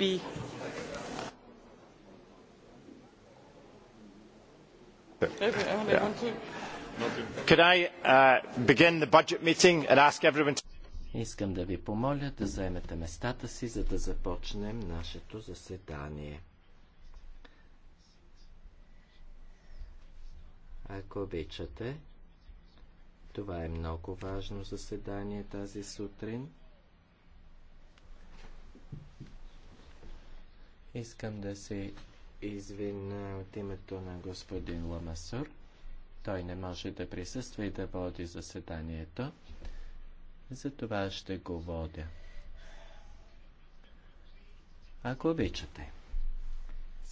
Uh, Искам да ви помоля да заемете местата си, за да започнем нашето заседание. Ако обичате, това е много важно заседание тази сутрин. Искам да се извиня от името на господин Ламасур. Той не може да присъства и да води заседанието. За това ще го водя. Ако обичате,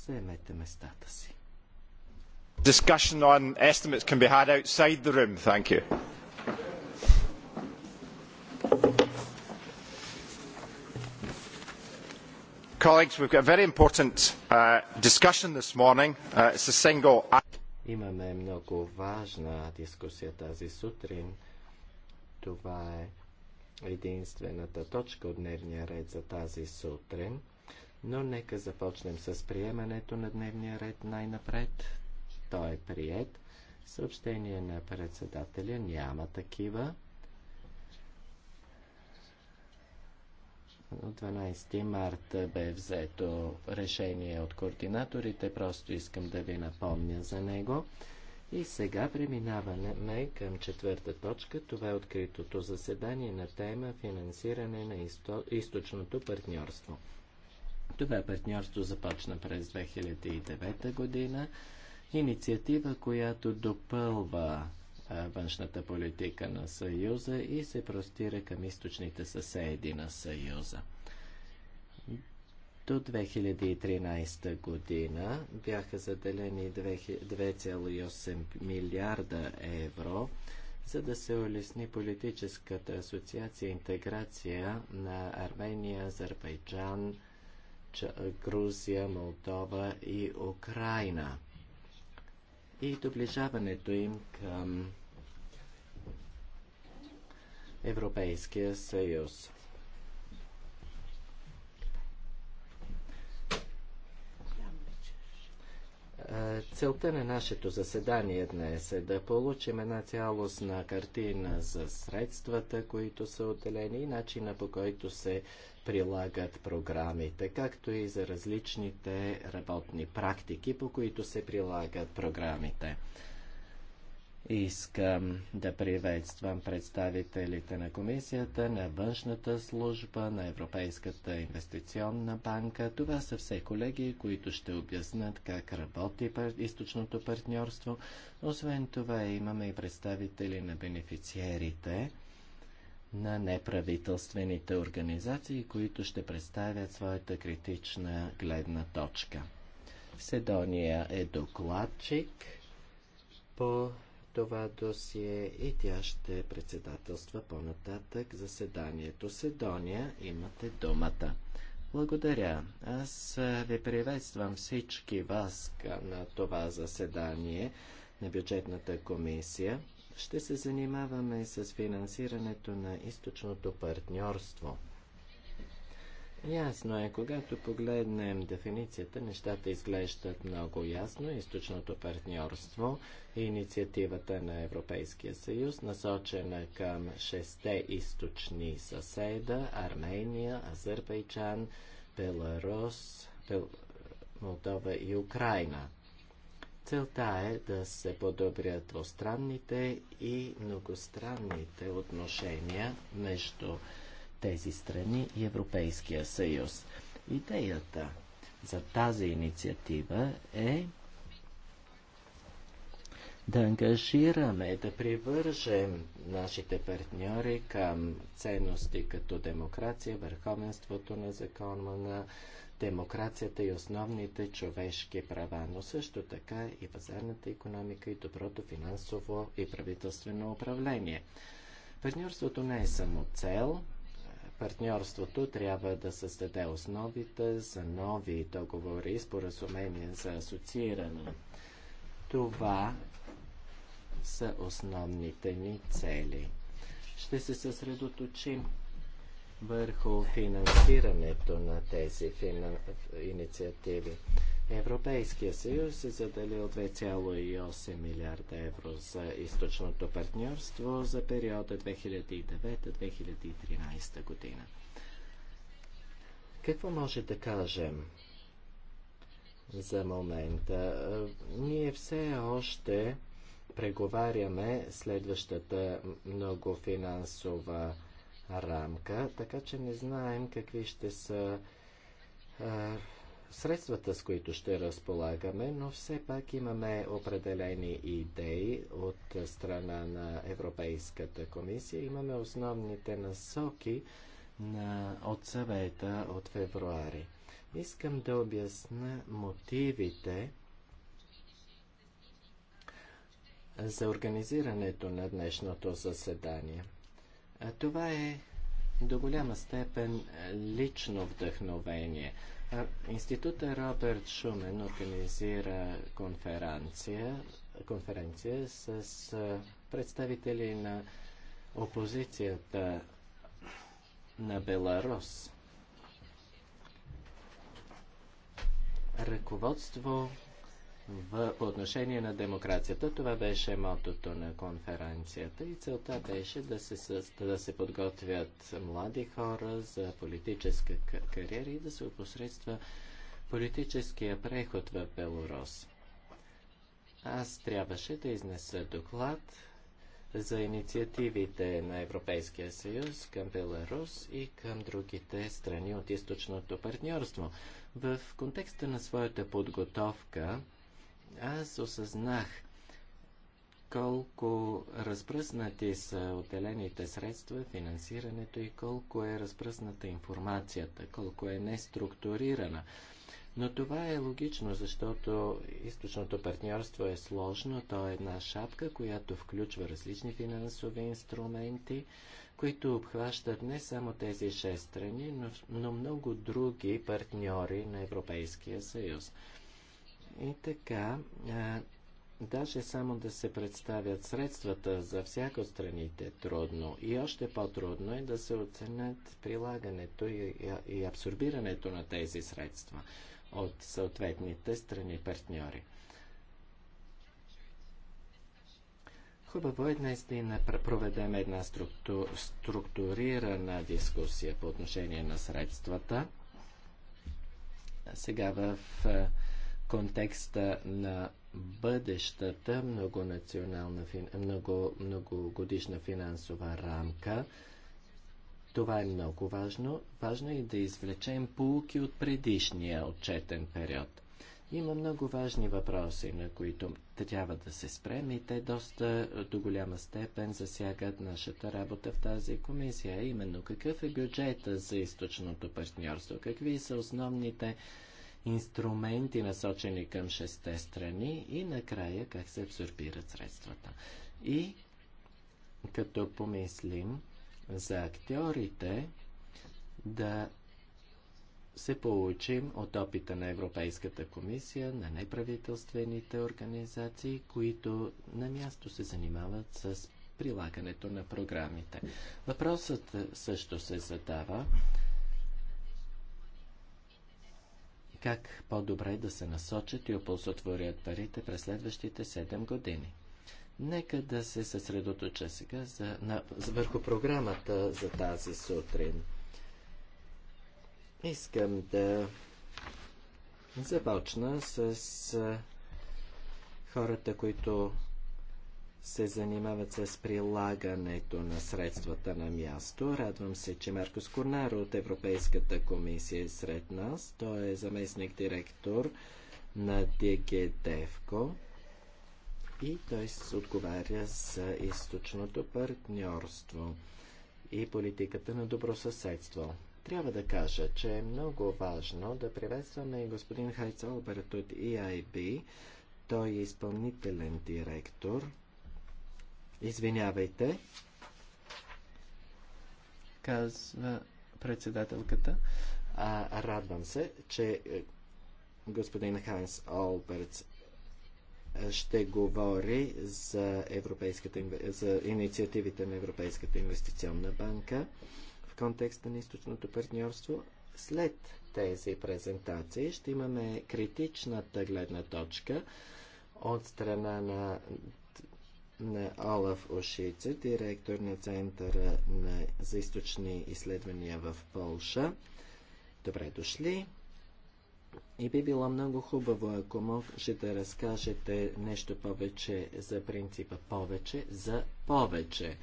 заемете местата си. Discussion on estimates can be had outside the room. Thank you. Colleagues, we've got a very important uh, discussion this morning. Uh, it's a single... Имаме много важна дискусия тази сутрин. Това е единствената точка от дневния ред за тази сутрин. Но нека започнем с приемането на дневния ред най-напред. Той е прият. Съобщение на председателя няма такива. 12 март бе взето решение от координаторите, просто искам да ви напомня за него. И сега преминаваме към четвърта точка. Това е откритото заседание на тема финансиране на изто... източното партньорство. Това партньорство започна през 2009 година. Инициатива, която допълва външната политика на Съюза и се простира към източните съседи на Съюза. До 2013 година бяха заделени 2,8 милиарда евро, за да се улесни политическата асоциация и интеграция на Армения, Азербайджан, Грузия, Молдова и Украина и доближаването им към Европейския съюз. Целта на нашето заседание днес е да получим една цялостна картина за средствата, които са отделени и начина по който се прилагат програмите, както и за различните работни практики, по които се прилагат програмите. Искам да приветствам представителите на комисията, на външната служба, на Европейската инвестиционна банка. Това са все колеги, които ще обяснат как работи източното партньорство. Освен това имаме и представители на бенефициерите на неправителствените организации, които ще представят своята критична гледна точка. Седония е докладчик по това досие и тя ще председателства по-нататък заседанието. Седония, имате думата. Благодаря. Аз ви приветствам всички вас на това заседание на бюджетната комисия. Ще се занимаваме с финансирането на източното партньорство. Ясно е, когато погледнем дефиницията, нещата изглеждат много ясно. Източното партньорство и инициативата на Европейския съюз, насочена към шесте източни съседа Армения, Азербайджан, Беларус, Бел... Молдова и Украина. Целта е да се подобрят двустранните и многостранните отношения между тези страни и Европейския съюз. Идеята за тази инициатива е да ангажираме, да привържем нашите партньори към ценности като демокрация, върховенството на закона на демокрацията и основните човешки права, но също така и пазарната економика и доброто финансово и правителствено управление. Партньорството не е само цел, Партньорството трябва да създаде основите за нови договори и споразумения за асоцииране. Това са основните ни цели. Ще се съсредоточим върху финансирането на тези финан... инициативи. Европейския съюз е заделил 2,8 милиарда евро за източното партньорство за периода 2009-2013 година. Какво може да кажем за момента? Ние все още преговаряме следващата много финансова рамка, така че не знаем какви ще са а, средствата, с които ще разполагаме, но все пак имаме определени идеи от страна на Европейската комисия. Имаме основните насоки на, от съвета от февруари. Искам да обясна мотивите за организирането на днешното заседание. Това е до голяма степен е, лично вдъхновение. Института Роберт Шумен организира конференция, конференция с представители на опозицията на Беларус. Ръководство в, по отношение на демокрацията. Това беше мотото на конференцията и целта беше да се, да се подготвят млади хора за политическа кариера и да се опосредства политическия преход в Белорус. Аз трябваше да изнеса доклад за инициативите на Европейския съюз към Беларус и към другите страни от източното партньорство. В контекста на своята подготовка аз осъзнах колко разпръснати са отделените средства, финансирането и колко е разпръсната информацията, колко е неструктурирана. Но това е логично, защото източното партньорство е сложно. То е една шапка, която включва различни финансови инструменти, които обхващат не само тези шест страни, но, но много други партньори на Европейския съюз. И така, а, даже само да се представят средствата за всяко страните е трудно. И още по-трудно е да се оценят прилагането и, и абсорбирането на тези средства от съответните страни партньори. Хубаво е днес да проведем една структу... структурирана дискусия по отношение на средствата. Сега в контекста на бъдещата многонационална, много, многогодишна финансова рамка. Това е много важно. Важно е да извлечем полуки от предишния отчетен период. Има много важни въпроси, на които трябва да се спрем и те доста до голяма степен засягат нашата работа в тази комисия. Именно какъв е бюджета за източното партньорство? Какви са основните инструменти, насочени към шесте страни и накрая как се абсорбират средствата. И като помислим за актьорите, да се получим от опита на Европейската комисия, на неправителствените организации, които на място се занимават с прилагането на програмите. Въпросът също се задава как по-добре да се насочат и оползотворят парите през следващите 7 години. Нека да се съсредоточа сега за, на, върху програмата за тази сутрин. Искам да започна с хората, които се занимават с прилагането на средствата на място. Радвам се, че Маркос Корнаро от Европейската комисия е сред нас. Той е заместник директор на ДГДФКО и той се отговаря за източното партньорство и политиката на добросъседство. Трябва да кажа, че е много важно да приветстваме господин Хайц Алберт от EIB. Той е изпълнителен директор Извинявайте, казва председателката. А, радвам се, че е, господин Ханс Олберц е, ще говори за, европейската, за инициативите на Европейската инвестиционна банка в контекста на източното партньорство. След тези презентации ще имаме критичната гледна точка от страна на на Олаф Ошица, директор на Центъра на, за източни изследвания в Полша. Добре дошли! И би било много хубаво, ако може да разкажете нещо повече за принципа повече за повече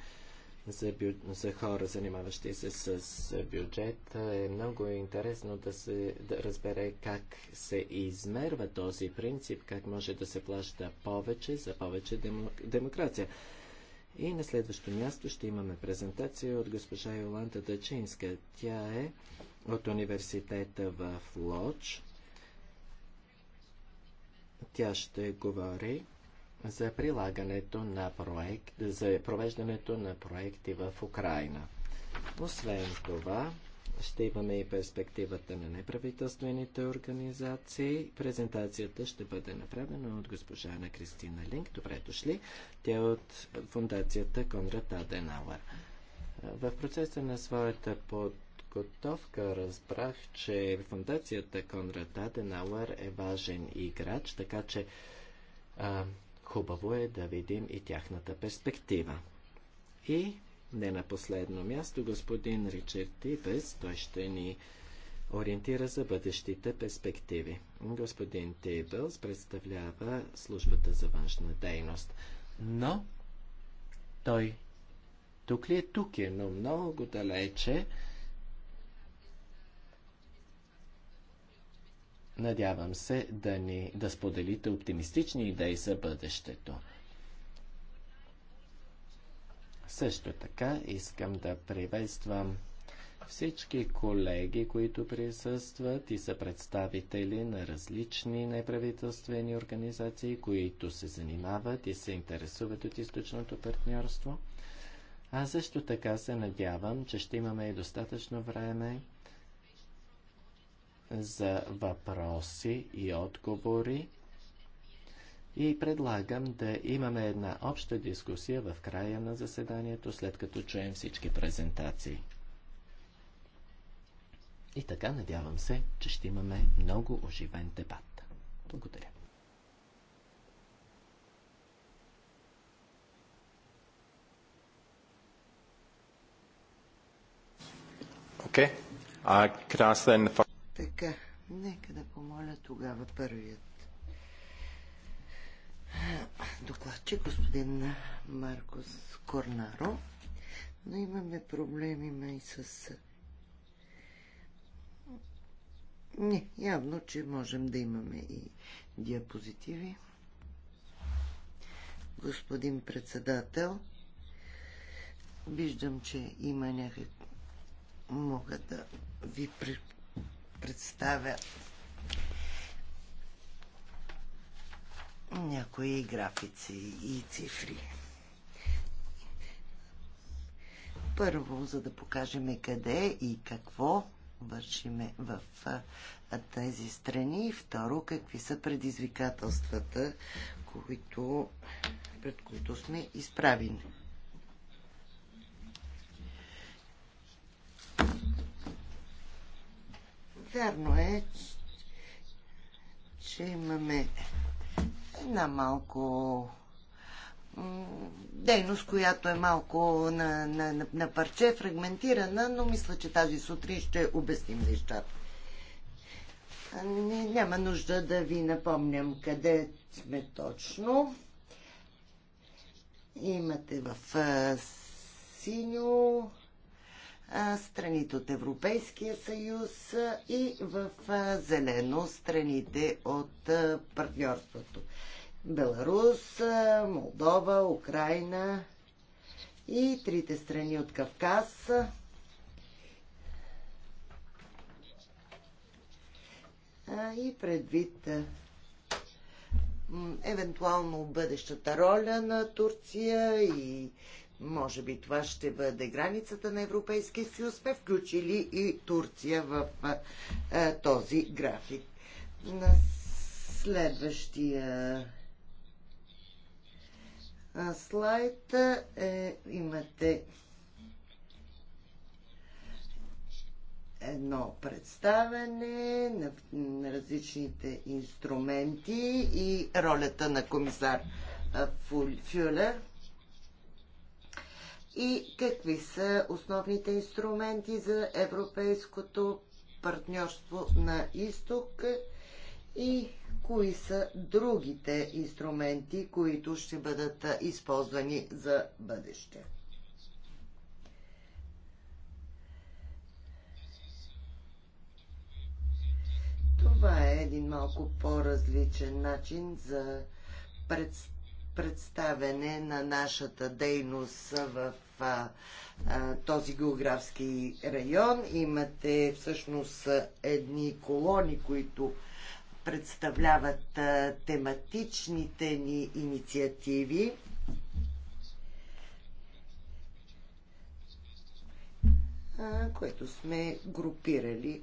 за, бю... за хора, занимаващи се с бюджет, е много интересно да се да разбере как се измерва този принцип, как може да се плаща повече за повече дем... демокрация. И на следващо място ще имаме презентация от госпожа Йоланта Дачинска. Тя е от университета в Лодж. Тя ще говори за прилагането на проект, за провеждането на проекти в Украина. Освен това, ще имаме и перспективата на неправителствените организации. Презентацията ще бъде направена от госпожа Ана Кристина Линк. Добре дошли. Тя е от фундацията Конрад Аденауер. В процеса на своята подготовка разбрах, че фундацията Конрад Аденауер е важен играч, така че а, Хубаво е да видим и тяхната перспектива. И не на последно място, господин Ричард Тибес, той ще ни ориентира за бъдещите перспективи. Господин Тибелс представлява службата за външна дейност. Но той тук ли е? Тук е, но много далече Надявам се да ни да споделите оптимистични идеи за бъдещето. Също така искам да приветствам всички колеги, които присъстват и са представители на различни неправителствени организации, които се занимават и се интересуват от източното партньорство. А също така се надявам, че ще имаме и достатъчно време за въпроси и отговори и предлагам да имаме една обща дискусия в края на заседанието, след като чуем всички презентации. И така надявам се, че ще имаме много оживен дебат. Благодаря. Okay. Uh, could I ask then the така, нека да помоля тогава първият докладчик, господин Маркос Корнаро. Но имаме проблеми май и с... Не, явно, че можем да имаме и диапозитиви. Господин председател, виждам, че има някак... Мога да ви представя някои графици и цифри. Първо, за да покажем къде и какво вършиме в тези страни. И второ, какви са предизвикателствата, които, пред които сме изправени. Вярно е, че имаме една малко дейност, която е малко на, на, на, на парче, фрагментирана, но мисля, че тази сутрин ще обясним нещата. Не, няма нужда да ви напомням къде сме точно. Имате в синьо страните от Европейския съюз и в зелено страните от партньорството. Беларус, Молдова, Украина и трите страни от Кавказ. И предвид евентуално бъдещата роля на Турция и може би това ще бъде границата на Европейския съюз. Сме включили и Турция в а, този график. На следващия слайд е, имате едно представене, на, на различните инструменти и ролята на комисар Фюлер и какви са основните инструменти за европейското партньорство на изток и кои са другите инструменти, които ще бъдат използвани за бъдеще. Това е един малко по-различен начин за представяне представене на нашата дейност в а, а, този географски район. Имате всъщност едни колони, които представляват а, тематичните ни инициативи. което сме групирали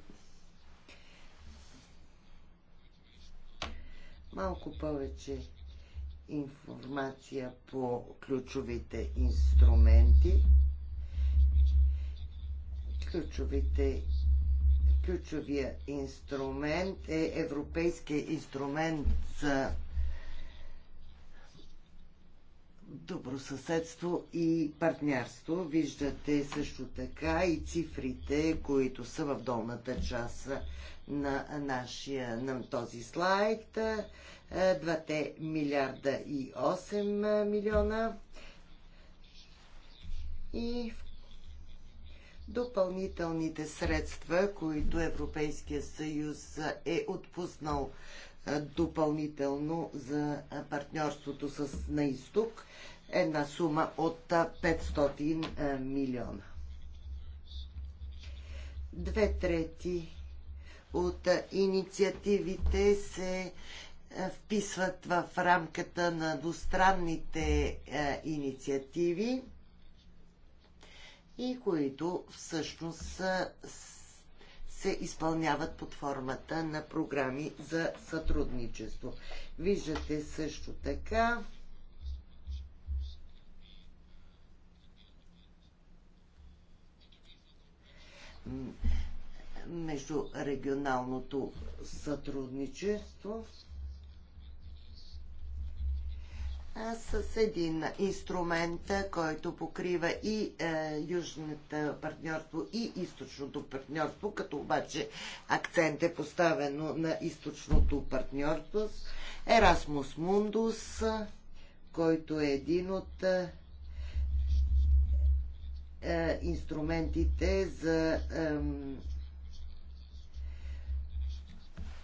малко повече информация по ключовите инструменти, ключовите ключовия инструмент е Европейския инструмент за добросъседство и партньорство. Виждате също така и цифрите, които са в долната част на нашия на този слайд. 2 милиарда и 8 милиона и допълнителните средства, които Европейския съюз е отпуснал допълнително за партньорството с на изток, една сума от 500 милиона. Две трети от инициативите се е, вписват в рамката на двустранните е, инициативи и които всъщност се изпълняват под формата на програми за сътрудничество. Виждате също така между регионалното сътрудничество с един инструмент, който покрива и е, Южното партньорство и Източното партньорство, като обаче акцент е поставено на Източното партньорство. Ерасмус Мундус, който е един от е, е инструментите за е,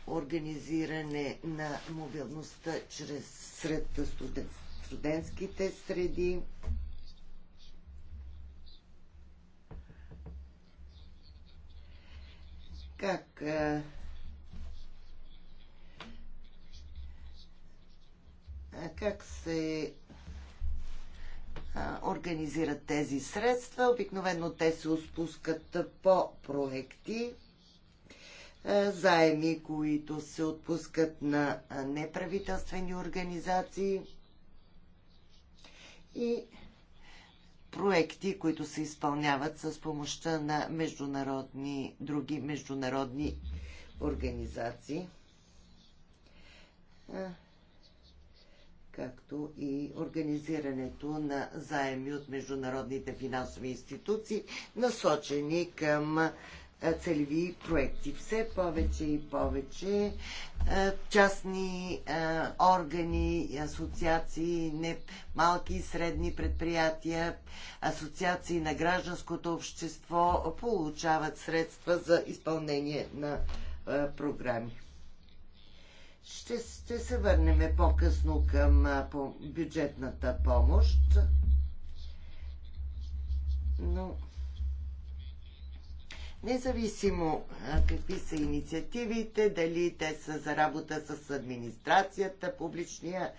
организиране на мобилността чрез сред студентските среди. Как как се организират тези средства. Обикновено те се отпускат по проекти. Е, заеми, които се отпускат на е, неправителствени организации и проекти, които се изпълняват с помощта на международни, други международни организации, е, както и организирането на заеми от международните финансови институции, насочени към целеви проекти. Все повече и повече частни органи, асоциации, не, малки и средни предприятия, асоциации на гражданското общество получават средства за изпълнение на програми. Ще, ще се върнем по-късно към бюджетната помощ. Но Независимо какви са инициативите, дали те са за работа с администрацията, публичния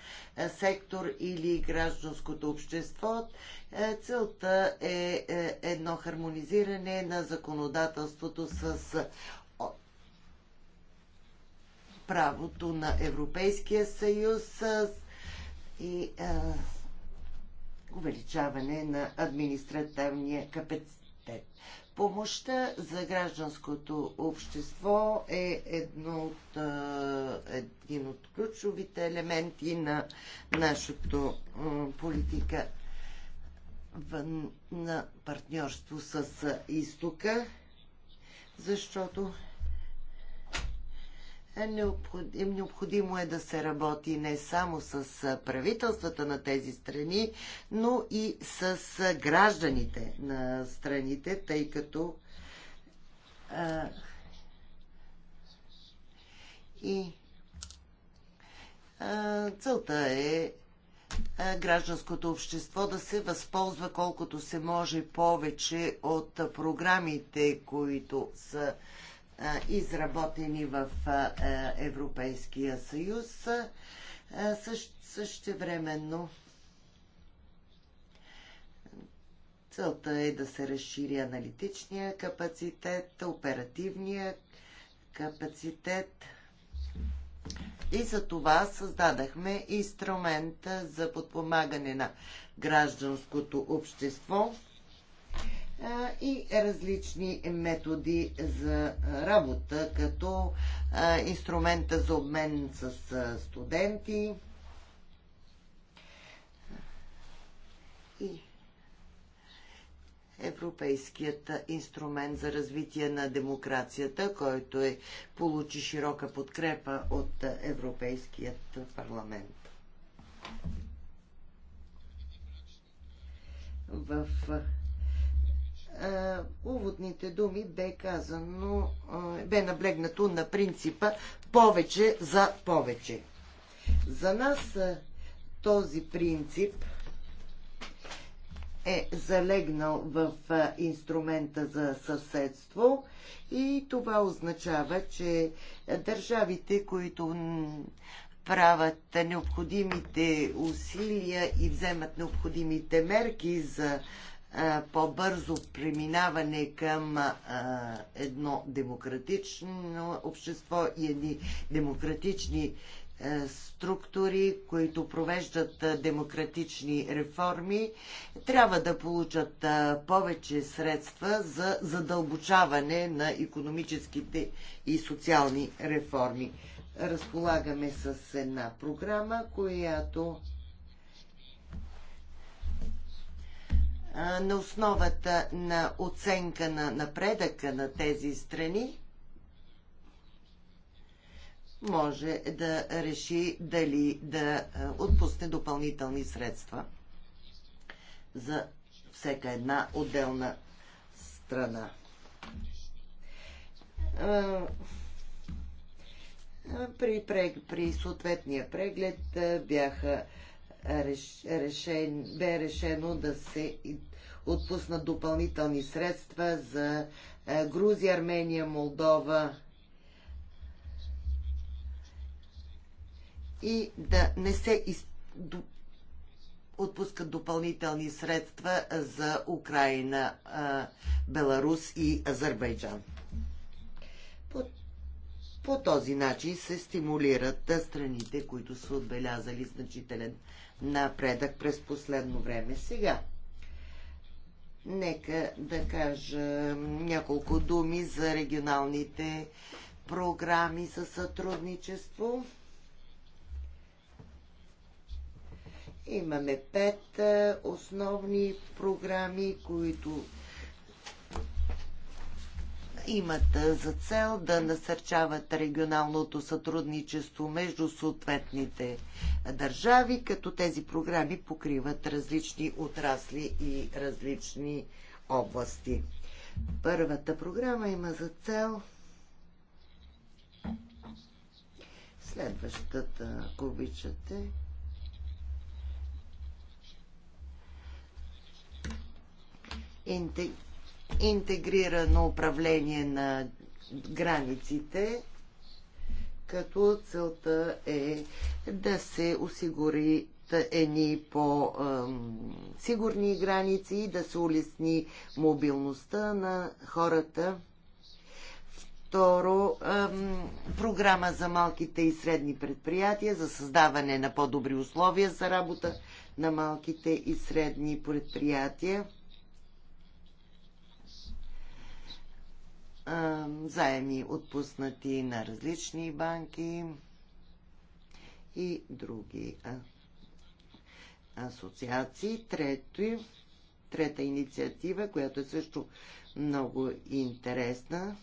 сектор или гражданското общество, целта е, е едно хармонизиране на законодателството с правото на Европейския съюз и увеличаване на административния капацитет. Помощта за гражданското общество е едно от, един от ключовите елементи на нашата политика на партньорство с изтока, защото е, е, необходимо е да се работи не само с правителствата на тези страни, но и с гражданите на страните, тъй като а, и а, целта е гражданското общество да се възползва колкото се може повече от програмите, които са изработени в е, Европейския съюз. Също, времено целта е да се разшири аналитичния капацитет, оперативния капацитет и за това създадахме инструмент за подпомагане на гражданското общество – и различни методи за работа, като инструмента за обмен с студенти и Европейският инструмент за развитие на демокрацията, който е, получи широка подкрепа от Европейският парламент. В е, уводните думи бе казано, е, бе наблегнато на принципа повече за повече. За нас е, този принцип е залегнал в инструмента за съседство и това означава, че държавите, които правят необходимите усилия и вземат необходимите мерки за по-бързо преминаване към а, едно демократично общество и едни демократични а, структури, които провеждат а, демократични реформи, трябва да получат повече средства за задълбочаване на економическите и социални реформи. Разполагаме с една програма, която на основата на оценка на напредъка на тези страни може да реши дали да отпусне допълнителни средства за всяка една отделна страна. При, при съответния преглед бяха реш, решен, бе решено да се отпуснат допълнителни средства за е, Грузия, Армения, Молдова и да не се из... отпускат допълнителни средства за Украина, е, Беларус и Азербайджан. По, по този начин се стимулират е, страните, които са отбелязали значителен напредък през последно време. Сега, нека да кажа няколко думи за регионалните програми за сътрудничество. Имаме пет основни програми, които имат за цел да насърчават регионалното сътрудничество между съответните държави, като тези програми покриват различни отрасли и различни области. Първата програма има за цел следващата, ако обичате, интеграция интегрирано управление на границите, като целта е да се осигури едни по-сигурни граници и да се улесни мобилността на хората. Второ, програма за малките и средни предприятия за създаване на по-добри условия за работа на малките и средни предприятия заеми отпуснати на различни банки и други асоциации. Трето, трета инициатива, която е също много интересна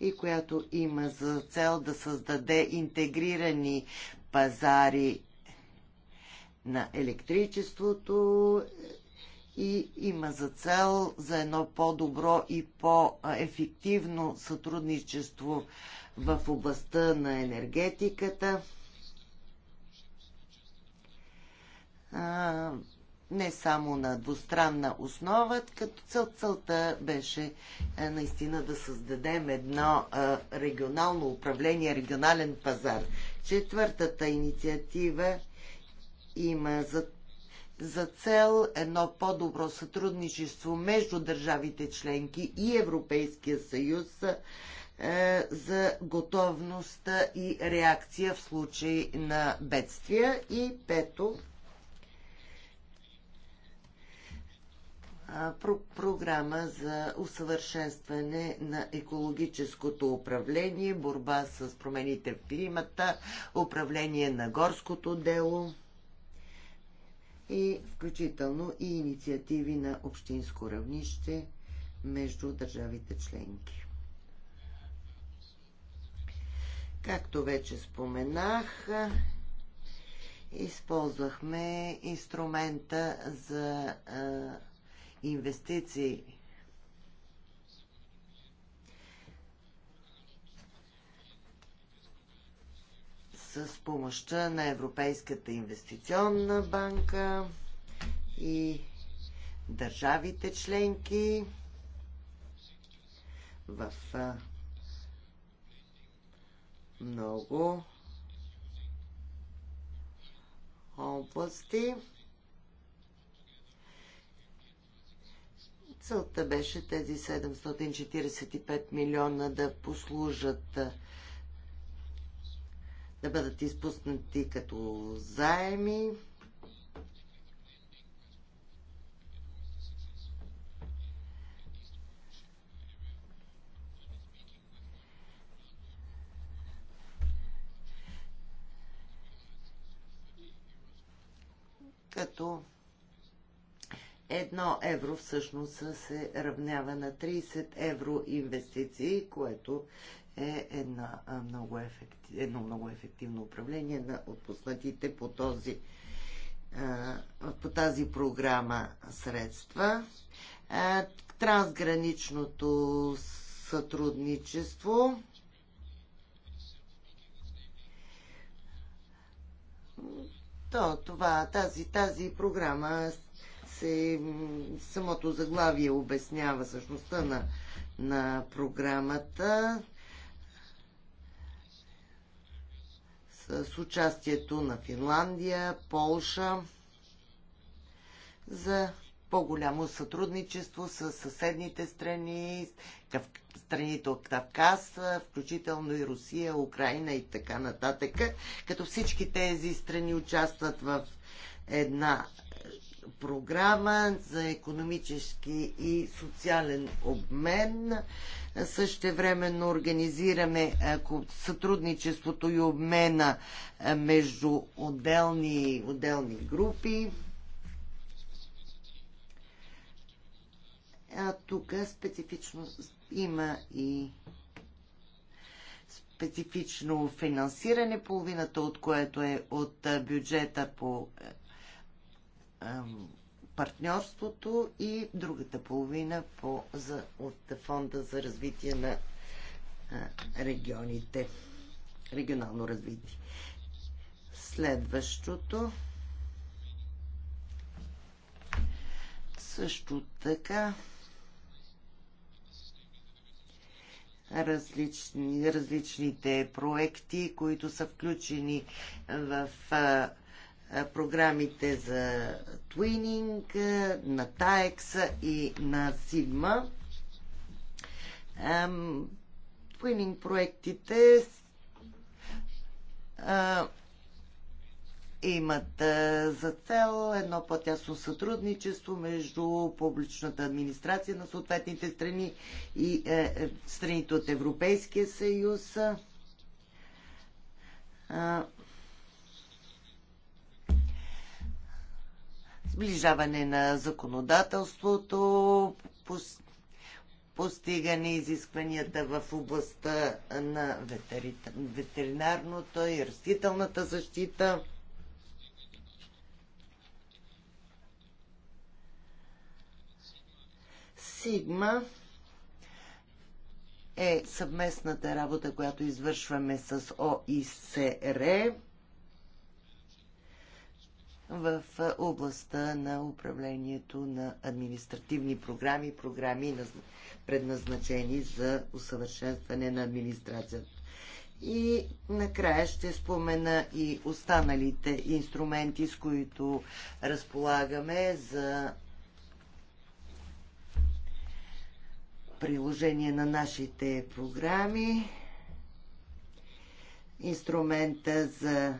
и която има за цел да създаде интегрирани пазари на електричеството, и има за цел за едно по-добро и по-ефективно сътрудничество в областта на енергетиката. не само на двустранна основа, като цел, целта беше е, наистина да създадем едно регионално управление, регионален пазар. Четвъртата инициатива има за за цел едно по-добро сътрудничество между държавите членки и Европейския съюз е, за готовността и реакция в случай на бедствия. И пето, е, програма за усъвършенстване на екологическото управление, борба с промените в климата, управление на горското дело и включително и инициативи на общинско равнище между държавите членки. Както вече споменах, използвахме инструмента за инвестиции с помощта на Европейската инвестиционна банка и държавите членки в много области. Целта беше тези 745 милиона да послужат да бъдат изпуснати като заеми. като едно евро всъщност се равнява на 30 евро инвестиции, което е една много ефекти, едно много ефективно управление на отпуснатите по, този, по тази програма средства. Трансграничното сътрудничество. То, това, тази, тази програма се, самото заглавие обяснява същността на, на програмата. с участието на Финландия, Полша за по-голямо сътрудничество с съседните страни, страните от Кавказ, включително и Русия, Украина и така нататък, като всички тези страни участват в една програма за економически и социален обмен. Същевременно организираме сътрудничеството и обмена между отделни, отделни групи. А тук специфично има и специфично финансиране, половината от което е от бюджета по партньорството и другата половина по, за, от Фонда за развитие на регионите. Регионално развитие. Следващото също така различни, различните проекти, които са включени в а, програмите за Twinning, на TAEX и на Sigma. Twinning проектите имат за цел едно по-тясно сътрудничество между публичната администрация на съответните страни и е, е, страните от Европейския съюз. сближаване на законодателството, постигане изискванията в областта на ветеринарното и растителната защита. Сигма е съвместната работа, която извършваме с ОИСР в областта на управлението на административни програми, програми предназначени за усъвършенстване на администрацията. И накрая ще спомена и останалите инструменти, с които разполагаме за приложение на нашите програми. Инструмента за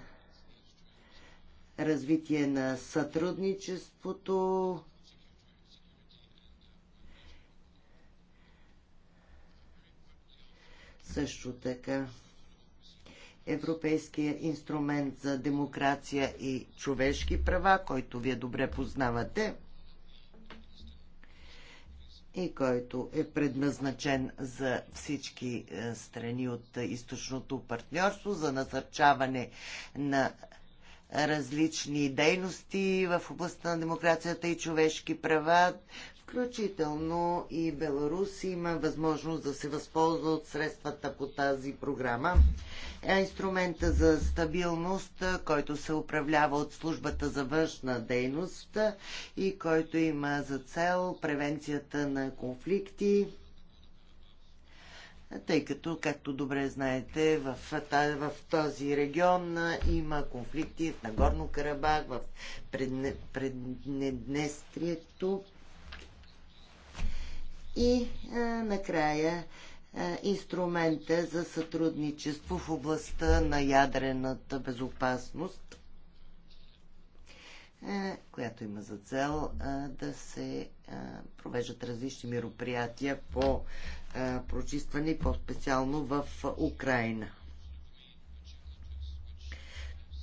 развитие на сътрудничеството, също така Европейския инструмент за демокрация и човешки права, който вие добре познавате и който е предназначен за всички е, страни от е, източното партньорство, за насърчаване на различни дейности в областта на демокрацията и човешки права, включително и Беларус има възможност да се възползва от средствата по тази програма. Е, инструмента за стабилност, е, който се управлява от службата за външна дейност е, и който има за цел превенцията на конфликти тъй като, както добре знаете, в, в този регион има конфликти в Нагорно Карабах, в Преднестрието. И а, накрая а, инструмента за сътрудничество в областта на ядрената безопасност е, която има за цел е, да се е, провеждат различни мероприятия по прочистване и по-специално в Украина.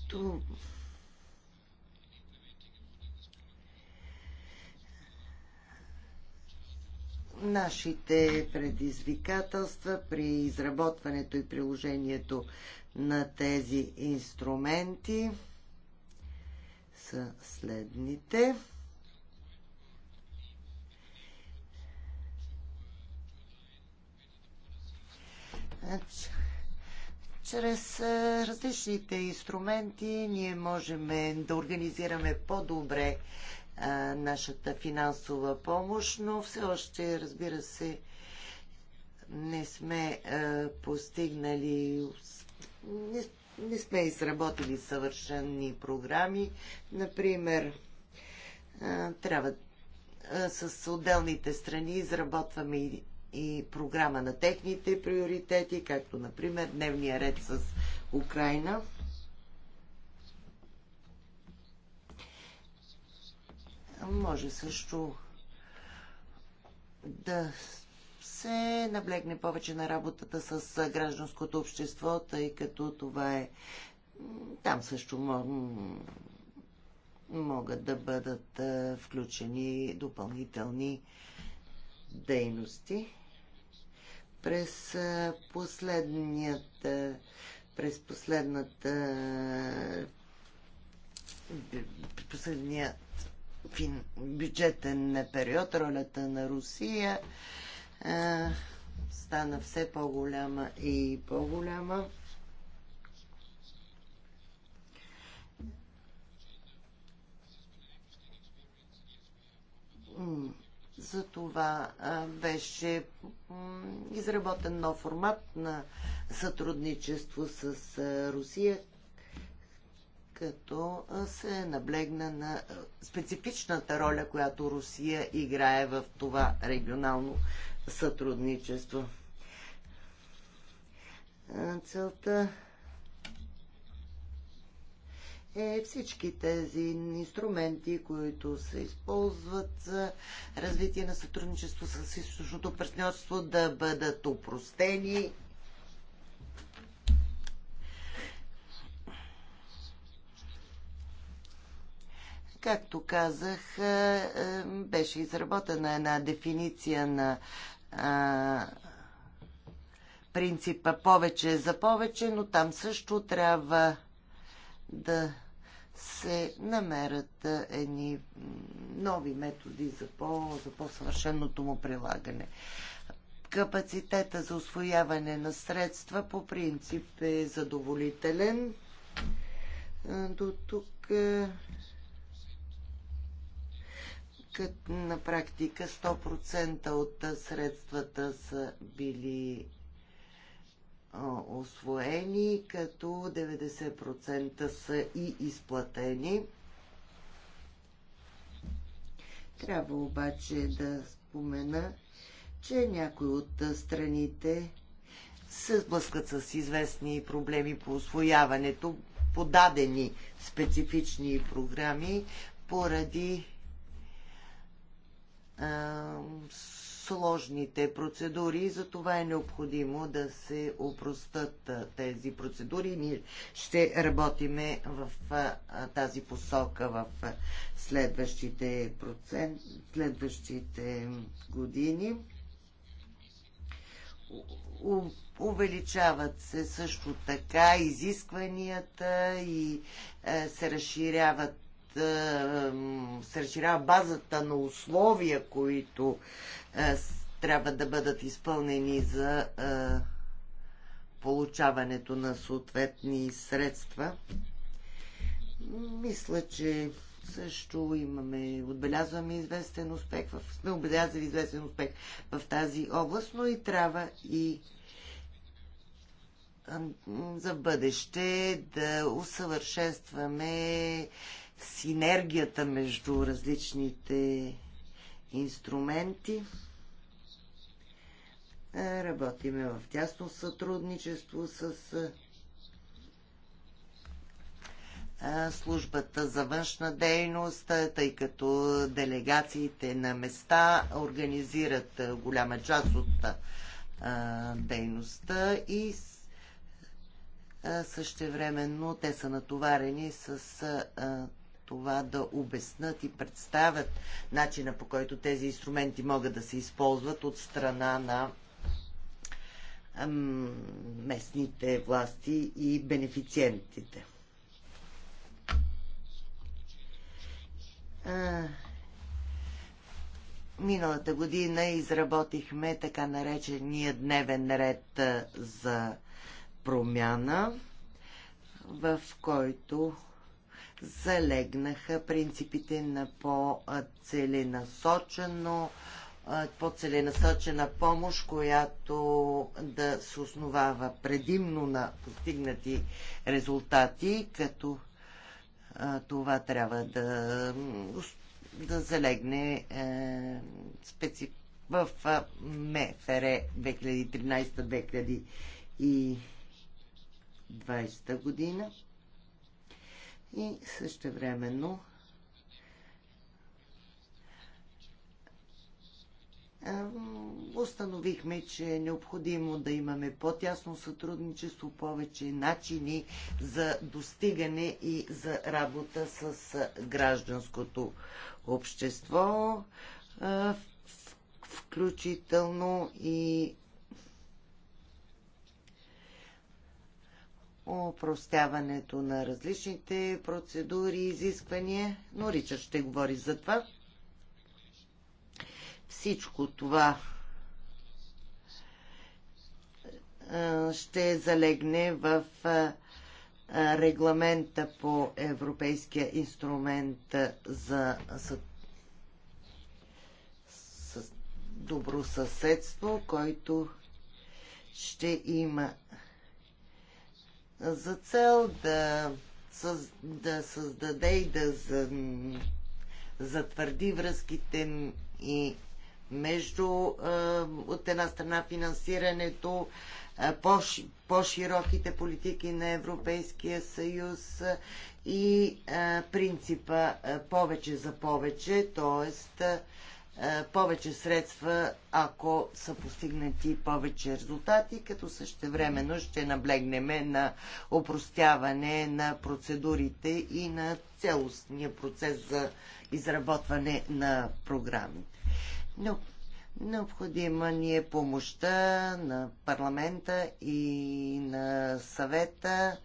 То... Нашите предизвикателства при изработването и приложението на тези инструменти – са следните. Значи, чрез различните инструменти ние можем да организираме по-добре нашата финансова помощ, но все още, разбира се, не сме постигнали не сме изработили съвършенни програми. Например, трябва с отделните страни изработваме и, и програма на техните приоритети, както например дневния ред с Украина. Може също да се наблегне повече на работата с гражданското общество, тъй като това е... Там също могат да бъдат е, включени допълнителни дейности. През е, последният е, през последната последният бюджетен период ролята на Русия стана все по-голяма и по-голяма. За това беше изработен нов формат на сътрудничество с Русия, като се наблегна на специфичната роля, която Русия играе в това регионално сътрудничество. Целта е всички тези инструменти, които се използват за развитие на сътрудничество с източното партньорство, да бъдат упростени. Както казах, е, беше изработена една дефиниция на а, принципа повече за повече, но там също трябва да се намерят едни нови методи за, по, за по-съвършеното му прилагане. Капацитета за освояване на средства по принцип е задоволителен. До тук на практика 100% от средствата са били освоени, като 90% са и изплатени. Трябва обаче да спомена, че някои от страните се сблъскат с известни проблеми по освояването, подадени специфични програми поради сложните процедури и за това е необходимо да се упростат тези процедури. Ние ще работиме в тази посока в следващите, процент, следващите години. У, увеличават се също така изискванията и се разширяват се разширява базата на условия, които трябва да бъдат изпълнени за получаването на съответни средства. Мисля, че също имаме, отбелязваме известен успех, сме отбелязали известен успех в тази област, но и трябва и за бъдеще да усъвършенстваме синергията между различните инструменти. Е, работиме в тясно сътрудничество с е, службата за външна дейност, е, тъй като делегациите на места организират голяма част от дейността и същевременно те са натоварени с това да обяснат и представят начина по който тези инструменти могат да се използват от страна на местните власти и бенефициентите. Миналата година изработихме така наречения дневен ред за промяна, в който залегнаха принципите на по-целенасочено по-целенасочена помощ, която да се основава предимно на постигнати резултати, като това трябва да, да залегне е, специ... в МФР 2013-2020 година и същевременно установихме, че е необходимо да имаме по-тясно сътрудничество, повече начини за достигане и за работа с гражданското общество, включително и упростяването на различните процедури и изисквания, но Рича ще говори за това. Всичко това ще залегне в регламента по Европейския инструмент за добросъседство, който ще има за цел да, да създаде и да затвърди връзките и между от една страна финансирането, по-широките политики на Европейския съюз и принципа повече за повече, т.е. Е, повече средства, ако са постигнати повече резултати, като същевременно ще наблегнеме на опростяване на процедурите и на цялостния процес за изработване на програмите. Но необходима ни е помощта на парламента и на съвета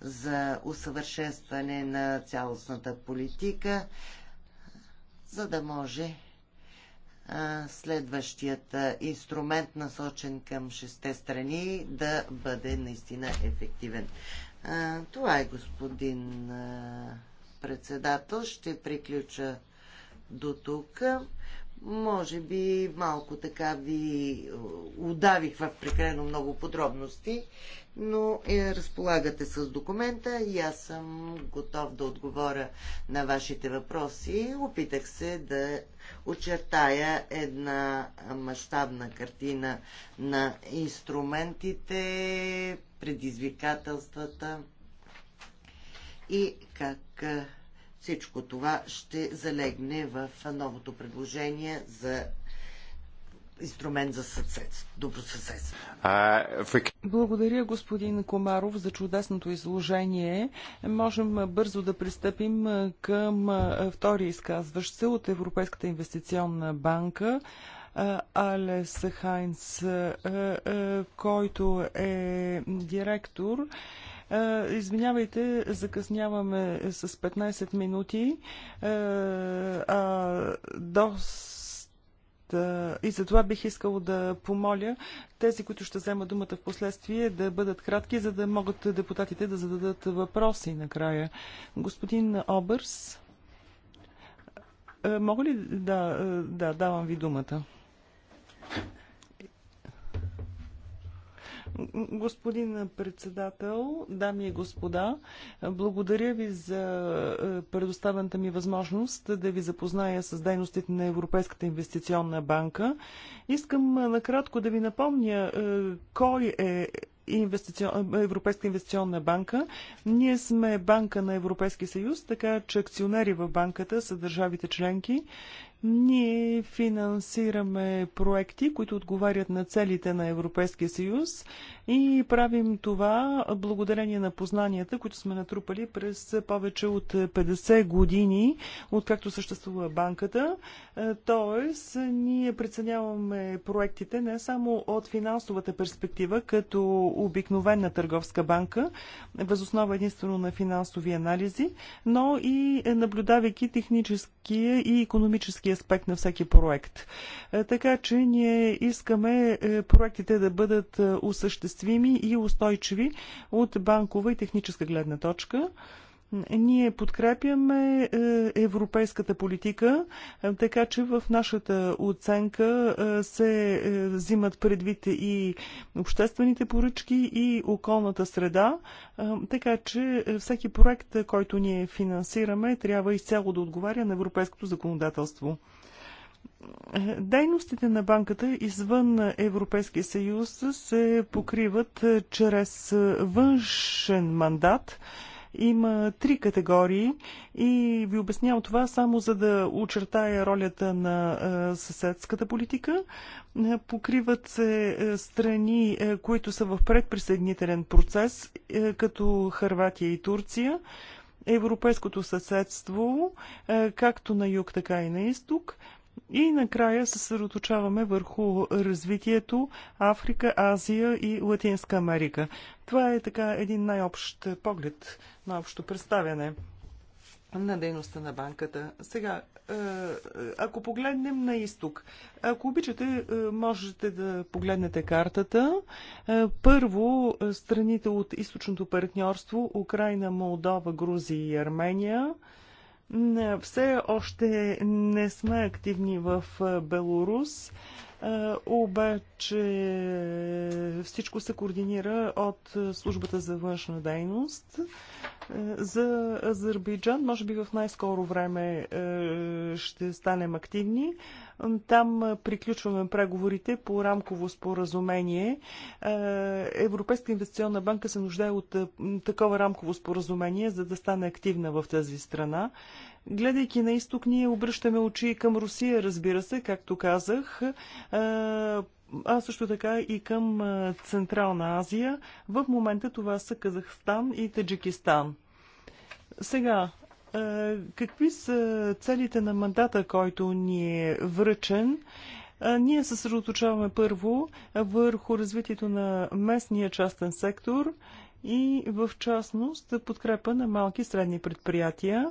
за усъвършенстване на цялостната политика, за да може следващият инструмент, насочен към шесте страни, да бъде наистина ефективен. Това е господин председател. Ще приключа до тук. Може би малко така ви е, удавих в прекалено много подробности, но е, разполагате с документа и аз съм готов да отговоря на вашите въпроси. Опитах се да очертая една мащабна картина на инструментите, предизвикателствата и как е, всичко това ще залегне в новото предложение за инструмент за съсед, добро съсед. Благодаря, господин Комаров, за чудесното изложение. Можем бързо да пристъпим към втори изказващ се от Европейската инвестиционна банка. Алес Хайнц, който е директор е, извинявайте, закъсняваме с 15 минути. Е, а, до и затова бих искал да помоля тези, които ще вземат думата в последствие, да бъдат кратки, за да могат депутатите да зададат въпроси накрая. Господин Обърс, е, мога ли да, да давам ви думата? Господин председател, дами и господа, благодаря ви за е, предоставената ми възможност да ви запозная с дейностите на Европейската инвестиционна банка. Искам е, накратко да ви напомня е, кой е Инвестицион... Европейска инвестиционна банка. Ние сме банка на Европейски съюз, така че акционери в банката са държавите членки. Ние финансираме проекти, които отговарят на целите на Европейския съюз и правим това благодарение на познанията, които сме натрупали през повече от 50 години, откакто съществува банката. Е, тоест, ние преценяваме проектите не само от финансовата перспектива, като обикновена търговска банка, възоснова единствено на финансови анализи, но и наблюдавайки техническия и економически аспект на всеки проект. Е, така че ние искаме е, проектите да бъдат осъществени осъществими и устойчиви от банкова и техническа гледна точка. Ние подкрепяме е, европейската политика, е, така че в нашата оценка е, се взимат предвид и обществените поръчки и околната среда, така че всеки проект, който ние финансираме, трябва изцяло да отговаря на европейското законодателство. Дейностите на банката извън Европейския съюз се покриват чрез външен мандат. Има три категории и ви обяснявам това само за да очертая ролята на съседската политика. Покриват се страни, които са в предприсъединителен процес, като Харватия и Турция европейското съседство, както на юг, така и на изток, и накрая се съсредоточаваме върху развитието Африка, Азия и Латинска Америка. Това е така един най-общ поглед, най-общо представяне на дейността на банката. Сега, е, ако погледнем на изток, ако обичате, е, можете да погледнете картата. Е, първо, страните от източното партньорство Украина, Молдова, Грузия и Армения – все още не сме активни в Беларус. Е, обаче всичко се координира от службата за външна дейност. Е, за Азербайджан, може би в най-скоро време е, ще станем активни. Там приключваме преговорите по рамково споразумение. Европейска инвестиционна банка се нуждае от такова рамково споразумение, за да стане активна в тази страна. Гледайки на изток, ние обръщаме очи към Русия, разбира се, както казах а също така и към Централна Азия. В момента това са Казахстан и Таджикистан. Сега, какви са целите на мандата, който ни е връчен? Ние се съсредоточаваме първо върху развитието на местния частен сектор и в частност подкрепа на малки и средни предприятия.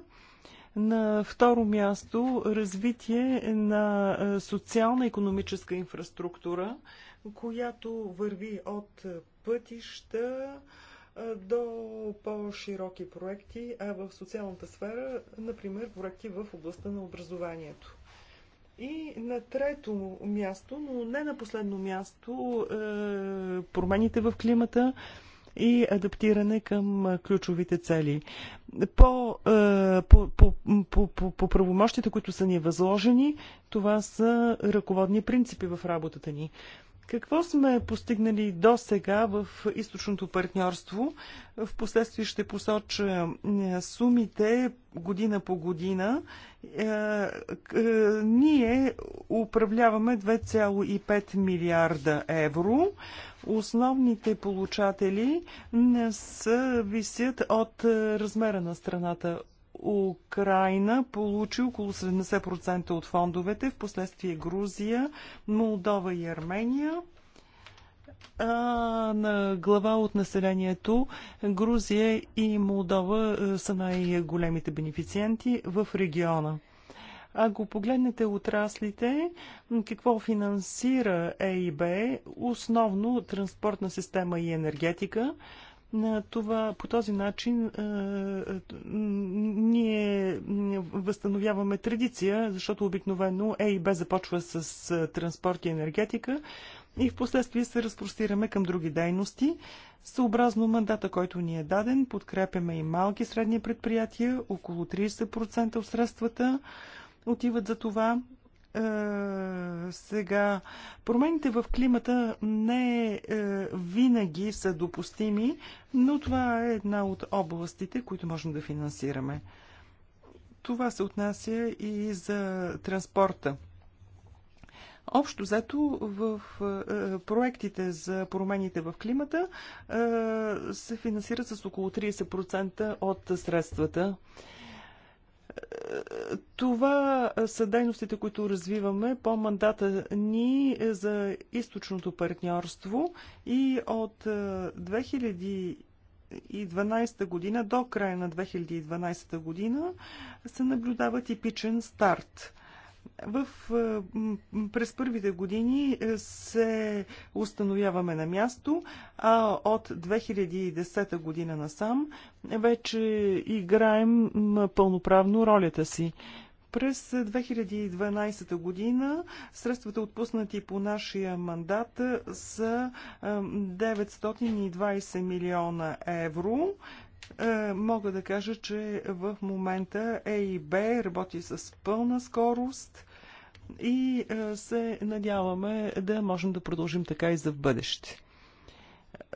На второ място развитие на социална-економическа инфраструктура, която върви от пътища до по-широки проекти, а в социалната сфера, например, проекти в областта на образованието. И на трето място, но не на последно място, промените в климата, и адаптиране към ключовите цели. По, по, по, по, по, по правомощите, които са ни възложени, това са ръководни принципи в работата ни. Какво сме постигнали до сега в източното партньорство? В последствие ще посоча е, сумите година по година. Е, е, ние управляваме 2,5 милиарда евро. Основните получатели не са висят от размера на страната Украина получи около 70% от фондовете, в последствие Грузия, Молдова и Армения. А, на глава от населението Грузия и Молдова са най-големите бенефициенти в региона. Ако погледнете отраслите, какво финансира ЕИБ, основно транспортна система и енергетика, на това, по този начин е, е, ние възстановяваме традиция, защото обикновено ЕИБ започва с е, транспорт и енергетика и в последствие се разпростираме към други дейности. Съобразно мандата, който ни е даден, подкрепяме и малки средни предприятия, около 30% от средствата отиват за това. Е, сега, промените в климата не е, винаги са допустими, но това е една от областите, които можем да финансираме. Това се отнася и за транспорта. Общо взето в е, проектите за промените в климата се финансират с около 30% от средствата. Това са дейностите, които развиваме по мандата ни за източното партньорство и от 2012 е, година до края на 2012 година се наблюдава типичен старт – в, е, през първите години е, се установяваме на място, а от 2010 година насам вече играем пълноправно ролята си. През 2012 е, година средствата отпуснати по нашия мандат са 920 милиона евро. Мога да кажа, че в момента ЕИБ работи с пълна скорост и е, се надяваме да можем да продължим така и за в бъдеще.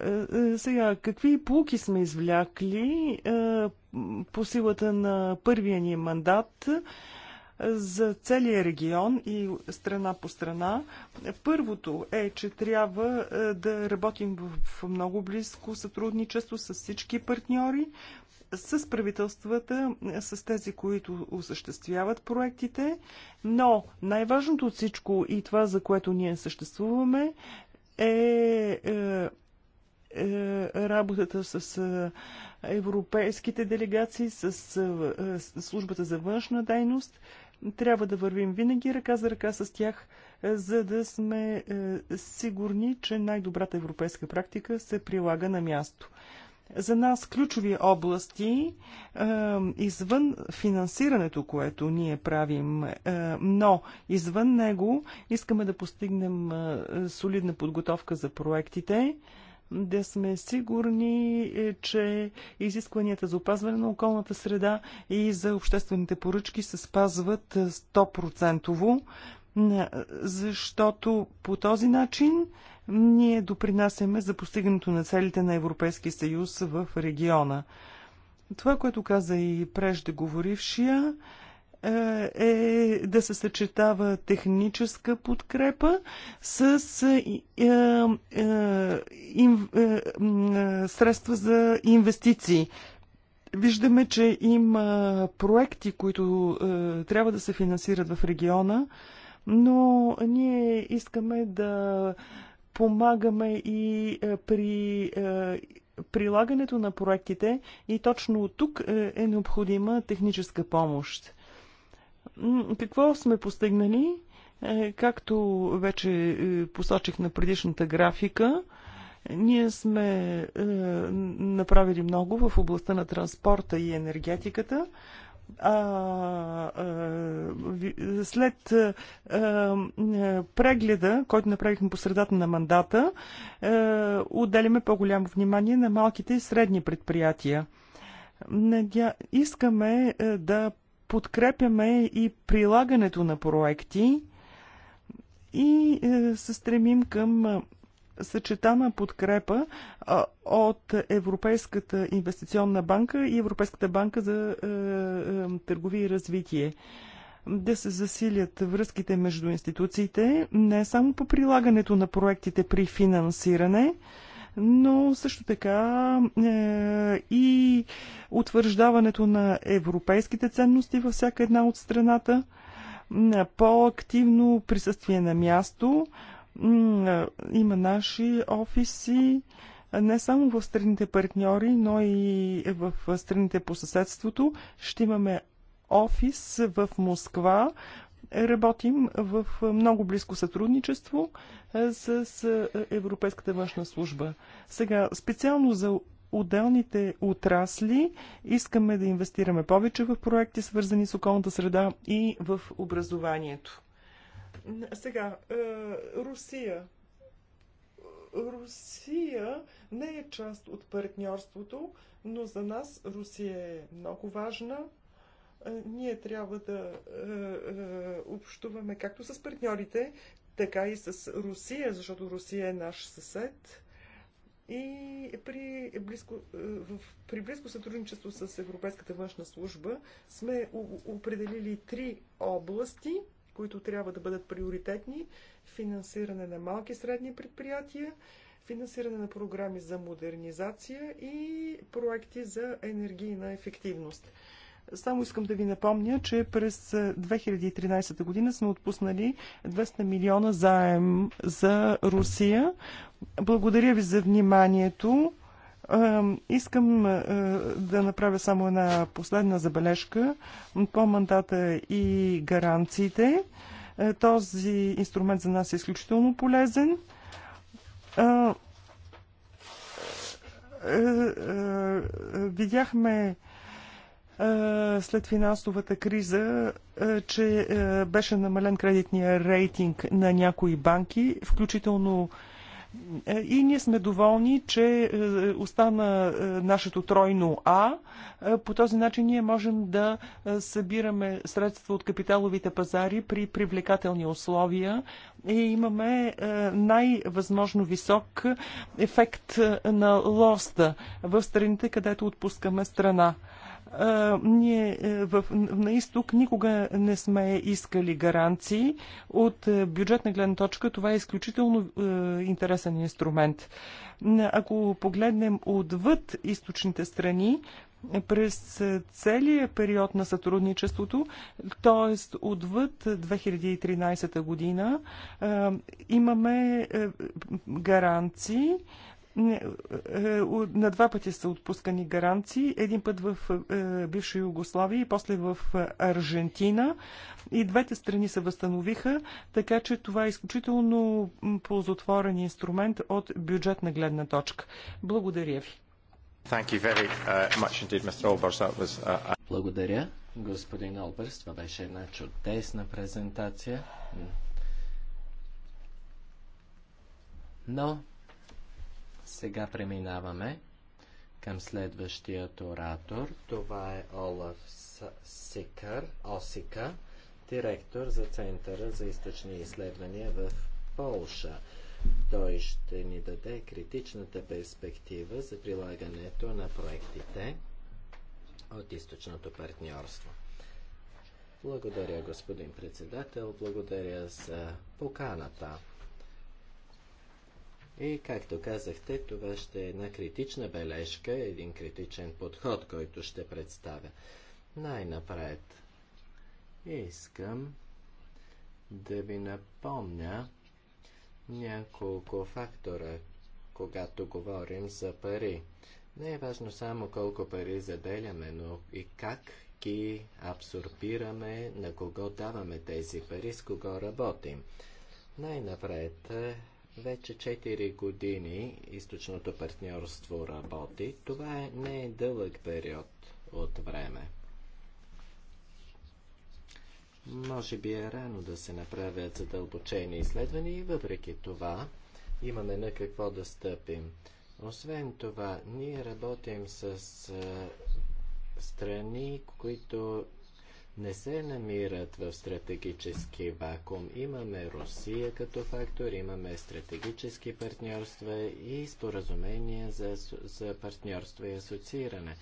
Е, е, сега, какви полуки сме извлякли по силата на първия ни мандат за целия регион и страна по страна? Първото е, че трябва да работим в много близко сътрудничество с всички партньори, с правителствата, с тези, които осъществяват проектите, но най-важното от всичко и това, за което ние съществуваме, е, е, е работата с е, европейските делегации, с, с е, е, службата за външна дейност. Трябва да вървим винаги ръка за ръка с тях, за да сме сигурни, че най-добрата европейска практика се прилага на място. За нас ключови области е, извън финансирането, което ние правим, е, но извън него искаме да постигнем е, солидна подготовка за проектите да сме сигурни, е, че изискванията за опазване на околната среда и за обществените поръчки се спазват 100%, е, е, защото по този начин ние допринасяме за постигането на целите на Европейския съюз в региона. Това, което каза и преждеговорившия, е, е да се съчетава техническа подкрепа с е, е, им, е, средства за инвестиции. Виждаме, че има проекти, които е, трябва да се финансират в региона, но ние искаме да помагаме и е, при е, прилагането на проектите и точно тук е, е необходима техническа помощ. Какво сме постигнали? Както вече посочих на предишната графика, ние сме направили много в областта на транспорта и енергетиката а, а, след а, прегледа, който направихме по средата на мандата, а, отделяме по-голямо внимание на малките и средни предприятия. Надя... Искаме да подкрепяме и прилагането на проекти и се стремим към съчетана подкрепа от Европейската инвестиционна банка и Европейската банка за е, е, търговия и развитие да се засилят връзките между институциите, не само по прилагането на проектите при финансиране, но също така е, и утвърждаването на европейските ценности във всяка една от страната, по-активно присъствие на място, е, има наши офиси, не само в страните партньори, но и в страните по съседството. Ще имаме офис в Москва. Работим в много близко сътрудничество с Европейската външна служба. Сега, специално за отделните отрасли искаме да инвестираме повече в проекти, свързани с околната среда и в образованието. Сега, е, Русия. Русия не е част от партньорството, но за нас Русия е много важна. Е, ние трябва да е, общуваме както с партньорите, така и с Русия, защото Русия е наш съсед. И при близко, в, при близко сътрудничество с Европейската външна служба сме определили три области – които трябва да бъдат приоритетни, финансиране на малки и средни предприятия, финансиране на програми за модернизация и проекти за енергийна ефективност. Само искам да ви напомня, че през 2013 година сме отпуснали 200 милиона заем за Русия. Благодаря ви за вниманието. Искам да направя само една последна забележка по мандата и гаранциите. Е, този инструмент за нас е изключително полезен. Е, е, видяхме след финансовата криза, че беше намален кредитния рейтинг на някои банки, включително е, и ние сме доволни, че е, остана е, нашето тройно А. По този начин ние можем да събираме средства от капиталовите пазари при привлекателни условия и имаме най-възможно висок ефект на лоста в страните, където отпускаме страна ние е, в, на изток никога не сме искали гаранции. От е, бюджетна гледна точка това е изключително е, интересен инструмент. Ако погледнем отвъд източните страни, през е, целия период на сътрудничеството, т.е. отвъд 2013 година, имаме гаранции е, е, на два пъти са отпускани гаранции. Един път в е, бивша Югославия и после в Аржентина. И двете страни се възстановиха, така че това е изключително ползотворен инструмент от бюджетна гледна точка. Благодаря ви. Благодаря, господин Олбърс. Това беше една чудесна презентация. Но сега преминаваме към следващият оратор. Това е Олаф Сикър, Осика, директор за Центъра за източни изследвания в Полша. Той ще ни даде критичната перспектива за прилагането на проектите от източното партньорство. Благодаря, господин председател. Благодаря за поканата. И, както казахте, това ще е една критична бележка, един критичен подход, който ще представя. Най-напред искам да ви напомня няколко фактора, когато говорим за пари. Не е важно само колко пари заделяме, но и как ги абсорбираме, на кого даваме тези пари, с кого работим. Най-напред вече 4 години източното партньорство работи. Това е, не е дълъг период от време. Може би е рано да се направят задълбочени изследвания и въпреки това имаме на какво да стъпим. Освен това, ние работим с страни, които не се намират в стратегически вакуум. Имаме Русия като фактор, имаме стратегически партньорства и споразумения за, за партньорство и асоцииране.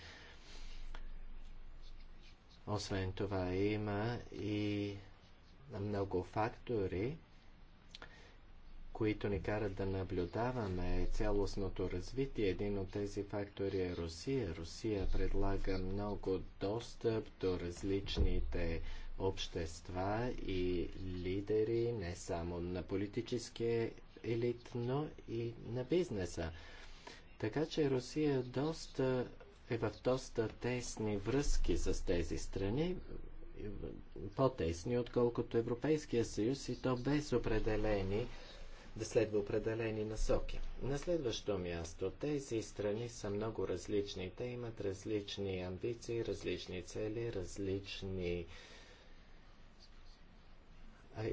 Освен това има и много фактори, които ни карат да наблюдаваме цялостното развитие. Един от тези фактори е Русия. Русия предлага много достъп до различните общества и лидери, не само на политическия елит, но и на бизнеса. Така че Русия доста, е в доста тесни връзки с тези страни, по-тесни, отколкото Европейския съюз и то без определени да следва определени насоки. На следващо място, тези страни са много различни. Те имат различни амбиции, различни цели, различни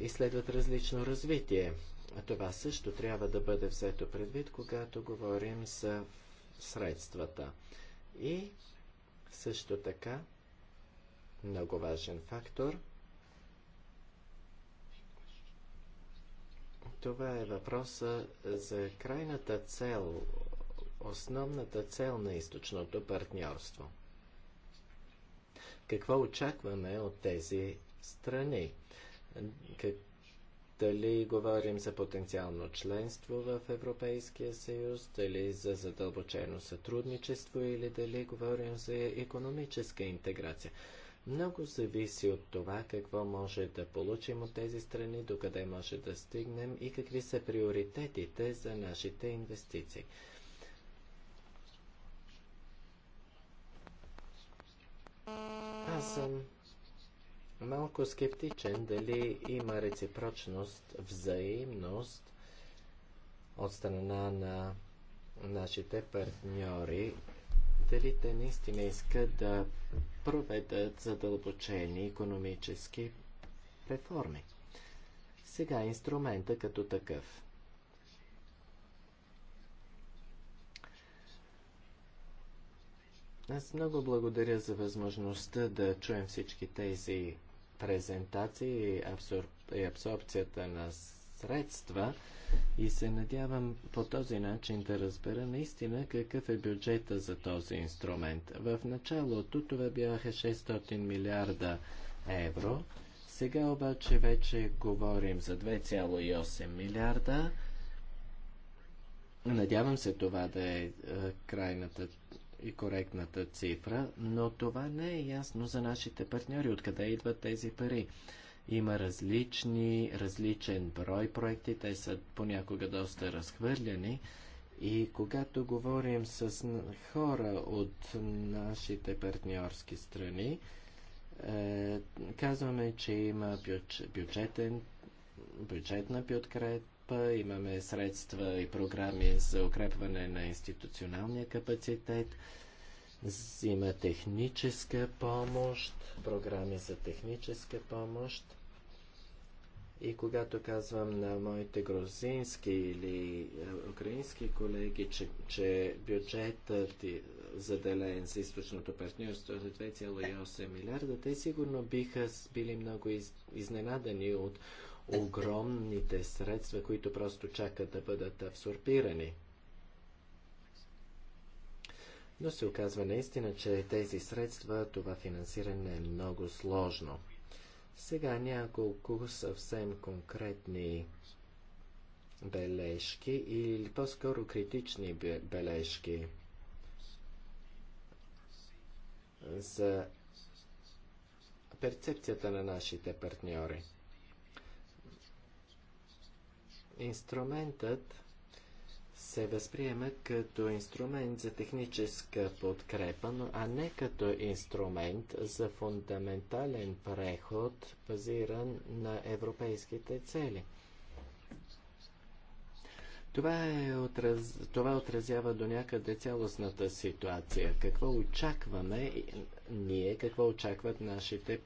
изследват различно развитие. А това също трябва да бъде взето предвид, когато говорим за средствата. И също така, много важен фактор – Това е въпроса за крайната цел, основната цел на източното партньорство. Какво очакваме от тези страни? Как, дали говорим за потенциално членство в Европейския съюз, дали за задълбочено сътрудничество или дали говорим за економическа интеграция. Много зависи от това какво може да получим от тези страни, докъде може да стигнем и какви са приоритетите за нашите инвестиции. Аз съм малко скептичен дали има реципрочност, взаимност от страна на нашите партньори те наистина искат да проведат задълбочени економически реформи. Сега инструмента като такъв. Аз много благодаря за възможността да чуем всички тези презентации и абсорбцията на средства и се надявам по този начин да разбера наистина какъв е бюджета за този инструмент. В началото това бяха 600 милиарда евро, сега обаче вече говорим за 2,8 милиарда. Надявам се това да е, е крайната и коректната цифра, но това не е ясно за нашите партньори, откъде идват тези пари. Има различни, различен брой проекти, те са понякога доста разхвърляни. И когато говорим с хора от нашите партньорски страни, е, казваме, че има бюджетен, бюджетна подкрепа, имаме средства и програми за укрепване на институционалния капацитет, има техническа помощ, програми за техническа помощ. И когато казвам на моите грузински или е, украински колеги, че, че бюджетът е заделен за източното партньорство е за 2,8 милиарда, те сигурно биха били много из, изненадани от огромните средства, които просто чакат да бъдат абсорбирани. Но се оказва наистина, че тези средства, това финансиране е много сложно. Сега няколко съвсем конкретни бележки или по-скоро критични бележки за перцепцията на нашите партньори. Инструментът се възприема като инструмент за техническа подкрепа, но а не като инструмент за фундаментален преход, базиран на европейските цели. Това, е отраз... Това отразява до някъде цялостната ситуация. Какво очакваме ние, какво очакват нашите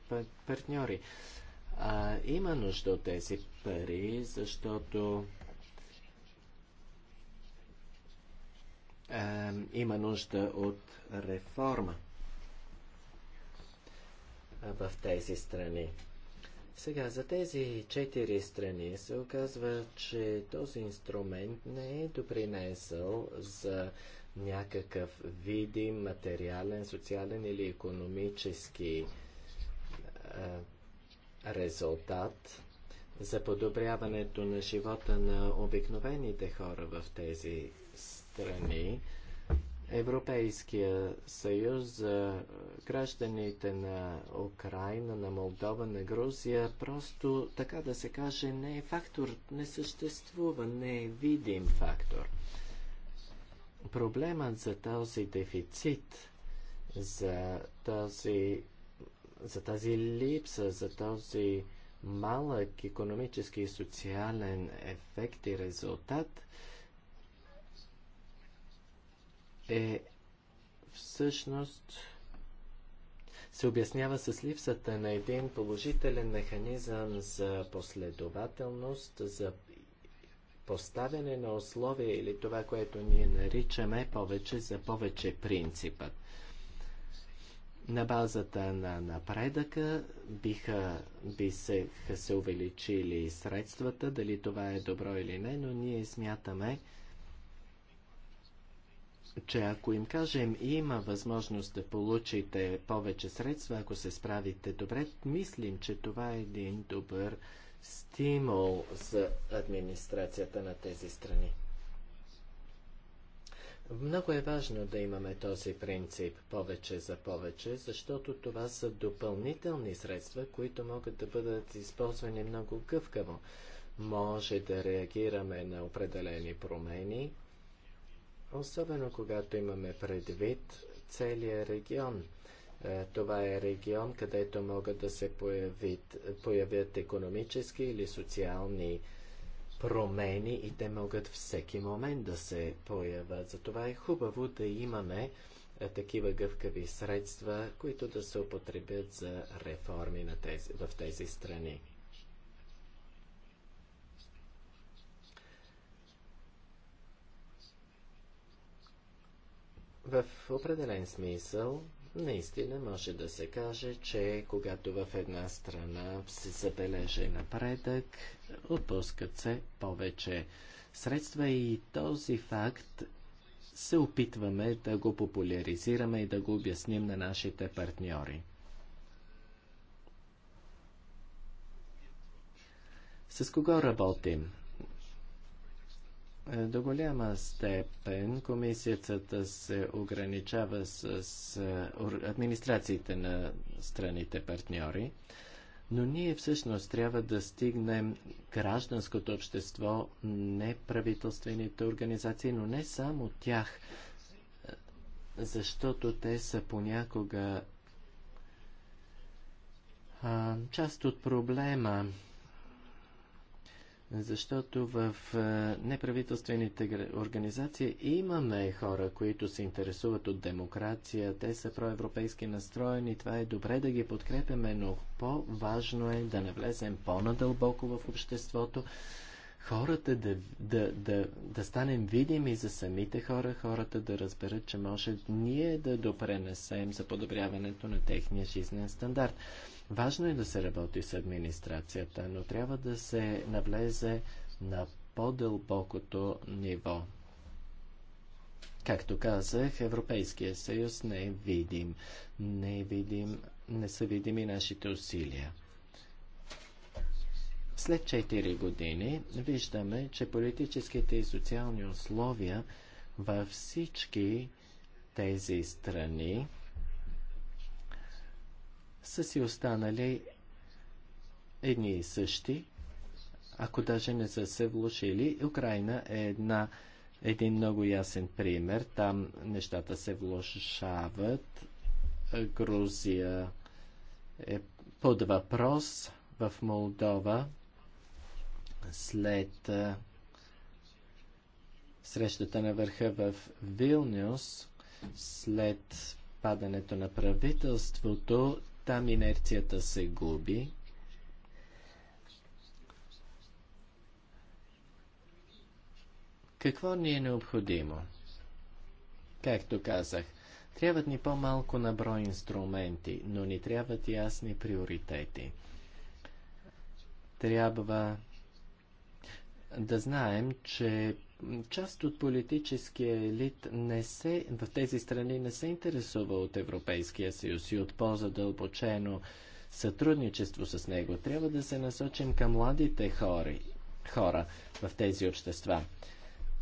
партньори. А, има нужда от тези пари, защото е, има нужда от реформа в тези страни. Сега, за тези четири страни се оказва, че този инструмент не е допринесъл за някакъв видим материален, социален или економически е, резултат за подобряването на живота на обикновените хора в тези страни, Европейския съюз за гражданите на Украина, на Молдова, на Грузия просто, така да се каже, не е фактор, не съществува, не е видим фактор. Проблемът за този дефицит, за, този, за тази липса, за този малък економически и социален ефект и резултат – е всъщност се обяснява с липсата на един положителен механизъм за последователност, за поставяне на условия или това, което ние наричаме повече за повече принципът. На базата на напредъка биха, би се, се увеличили средствата, дали това е добро или не, но ние смятаме, че ако им кажем има възможност да получите повече средства, ако се справите добре, мислим, че това е един добър стимул за администрацията на тези страни. Много е важно да имаме този принцип повече за повече, защото това са допълнителни средства, които могат да бъдат използвани много гъвкаво. Може да реагираме на определени промени, особено когато имаме предвид целия регион. Е, това е регион, където могат да се появят, появят економически или социални промени и те могат всеки момент да се появят. Затова е хубаво да имаме е, такива гъвкави средства, които да се употребят за реформи на тези, в тези страни. В определен смисъл, наистина може да се каже, че когато в една страна се забележи напредък, отпускат се повече средства и този факт се опитваме да го популяризираме и да го обясним на нашите партньори. С кого работим? Е, до голяма степен комисията се ограничава с, е, администрациите на страните партньори, но ние всъщност трябва да стигнем гражданското общество, неправителствените организации, но не само тях, е, защото те са понякога а, част от проблема защото в е, неправителствените организации имаме хора, които се интересуват от демокрация, те са проевропейски настроени, това е добре да ги подкрепяме, но по-важно е да навлезем по-надълбоко в обществото, хората да, да, да, да станем видими за самите хора, хората да разберат, че може ние да допренесем за подобряването на техния жизнен стандарт. Важно е да се работи с администрацията, но трябва да се навлезе на по-дълбокото ниво. Както казах, Европейския съюз не е видим. Не, е видим, не са видими нашите усилия. След 4 години виждаме, че политическите и социални условия във всички тези страни са си останали едни и същи, ако даже не са се влушили. Украина е една, един много ясен пример. Там нещата се влушават. Грузия е под въпрос в Молдова след срещата на върха в Вилнюс, след падането на правителството, там инерцията се губи. Какво ни е необходимо? Както казах, трябват ни по-малко на инструменти, но ни трябват ясни приоритети. Трябва да знаем, че част от политическия елит не се, в тези страни не се интересува от Европейския съюз и от по-задълбочено сътрудничество с него. Трябва да се насочим към младите хори, хора в тези общества.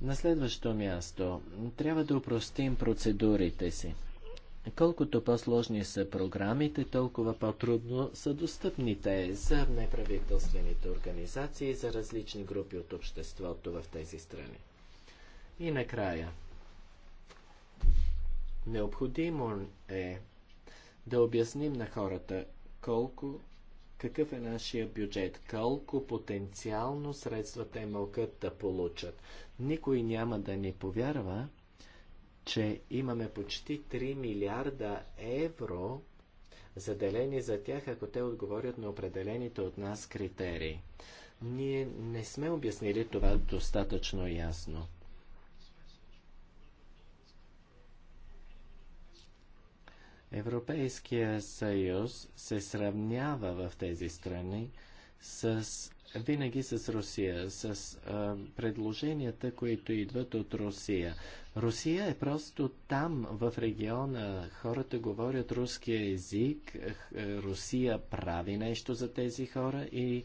На следващо място, трябва да упростим процедурите си. Колкото по-сложни са програмите, толкова по-трудно са достъпните за неправителствените организации, и за различни групи от обществото в тези страни. И накрая. Необходимо е да обясним на хората колко, какъв е нашия бюджет, колко потенциално средства те могат да получат. Никой няма да ни повярва, че имаме почти 3 милиарда евро заделени за тях, ако те отговорят на определените от нас критерии. Ние не сме обяснили това достатъчно ясно. Европейския съюз се сравнява в тези страни с, винаги с Русия, с а, предложенията, които идват от Русия. Русия е просто там, в региона. Хората говорят руския език, е, Русия прави нещо за тези хора и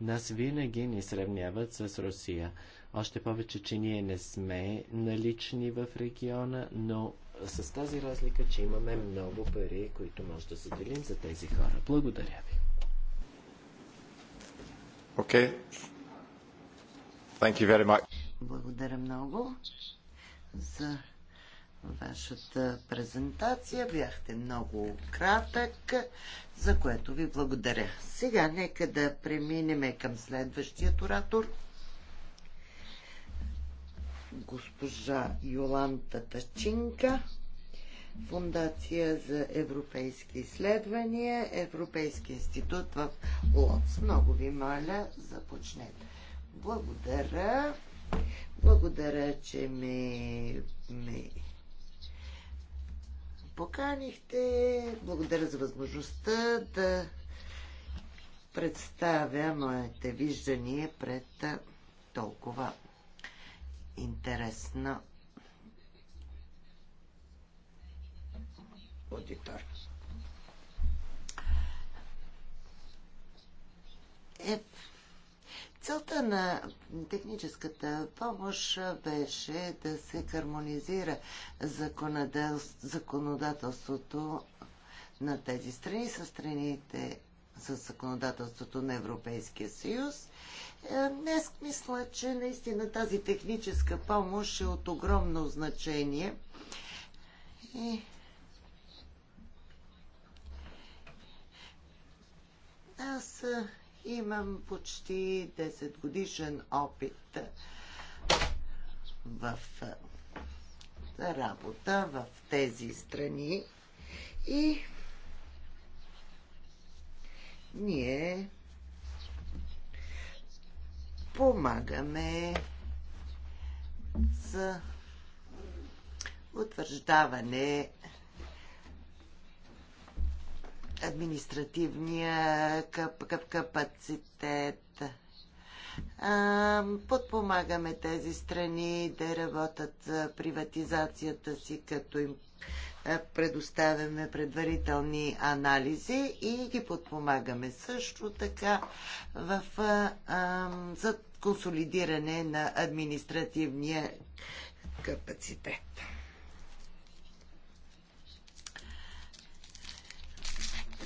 нас винаги ни сравняват с Русия. Още повече, че ние не сме налични в региона, но с тази разлика, че имаме много пари, които може да заделим за тези хора. Благодаря ви. Okay. Thank you very much. Благодаря много за вашата презентация. Бяхте много кратък, за което ви благодаря. Сега нека да преминем към следващия оратор госпожа Йоланта Тачинка, Фундация за европейски изследвания, Европейски институт в Лоц. Много ви моля, започнете. Благодаря. Благодаря, че ме, ме поканихте. Благодаря за възможността да представя моите виждания пред толкова интересна аудитория. Е, целта на техническата помощ беше да се хармонизира законодателството на тези страни с страните с законодателството на Европейския съюз е, днес мисля, че наистина тази техническа помощ е от огромно значение. И... Аз имам почти 10 годишен опит в е, работа в тези страни и ние помагаме за утвърждаване административния капацитет. Подпомагаме тези страни да работят за приватизацията си, като им предоставяме предварителни анализи и ги подпомагаме също така в, а, за консолидиране на административния капацитет.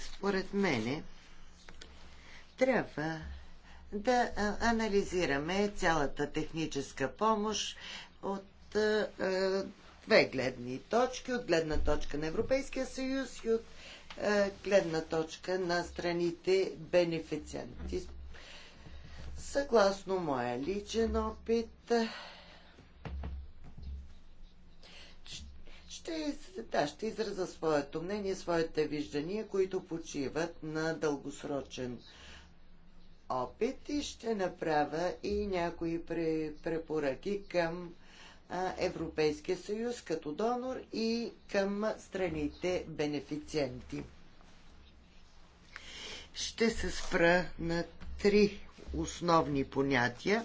Според мене трябва да анализираме цялата техническа помощ от две гледни точки, от гледна точка на Европейския съюз и от гледна точка на страните бенефициенти. Съгласно моя личен опит, ще, да, ще израза своето мнение, своите виждания, които почиват на дългосрочен опит и ще направя и някои препоръки към Европейския съюз като донор и към страните бенефициенти. Ще се спра на три основни понятия.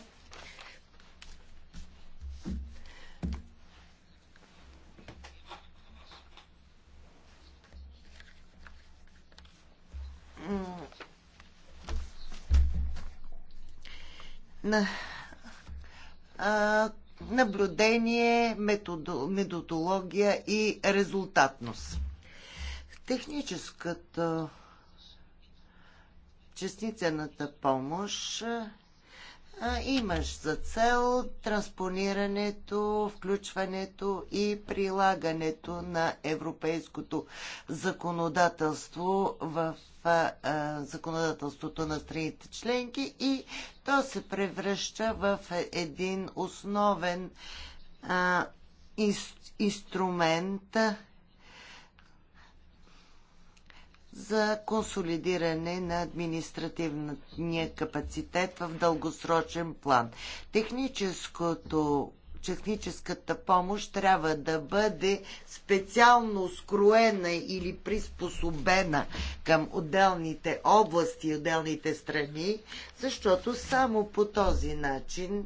На, а, наблюдение, методо, методология и резултатност. Техническата частицената помощ имаш за цел транспонирането, включването и прилагането на европейското законодателство в законодателството на страните членки и то се превръща в един основен инструмент за консолидиране на административния капацитет в дългосрочен план. Техническото техническата помощ трябва да бъде специално скроена или приспособена към отделните области отделните страни, защото само по този начин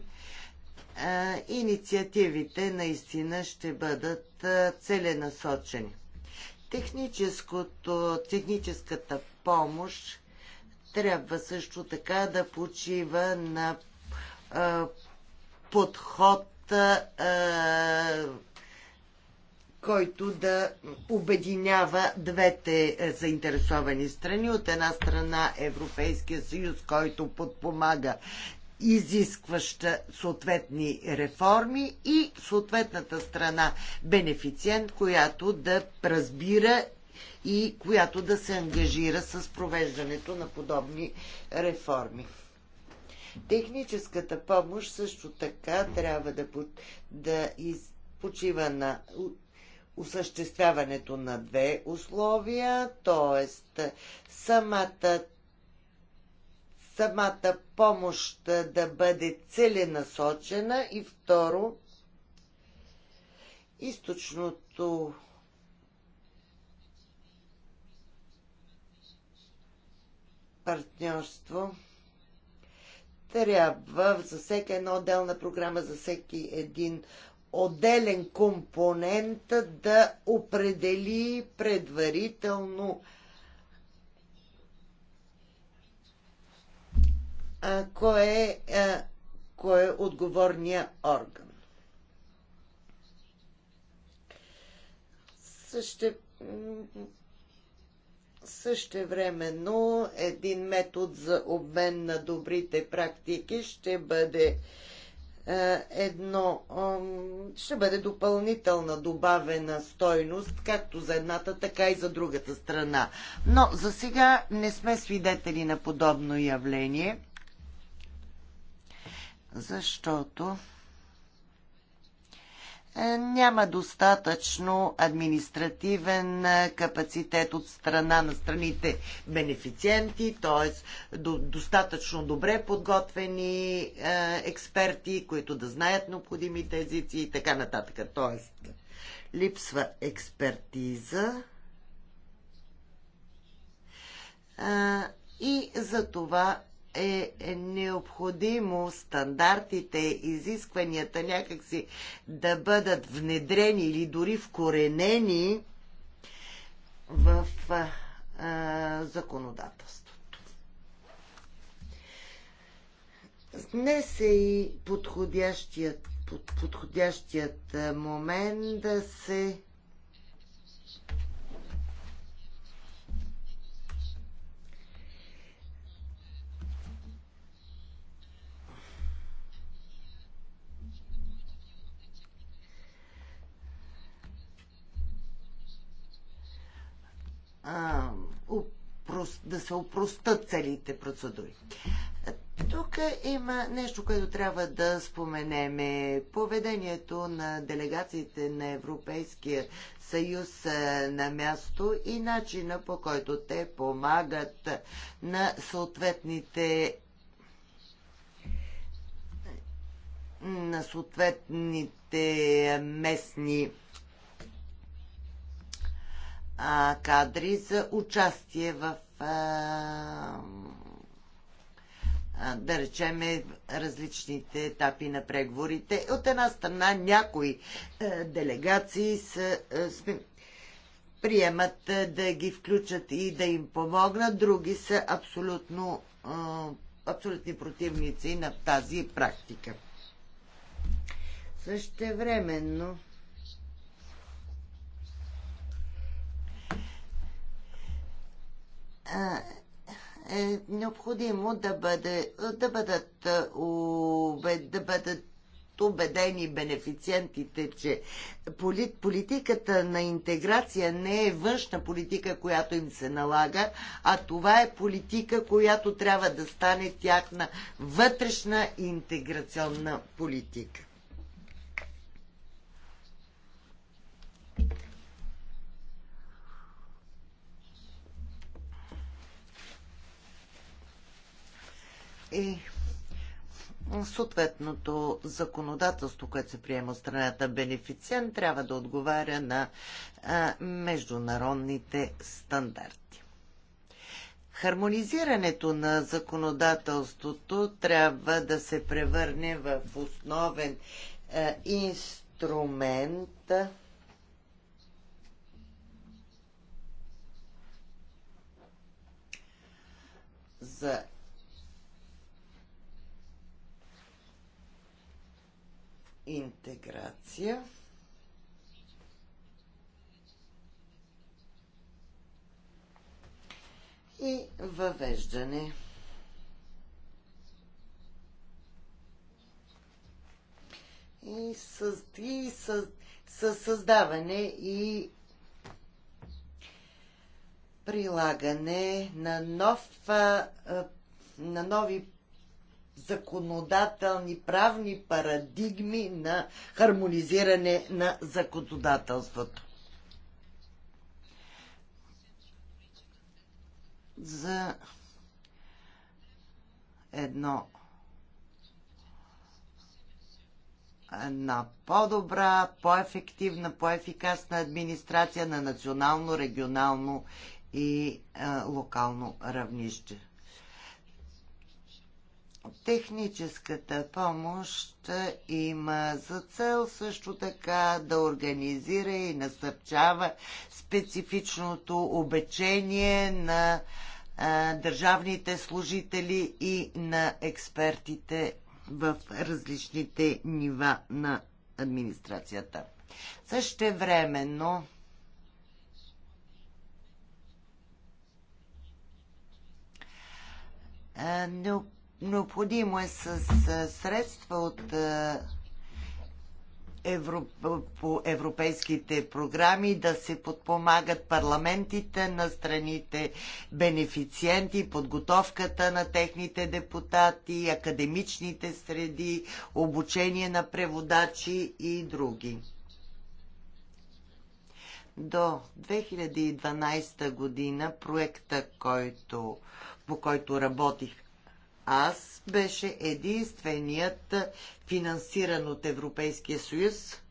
а, инициативите наистина ще бъдат а, целенасочени техническата помощ трябва също така да почива на а, подход, а, който да обединява двете е, заинтересовани страни. От една страна Европейския съюз, който подпомага изискваща съответни реформи и съответната страна бенефициент, която да разбира и която да се ангажира с провеждането на подобни реформи. Техническата помощ също така трябва да, да из, почива на осъществяването на две условия, т.е. самата самата помощ да бъде целенасочена и второ, източното партньорство трябва за всяка една отделна програма, за всеки един отделен компонент да определи предварително а, кой, е, а, кой е отговорния орган. Също но един метод за обмен на добрите практики ще бъде е, едно е, ще бъде допълнителна добавена стойност, както за едната, така и за другата страна. Но за сега не сме свидетели на подобно явление защото е, няма достатъчно административен е, капацитет от страна на страните бенефициенти, т.е. достатъчно добре подготвени е, експерти, които да знаят необходимите езици и така нататък. Т.е. липсва експертиза и за това е, е, необходимо стандартите, изискванията някакси да бъдат внедрени или дори вкоренени в а, а, законодателството. Днес е и подходящият, под, подходящият момент да се а, да се упростат целите процедури. Тук има нещо, което трябва да споменеме. Поведението на делегациите на Европейския съюз на място и начина по който те помагат на съответните на съответните местни а, кадри за участие в а, да речеме, различните етапи на преговорите. От една страна някои а, е, делегации са, а, е, сме, приемат а, е, да ги включат и да им помогнат, други са абсолютно, абсолютни противници на тази практика. Същевременно, временно Е, е необходимо да, бъде, да, бъдат, е, да бъдат убедени бенефициентите, че политиката на интеграция не е външна политика, която им се налага, а това е политика, която трябва да стане тяхна вътрешна интеграционна политика. и съответното законодателство, което се приема от страната бенефициент, трябва да отговаря на а, международните стандарти. Хармонизирането на законодателството трябва да се превърне в основен а, инструмент за интеграция. и въвеждане. И, и със създаване и прилагане на, нов, на нови законодателни правни парадигми на хармонизиране на законодателството. За едно на по-добра, по-ефективна, по-ефикасна администрация на национално, регионално и е, локално равнище. Техническата помощ има за цел също така да организира и насърчава специфичното обечение на а, държавните служители и на експертите в различните нива на администрацията. Същевременно времено необходимо Необходимо е с средства от евро, по европейските програми да се подпомагат парламентите на страните бенефициенти, подготовката на техните депутати, академичните среди, обучение на преводачи и други. До 2012 година проекта, който, по който работих аз беше единственият финансиран от Европейския съюз,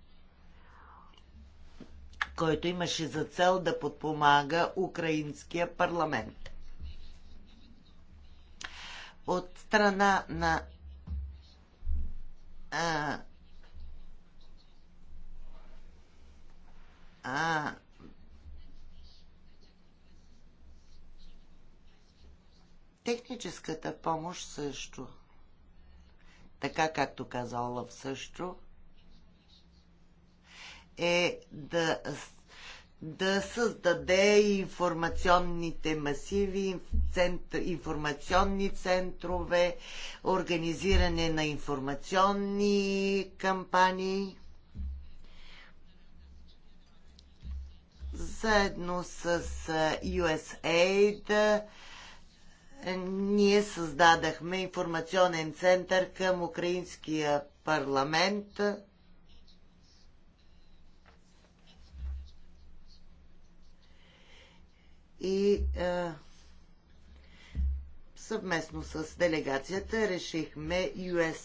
който имаше за цел да подпомага украинския парламент. От страна на а, а, Техническата помощ също. Така както каза Олаф също, е да, да създаде информационните масиви, цент, информационни центрове, организиране на информационни кампании. Заедно с USAID, ние създадахме информационен център към Украинския парламент. И е, съвместно с делегацията решихме US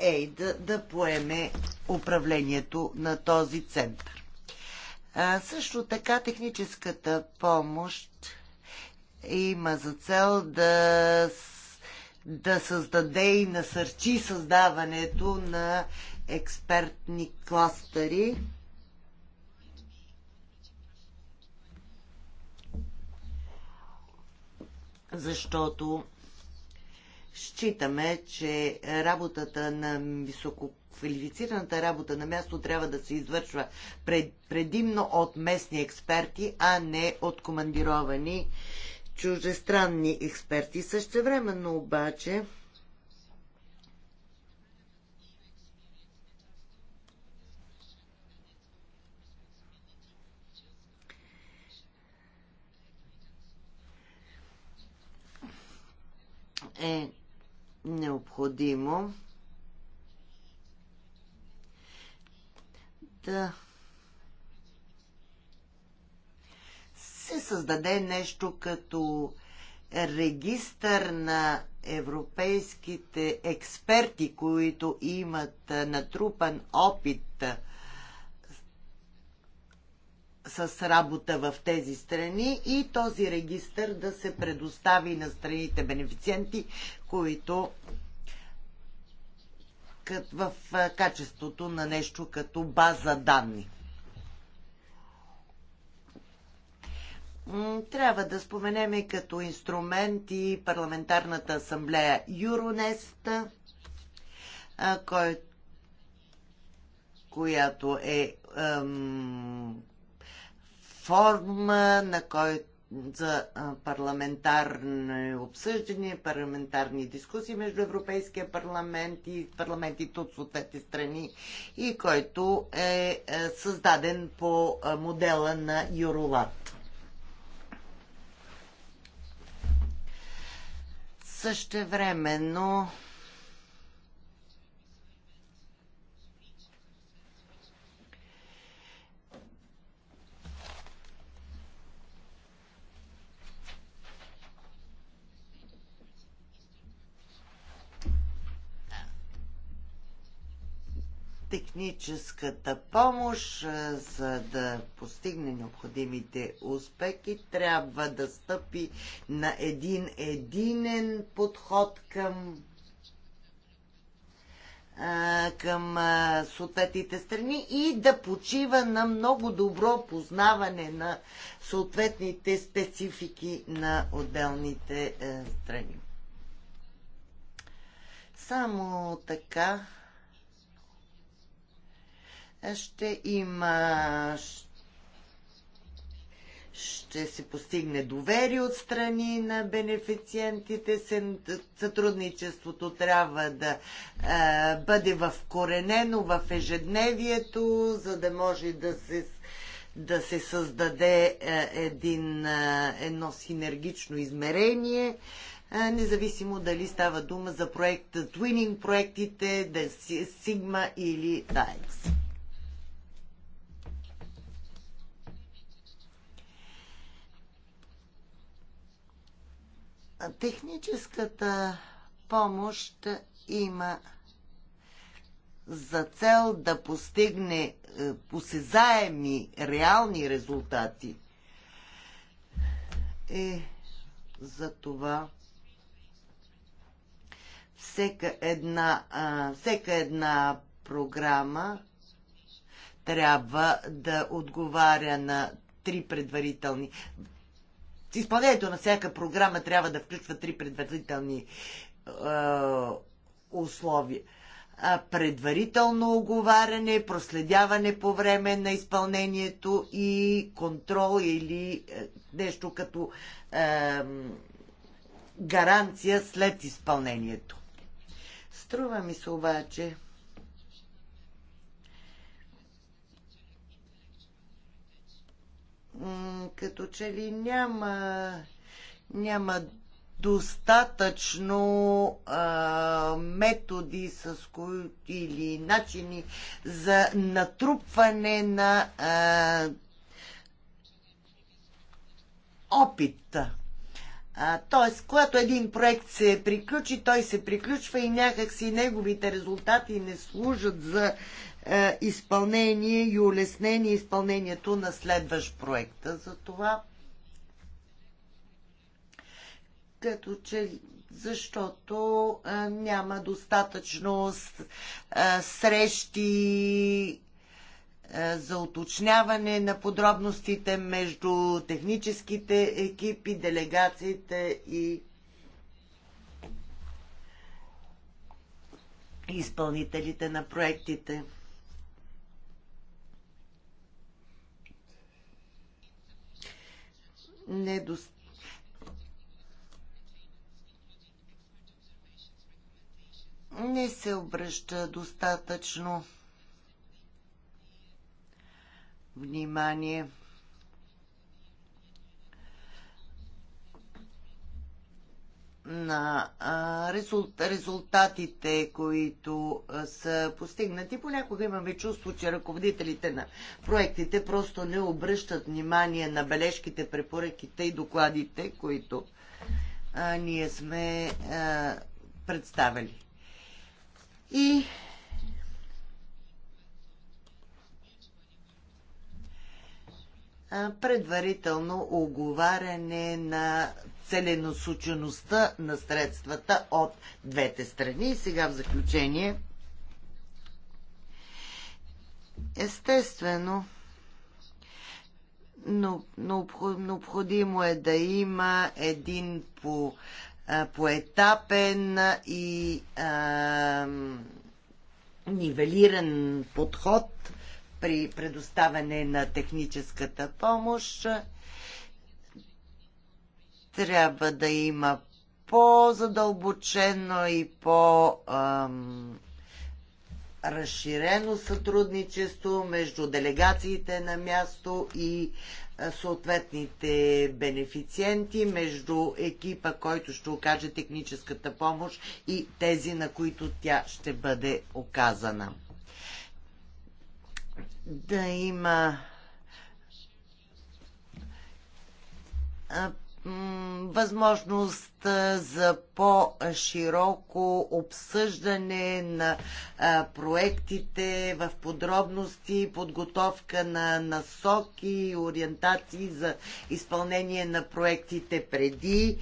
Aid да, поеме управлението на този център. също така техническата помощ има за цел да, да създаде и насърчи създаването на експертни кластери. Защото считаме, че работата на висококвалифицираната работа на място трябва да се извършва пред, предимно от местни експерти, а не от командировани чуждестранни експерти. Същевременно обаче е необходимо да се създаде нещо като регистър на европейските експерти, които имат натрупан опит с работа в тези страни и този регистър да се предостави на страните бенефициенти, които в качеството на нещо като база данни. трябва да споменеме като инструмент и парламентарната асамблея Юронест, която е форма, на който за парламентарни обсъждания, парламентарни дискусии между Европейския парламент и парламентите от съответните страни и който е, е създаден по модела на Юролат. Същевременно техническата помощ, за да постигне необходимите успехи, трябва да стъпи на един единен подход към към съответните страни и да почива на много добро познаване на съответните специфики на отделните е, страни. Само така ще има ще се постигне доверие от страни на бенефициентите. Сътрудничеството трябва да а, бъде вкоренено в ежедневието, за да може да се, да се създаде а, един, а, едно синергично измерение, независимо дали става дума за проект, Twinning проектите, да, Sigma или TAEX. Техническата помощ има за цел да постигне е, посезаеми реални резултати. И е, за това всека една, всека една програма трябва да отговаря на три предварителни. С изпълнението на всяка програма трябва да включва три предварителни е, условия. Предварително оговаряне, проследяване по време на изпълнението и контрол или е, нещо като е, гаранция след изпълнението. Струва ми се обаче, като че ли няма, няма достатъчно а, методи с кои, или начини за натрупване на а, опит. тоест, когато един проект се приключи, той се приключва и някакси неговите резултати не служат за е, изпълнение и улеснение изпълнението на следващ проекта. това, като че защото а, е, няма достатъчно с, а, е, срещи а, за уточняване на подробностите между техническите екипи, делегациите и изпълнителите на проектите. недостатъчно не се обръща достатъчно внимание на резултатите, които са постигнати. Понякога имаме чувство, че ръководителите на проектите просто не обръщат внимание на бележките, препоръките и докладите, които а, ние сме а, представили. И предварително оговаряне на целенасочеността на средствата от двете страни. И сега в заключение. Естествено, но, необходимо е да има един по, поетапен и а, нивелиран подход при предоставяне на техническата помощ трябва да има по-задълбочено и по- разширено сътрудничество между делегациите на място и съответните бенефициенти, между екипа, който ще окаже техническата помощ и тези, на които тя ще бъде оказана. Да има възможност за по-широко обсъждане на проектите в подробности, подготовка на насоки и ориентации за изпълнение на проектите преди,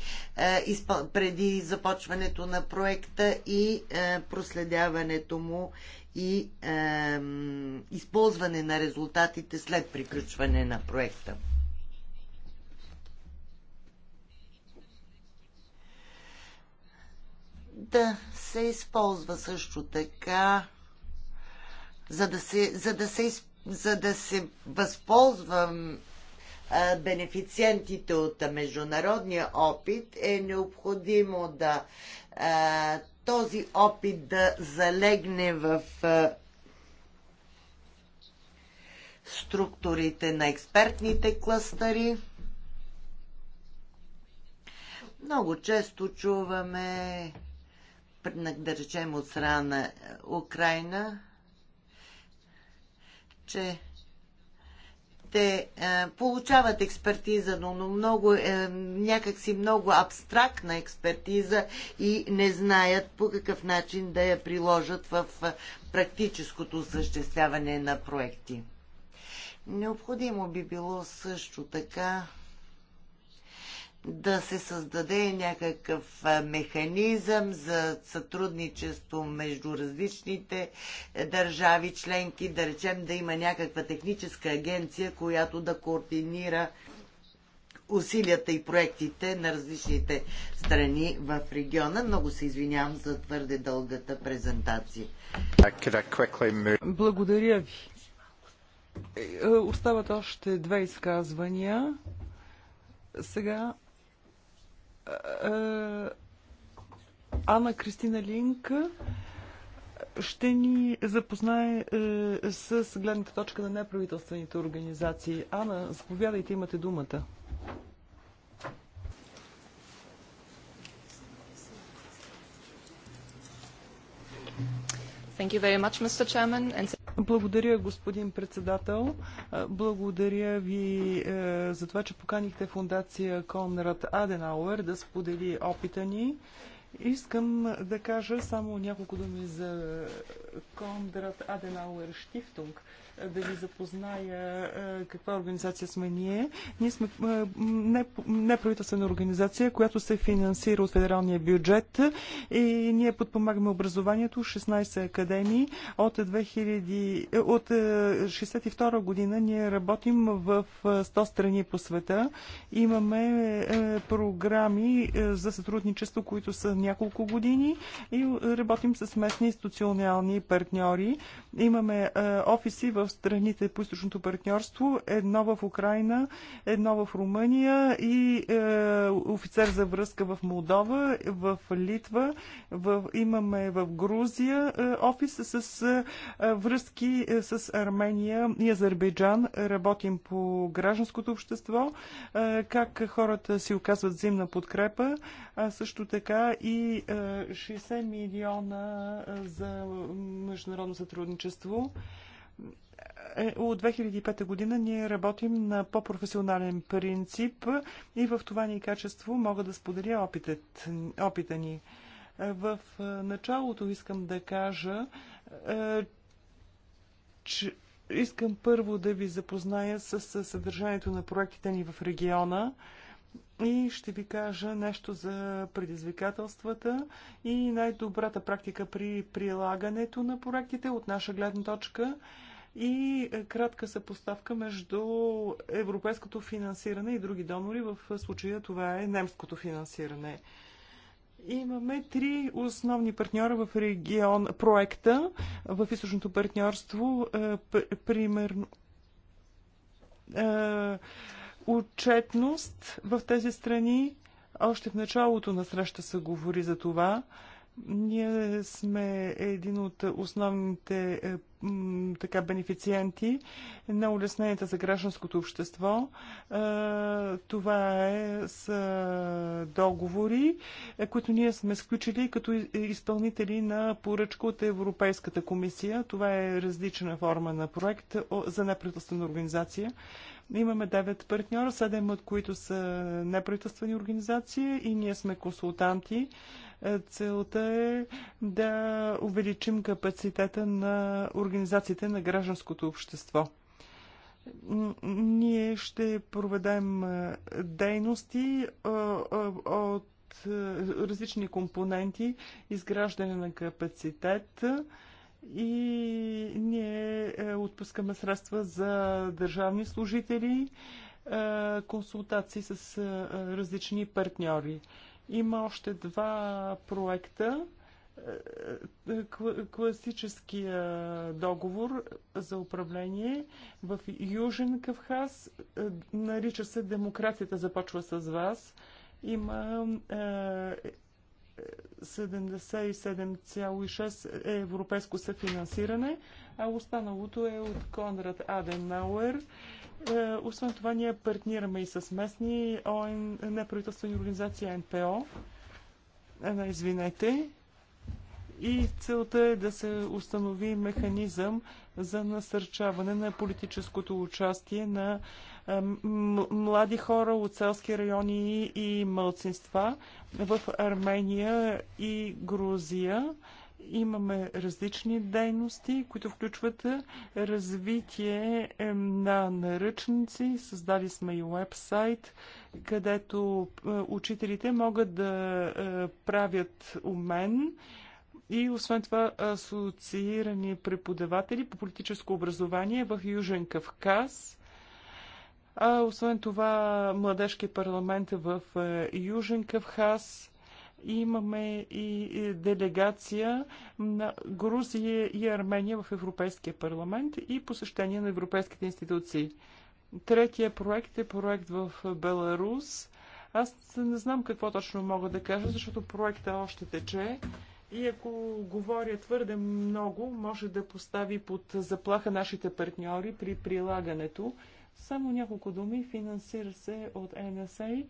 преди започването на проекта и проследяването му и използване на резултатите след приключване на проекта. да се използва също така, за да се, за да се, за да се възползвам бенефициентите от международния опит, е необходимо да този опит да залегне в структурите на експертните кластъри. Много често чуваме да речем от страна на е, Украина, че те е, получават експертиза, но много, е, някакси много абстрактна експертиза и не знаят по какъв начин да я приложат в е, практическото осъществяване на проекти. Необходимо би било също така да се създаде някакъв механизъм за сътрудничество между различните е, държави членки, да речем да има някаква техническа агенция, която да координира усилията и проектите на различните страни в региона. Много се извинявам за твърде дългата презентация. Благодаря ви. Е, е, остават още две изказвания. Сега е, е, Ана Кристина Линк ще ни запознае е, с гледната точка на неправителствените организации. Ана, заповядайте, имате думата. Благодаря, господин председател. Благодаря ви е, за това, че поканихте фундация Конрад Аденауер да сподели опита ни. Искам да кажа само няколко думи за Конрад Аденауер Штифтунг да ви запозная каква организация сме ние. Ние сме неправителствена организация, която се финансира от федералния бюджет и ние подпомагаме образованието 16 академии. От, 2000, от 62 година ние работим в 100 страни по света. Имаме програми за сътрудничество, които са няколко години и работим с местни институционални партньори. Имаме офиси в страните по източното партньорство, едно в Украина, едно в Румъния и е, офицер за връзка в Молдова, в Литва, в, имаме в Грузия е, офис с е, връзки е, с Армения и Азербайджан. Работим по гражданското общество, е, как хората си оказват взаимна подкрепа, а също така и е, 60 милиона е, за международно сътрудничество. Е, от 2005 година ние работим на по-професионален принцип и в това ни качество мога да споделя опитът, опита ни. Е, в е, началото искам да кажа, че искам първо да ви запозная с съдържанието на проектите ни в региона и ще ви кажа нещо за предизвикателствата и най-добрата практика при прилагането на проектите от наша гледна точка – и кратка съпоставка между европейското финансиране и други донори. В случая това е немското финансиране. Имаме три основни партньора в регион проекта в източното партньорство. Е, примерно е, отчетност в тези страни. Още в началото на среща се говори за това. Ние сме един от основните е, така, бенефициенти на улесненията за гражданското общество. Това е с договори, е, които ние сме сключили като е, изпълнители на поръчка от Европейската комисия. Това е различна форма на проект за неправителствена организация. Имаме 9 партньора, 7 от които са неправителствени организации и ние сме консултанти. Целта е да увеличим капацитета на организациите на гражданското общество. Ние ще проведем дейности от различни компоненти, изграждане на капацитет и ние е, отпускаме средства за държавни служители, консултации с различни партньори. Има още два проекта. Е, е, класическия договор за управление в Южен Кавхаз е, нарича се Демокрацията започва с вас. Има 77,6 е европейско съфинансиране, а останалото е от Конрад Аденауер. Науер е, освен това, ние партнираме и с местни ОН, неправителствени организации НПО. Е, не, извинете. И целта е да се установи механизъм за насърчаване на политическото участие на е, млади хора от селски райони и мълцинства в Армения и Грузия имаме различни дейности, които включват развитие е, на наръчници. Създали сме и уебсайт, където е, учителите могат да е, правят умен. И освен това асоциирани преподаватели по политическо образование в Южен Кавказ. А освен това младежки парламент в Южен Кавказ имаме и делегация на Грузия и Армения в Европейския парламент и посещение на европейските институции. Третия проект е проект в Беларус. Аз не знам какво точно мога да кажа, защото проектът още тече. И ако говоря твърде много, може да постави под заплаха нашите партньори при прилагането. Само няколко думи. Финансира се от NSA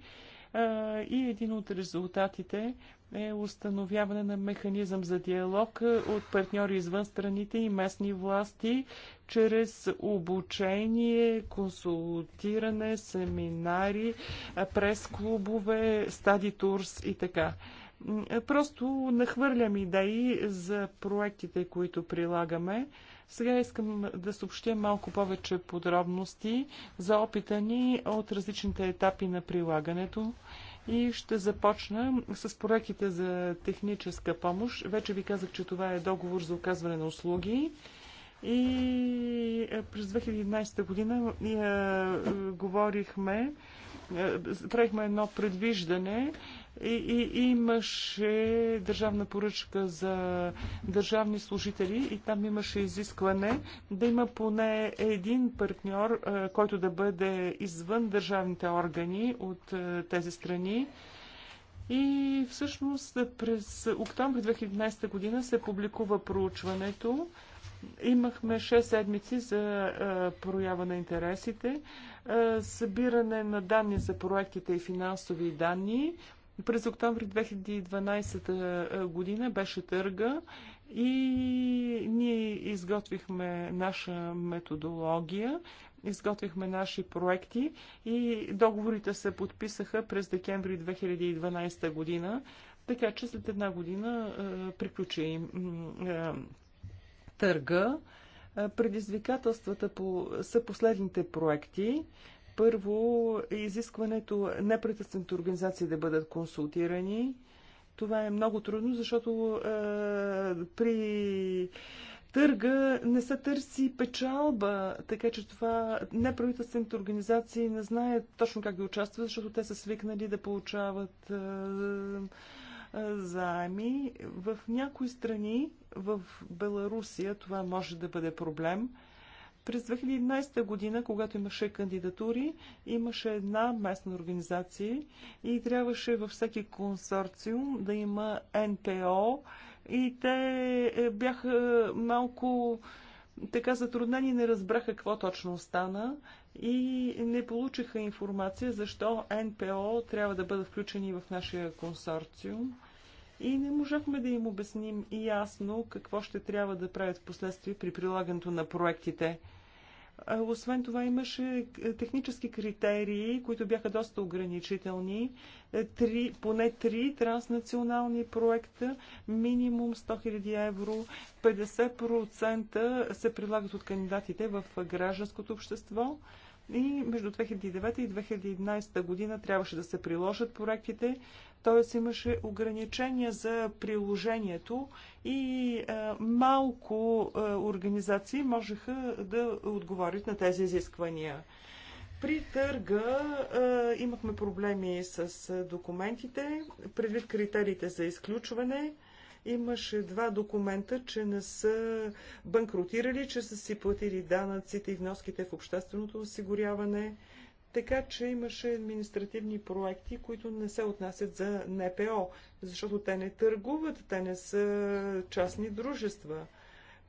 и един от резултатите е установяване на механизъм за диалог от партньори извън страните и местни власти чрез обучение, консултиране, семинари, прес-клубове, стади турс и така. Просто нахвърлям идеи за проектите, които прилагаме. Сега искам да съобщя малко повече подробности за опита ни от различните етапи на прилагането и ще започна с проектите за техническа помощ. Вече ви казах, че това е договор за оказване на услуги. И е, през 2011 година ние е, говорихме, е, правихме едно предвиждане и, и, имаше държавна поръчка за държавни служители и там имаше изискване да има поне един партньор, който да бъде извън държавните органи от тези страни. И всъщност през октомври 2011 година се публикува проучването. Имахме 6 седмици за а, проява на интересите, а, събиране на данни за проектите и финансови данни, през октомври 2012 е, година беше търга и ние изготвихме наша методология, изготвихме наши проекти и договорите се подписаха през декември 2012 година, така че след една година е, приключи е, търга. Е, предизвикателствата по, са последните проекти. Първо, изискването непрекъснато организации да бъдат консултирани. Това е много трудно, защото е, при търга не се търси печалба, така че това неправителствените организации не знаят точно как да участват, защото те са свикнали да получават е, е, заеми. В някои страни, в Беларусия, това може да бъде проблем – през 2011 година, когато имаше кандидатури, имаше една местна организация и трябваше във всеки консорциум да има НПО и те е, бяха малко така затруднени, не разбраха какво точно стана и не получиха информация защо НПО трябва да бъдат включени в нашия консорциум и не можахме да им обясним ясно какво ще трябва да правят в последствие при прилагането на проектите. Освен това имаше технически критерии, които бяха доста ограничителни. Е, три, поне три транснационални проекта, минимум 100 000 евро, 50% се прилагат от кандидатите в гражданското общество и между 2009 и 2011 година трябваше да се приложат проектите, т.е. имаше ограничения за приложението и малко организации можеха да отговорят на тези изисквания. При търга имахме проблеми с документите, предвид критериите за изключване – Имаше два документа, че не са банкротирали, че са си платили данъците и вноските в общественото осигуряване. Така че имаше административни проекти, които не се отнасят за НПО, защото те не търгуват, те не са частни дружества.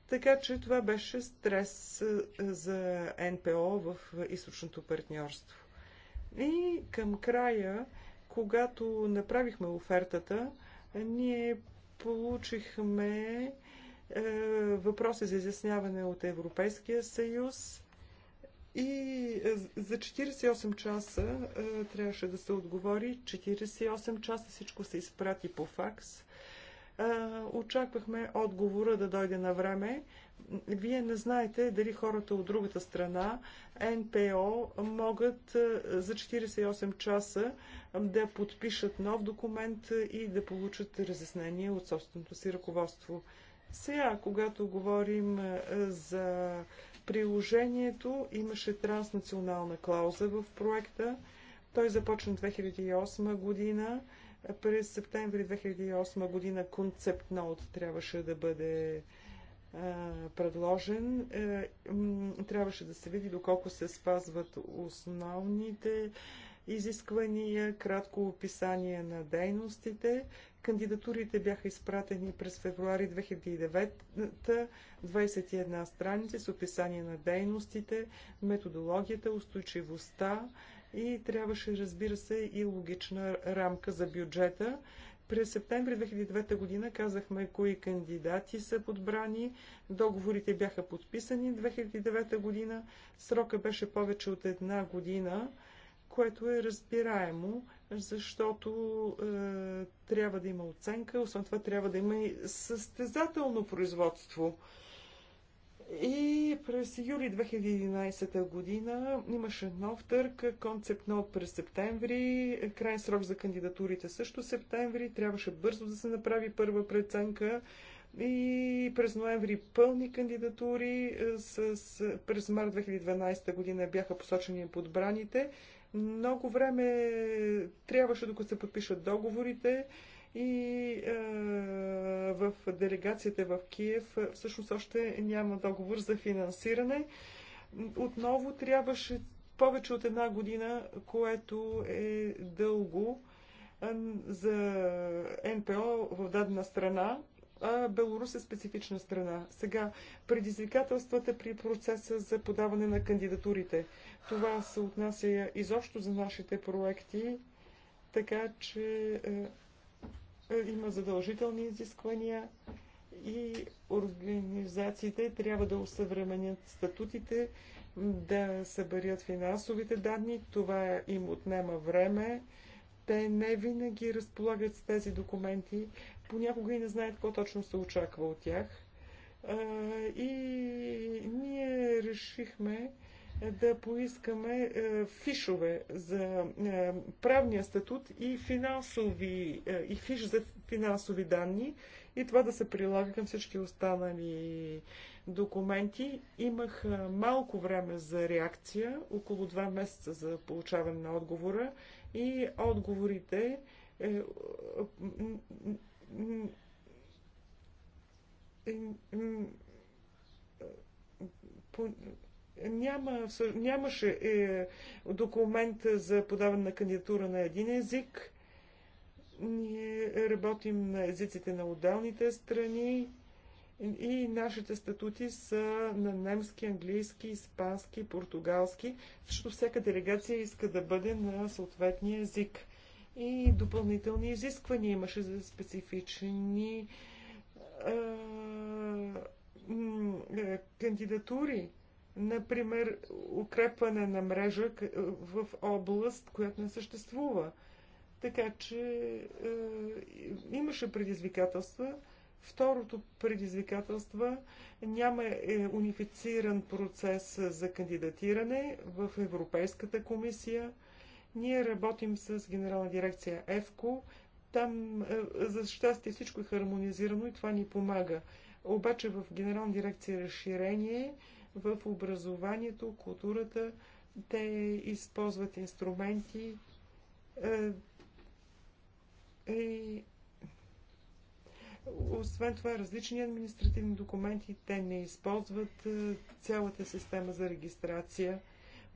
Така че това беше стрес е, за НПО в източното партньорство. И към края, когато направихме офертата, ние Получихме е, въпроси за изясняване от Европейския съюз и е, за 48 часа е, трябваше да се отговори. 48 часа всичко се изпрати по факс очаквахме отговора да дойде на време, вие не знаете дали хората от другата страна, НПО, могат е, за 48 часа е, да подпишат нов документ и да получат разяснение от собственото си ръководство. Сега, когато говорим е, за приложението, имаше транснационална клауза в проекта. Той започна 2008 година. През септември 2008 година ноут трябваше да бъде предложен, е, трябваше да се види доколко се спазват основните изисквания, кратко описание на дейностите. Кандидатурите бяха изпратени през февруари 2009, 21 страници с описание на дейностите, методологията, устойчивостта и трябваше, разбира се, и логична рамка за бюджета. През септември 2009 година казахме кои кандидати са подбрани. Договорите бяха подписани 2009 година. Срока беше повече от една година, което е разбираемо, защото е, трябва да има оценка, освен това трябва да има и състезателно производство. Е, и през юли 2011 година имаше нов търг, концепт нов през септември, крайен срок за кандидатурите също септември, трябваше бързо да се направи първа преценка и през ноември пълни кандидатури, е, с, с, е, през март 2012 година бяха посочени подбраните. Много време трябваше докато се подпишат договорите и е, в делегацията в Киев е, всъщност още няма договор за финансиране. Отново трябваше повече от една година, което е дълго е, за НПО в дадена страна, а Беларус е специфична страна. Сега, предизвикателствата при процеса за подаване на кандидатурите. Това се отнася изобщо за нашите проекти, така че е, е, има задължителни изисквания и организациите трябва да усъвременят статутите, да съберят финансовите данни. Това им отнема време. Те не винаги разполагат с тези документи, понякога и не знаят какво точно се очаква от тях. Е, и ние решихме да поискаме е, фишове за е, правния статут и, финансови, е, и фиш за финансови данни и това да се прилага към всички останали документи. Имах малко време за реакция, около 2 месеца за получаване на отговора и отговорите по, няма, нямаше е, документ за подаване на кандидатура на един език. Ние работим на езиците на отделните страни и нашите статути са на немски, английски, испански, португалски, защото всяка делегация иска да бъде на съответния език. И допълнителни изисквания имаше за специфични а, е, кандидатури Например, укрепване на мрежа в област, която не съществува. Така че е, имаше предизвикателства. Второто предизвикателство няма е, унифициран процес за кандидатиране в Европейската комисия. Ние работим с генерална дирекция ЕФКО. Там, е, за щастие, всичко е хармонизирано и това ни помага. Обаче в генерална дирекция разширение е, в образованието, културата. Те използват инструменти е, и освен това, различни административни документи, те не използват е, цялата система за регистрация.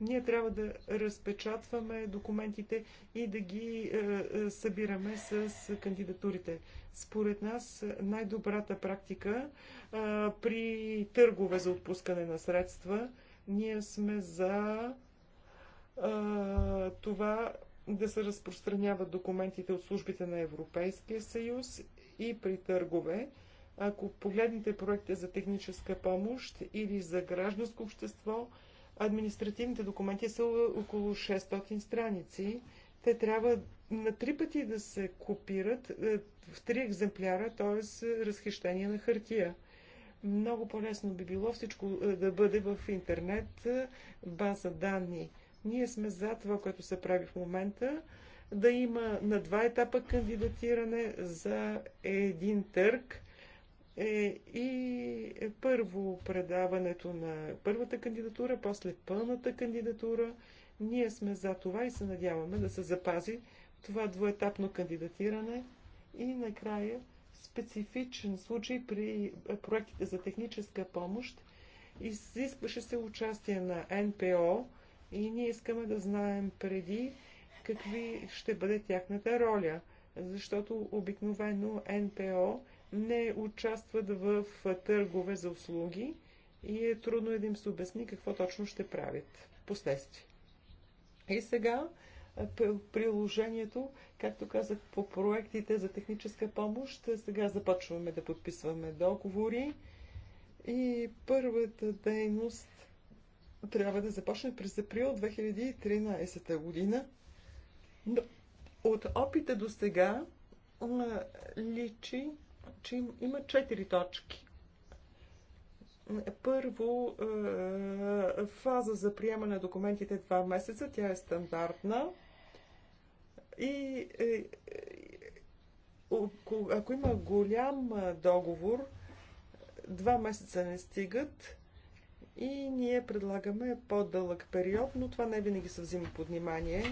Ние трябва да разпечатваме документите и да ги е, е, събираме с кандидатурите. Според нас най-добрата практика е, при търгове за отпускане на средства ние сме за това да се разпространяват документите от службите на Европейския съюз и при търгове. Ако погледнете проекта за техническа помощ или за гражданско общество, Административните документи са около 600 страници. Те трябва на три пъти да се копират е, в три екземпляра, т.е. разхищение на хартия. Много по-лесно би било всичко е, да бъде в интернет, е, база данни. Ние сме за това, което се прави в момента, да има на два етапа кандидатиране за един търг е, и първо предаването на първата кандидатура, после пълната кандидатура. Ние сме за това и се надяваме да се запази това двоетапно кандидатиране и накрая специфичен случай при проектите за техническа помощ изискваше се участие на НПО и ние искаме да знаем преди какви ще бъде тяхната роля, защото обикновено НПО не участват в търгове за услуги и е трудно е да им се обясни какво точно ще правят последствие. И сега приложението, както казах, по проектите за техническа помощ, сега започваме да подписваме договори и първата дейност трябва да започне през април 2013 година. Но от опита до сега личи, че има четири точки. Първо, е, фаза за приемане на документите два месеца, тя е стандартна. И е, е, ако има голям договор, два месеца не стигат и ние предлагаме по-дълъг период, но това не винаги се взима под внимание.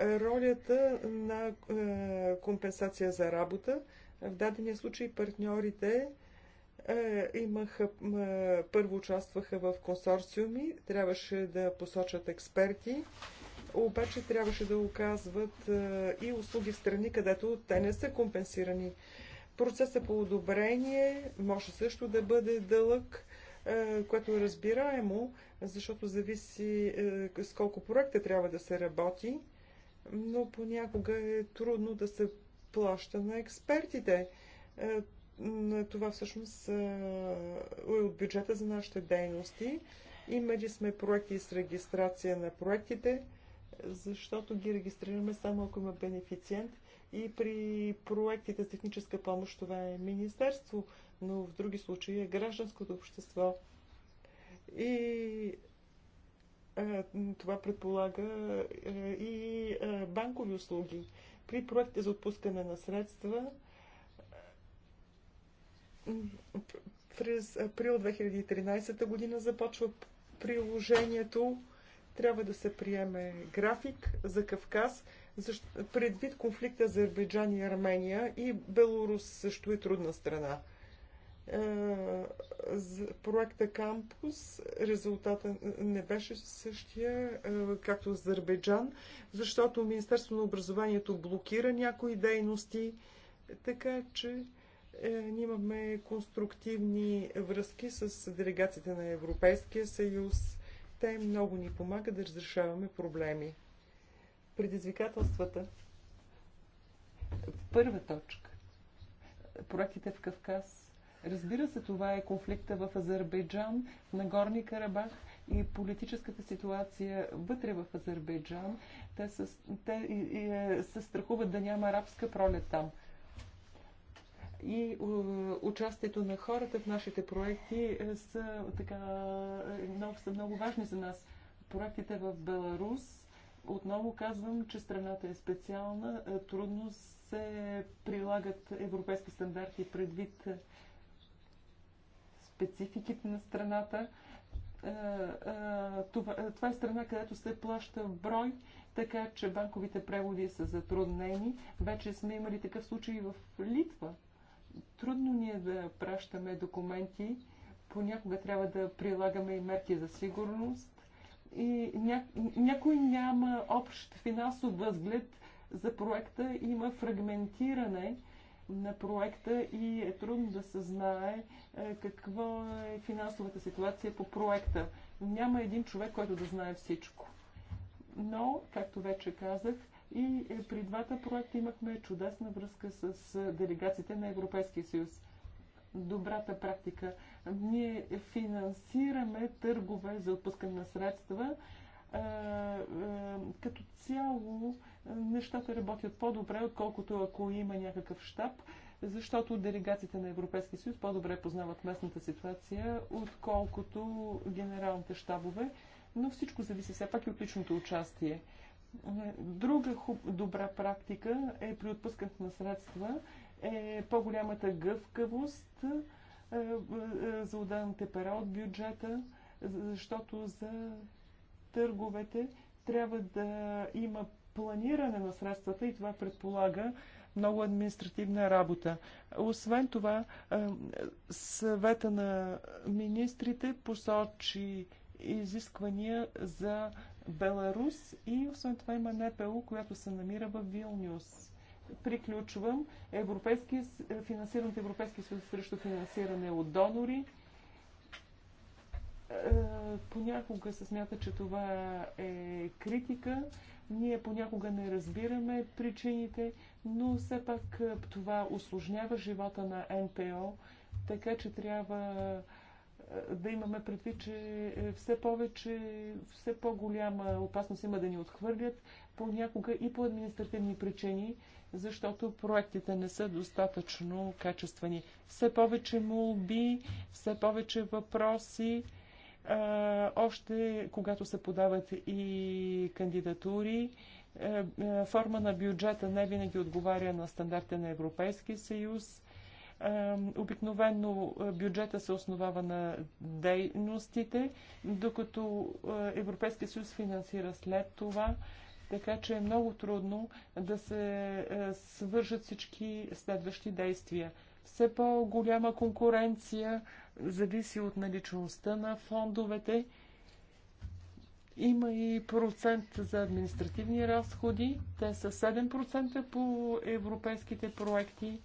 Ролята на компенсация за работа в дадения случай партньорите е, имаха, е, първо участваха в консорциуми, трябваше да посочат експерти, обаче трябваше да оказват е, и услуги в страни, където те не са компенсирани. Процесът по одобрение може също да бъде дълъг, което е разбираемо, защото зависи с колко проекта трябва да се работи, но понякога е трудно да се плаща на експертите. Е, това всъщност е, е от бюджета за нашите дейности. Имали сме проекти с регистрация на проектите, защото ги регистрираме само ако има бенефициент. И при проектите с техническа помощ това е министерство, но в други случаи е гражданското общество. И е, това предполага и банкови услуги при проекта за отпускане на средства през април 2013 година започва приложението. Трябва да се приеме график за Кавказ. Предвид конфликта Азербайджан и Армения и Беларус също е трудна страна проекта Кампус резултата не беше същия, както Азербайджан, защото Министерство на образованието блокира някои дейности, така че е, ние имаме конструктивни връзки с делегацията на Европейския съюз. Те много ни помагат да разрешаваме проблеми. Предизвикателствата. Първа точка. Проектите в Кавказ Разбира се, това е конфликта в Азербайджан, в Нагорни Карабах и политическата ситуация вътре в Азербайджан. Те, се, те и, е, и, е, се страхуват да няма арабска пролет там. И е, участието на хората в нашите проекти са, така, много, са много важни за нас. Проектите в Беларус, отново казвам, че страната е специална, трудно се прилагат европейски стандарти предвид спецификите на страната. Е, е, е, това, е страна, където се плаща в брой, така че банковите преводи са затруднени. Вече сме имали такъв случай в Литва. Трудно ни е да пращаме документи. Понякога трябва да прилагаме и мерки за сигурност. И ня... някой няма общ финансов възглед за проекта, има фрагментиране на проекта и е трудно да се знае е, каква е финансовата ситуация по проекта. Няма един човек, който да знае всичко. Но, както вече казах, и при двата проекта имахме чудесна връзка с е, делегациите на Европейския съюз. Добрата практика. Ние финансираме търгове за отпускане на средства. Е, като цяло е, нещата работят по-добре, отколкото ако има някакъв щаб, защото делегациите на Европейския съюз по-добре познават местната ситуация, отколкото генералните щабове, но всичко зависи все пак и от личното участие. Е, друга хуб, добра практика е при отпускането на средства е по-голямата гъвкавост е, е, е за отделните пера от бюджета, защото за търговете трябва да има планиране на средствата и това предполага много административна работа. Освен това, е, съвета на министрите посочи изисквания за Беларус и освен това има НПО, която се намира в Вилнюс. Приключвам. Европейски, е, финансиран от Европейски съюз срещу финансиране от донори. Е, понякога се смята, че това е критика. Ние понякога не разбираме причините, но все пак е, това осложнява живота на НПО, така че трябва е, да имаме предвид, че е, все повече, все по-голяма опасност има да ни отхвърлят, понякога и по административни причини, защото проектите не са достатъчно качествени. Все повече молби, все повече въпроси още когато се подават и кандидатури, е, е, форма на бюджета не винаги отговаря на стандарта на Европейския съюз. Е, обикновено бюджета се основава на дейностите, докато Европейския съюз финансира след това. Така че е много трудно да се свържат всички следващи действия все по-голяма конкуренция, зависи от наличността на фондовете. Има и процент за административни разходи. Те са 7% по европейските проекти,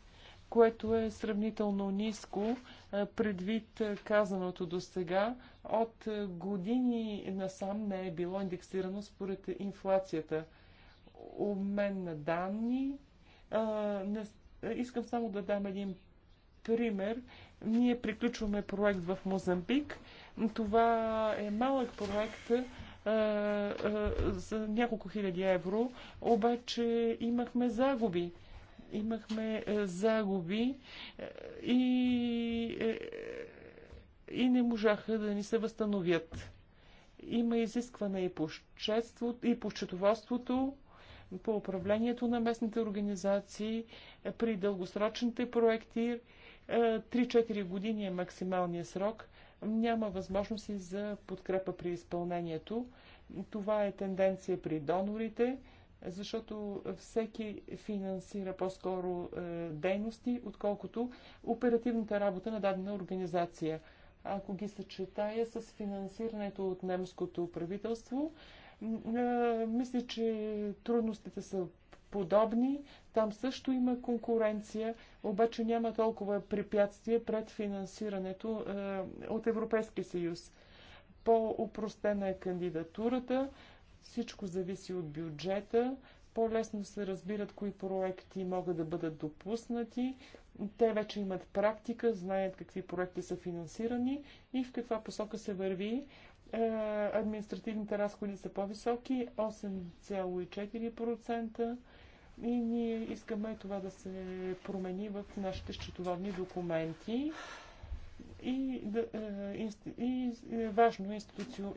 което е сравнително ниско предвид казаното до сега. От години насам не е било индексирано според инфлацията. Обмен на данни. Искам само да дам един пример, ние приключваме проект в Мозамбик. Това е малък проект, за няколко хиляди евро, обаче имахме загуби. Имахме е, загуби е, и, е, и не можаха да ни се възстановят. Има изискване и по, счетство, и по счетоводството, по управлението на местните организации, при дългосрочните проекти, 3-4 е, години е максималният срок. Няма възможности за подкрепа при изпълнението. Това е тенденция при донорите, защото всеки финансира по-скоро е, дейности, отколкото оперативната работа на дадена организация. Ако ги съчетая с финансирането от немското правителство, е, мисля, че трудностите са подобни. Там също има конкуренция, обаче няма толкова препятствия пред финансирането е, от Европейския съюз. По-упростена е кандидатурата, всичко зависи от бюджета, по-лесно се разбират кои проекти могат да бъдат допуснати. Те вече имат практика, знаят какви проекти са финансирани и в каква посока се върви. Е, административните разходи са по-високи 8,4%. И ние искаме това да се промени в нашите счетоводни документи. И, да, е, и е, важно е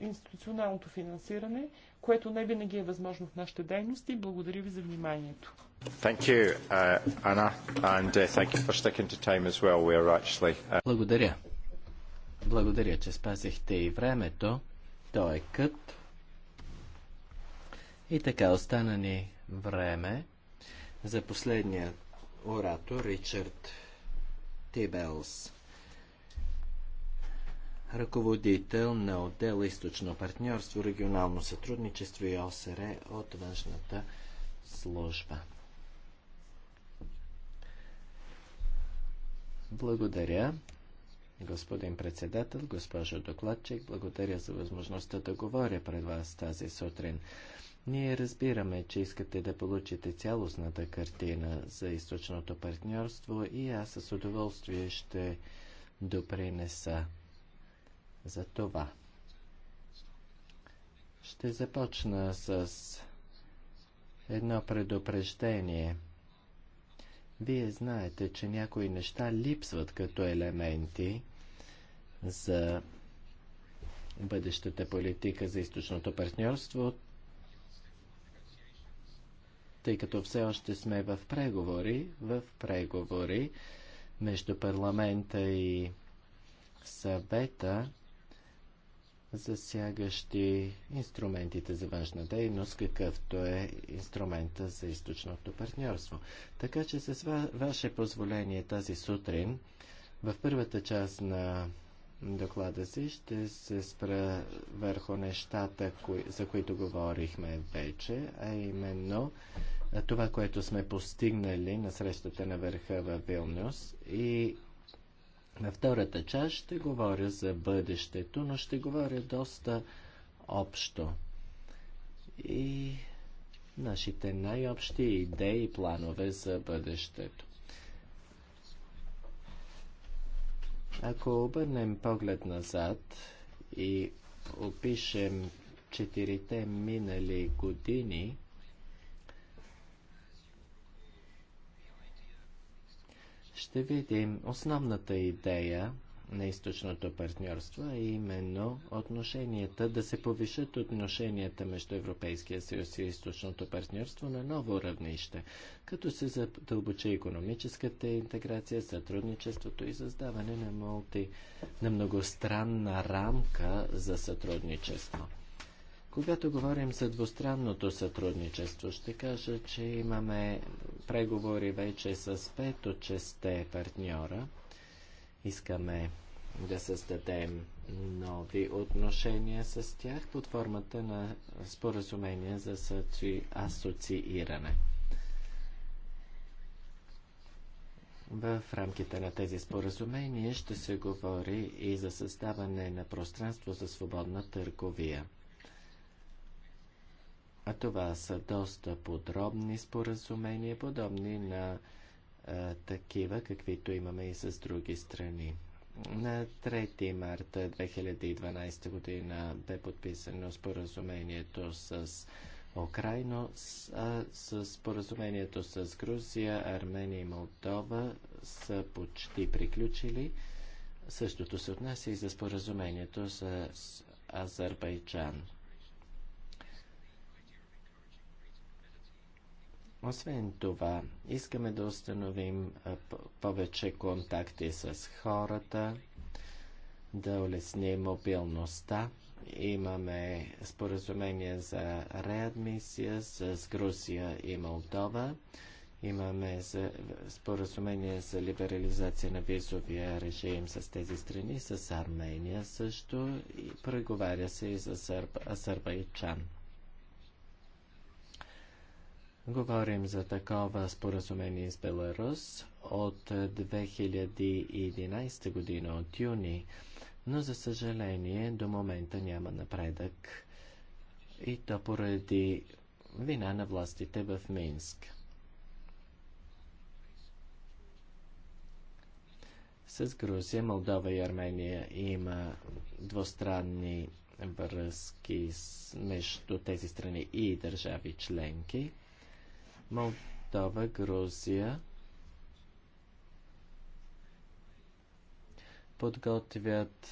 институционалното финансиране, което не винаги е възможно в нашите дейности. Благодаря ви за вниманието. Uh, uh, uh, Благодаря. Благодаря, че спазихте и времето. То е кът. И така остана ни време за последния оратор Ричард Тибелс, ръководител на отдел Източно партньорство, регионално сътрудничество и ОСР от външната служба. Благодаря, господин председател, госпожо докладчик. Благодаря за възможността да говоря пред вас тази сутрин. Ние разбираме, че искате да получите цялостната картина за източното партньорство и аз с удоволствие ще допринеса за това. Ще започна с едно предупреждение. Вие знаете, че някои неща липсват като елементи за бъдещата политика за източното партньорство тъй като все още сме в преговори, в преговори между парламента и съвета, засягащи инструментите за външна дейност, какъвто е инструмента за източното партньорство. Така че с ва ваше позволение тази сутрин в първата част на доклада си. Ще се спра върху нещата, кои, за които говорихме вече, а именно това, което сме постигнали на срещата на върха в Вилнюс и на втората част ще говоря за бъдещето, но ще говоря доста общо. И нашите най-общи идеи и планове за бъдещето. Ако обърнем поглед назад и опишем четирите минали години, ще видим основната идея – на източното партньорство, а именно отношенията, да се повишат отношенията между Европейския съюз и източното партньорство на ново равнище, като се задълбочи економическата интеграция, сътрудничеството и създаване на, мулти, на многостранна рамка за сътрудничество. Когато говорим за двустранното сътрудничество, ще кажа, че имаме преговори вече с пет от шесте партньора. Искаме да създадем нови отношения с тях под формата на споразумение за асоцииране. В рамките на тези споразумения ще се говори и за създаване на пространство за свободна търговия. А това са доста подробни споразумения, подобни на а, такива, каквито имаме и с други страни. На 3 марта 2012 година бе подписано споразумението с Украина, с, с споразумението с Грузия, Армения и Молдова са почти приключили. Същото се отнася и за споразумението с Азербайджан. Освен това, искаме да установим повече контакти с хората, да улесним мобилността. Имаме споразумение за реадмисия с Грузия и Молдова. Имаме споразумение за либерализация на визовия режим с тези страни, с Армения също. И преговаря се и за Азербайджан. Говорим за такова споразумение с Беларус от 2011 година, от юни, но за съжаление до момента няма напредък и то поради вина на властите в Минск. С Грузия, Молдова и Армения има двустранни връзки между тези страни и държави членки – Молдова, Грузия подготвят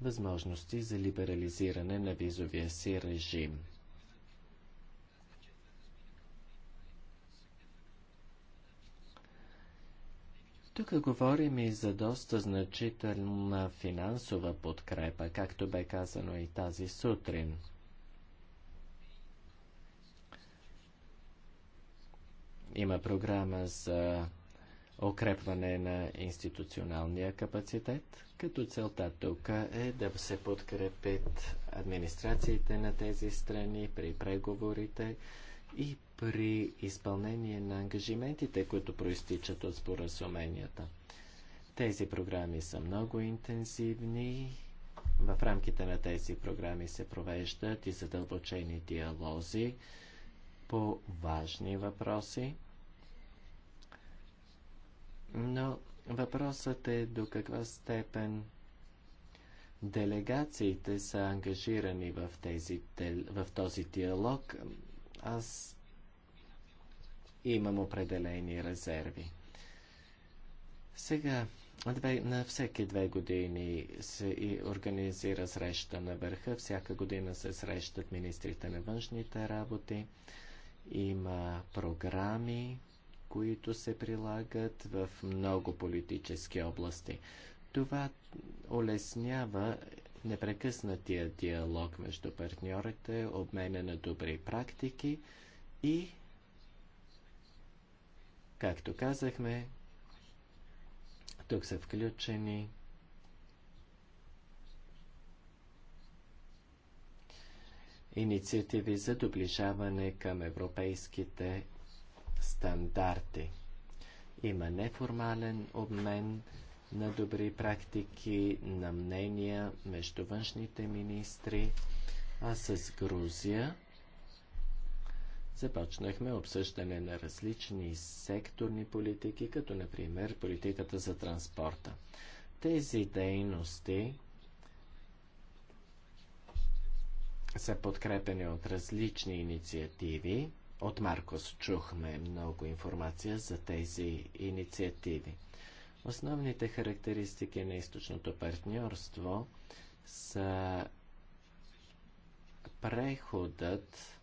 възможности за либерализиране на визовия си режим. Тук говорим и за доста значителна финансова подкрепа, както бе казано и тази сутрин – Има програма за укрепване на институционалния капацитет, като целта тук е да се подкрепят администрациите на тези страни при преговорите и при изпълнение на ангажиментите, които проистичат от споразуменията. Тези програми са много интензивни. В рамките на тези програми се провеждат и задълбочени диалози по важни въпроси, но въпросът е до каква степен делегациите са ангажирани в, тези, в този диалог. Аз имам определени резерви. Сега, две, на всеки две години се и организира среща на върха. Всяка година се срещат министрите на външните работи. Има програми, които се прилагат в много политически области. Това улеснява непрекъснатия диалог между партньорите, обмена на добри практики и, както казахме, тук са включени инициативи за доближаване към европейските стандарти. Има неформален обмен на добри практики, на мнения между външните министри, а с Грузия започнахме обсъждане на различни секторни политики, като например политиката за транспорта. Тези дейности са подкрепени от различни инициативи. От Маркос чухме много информация за тези инициативи. Основните характеристики на източното партньорство са преходът,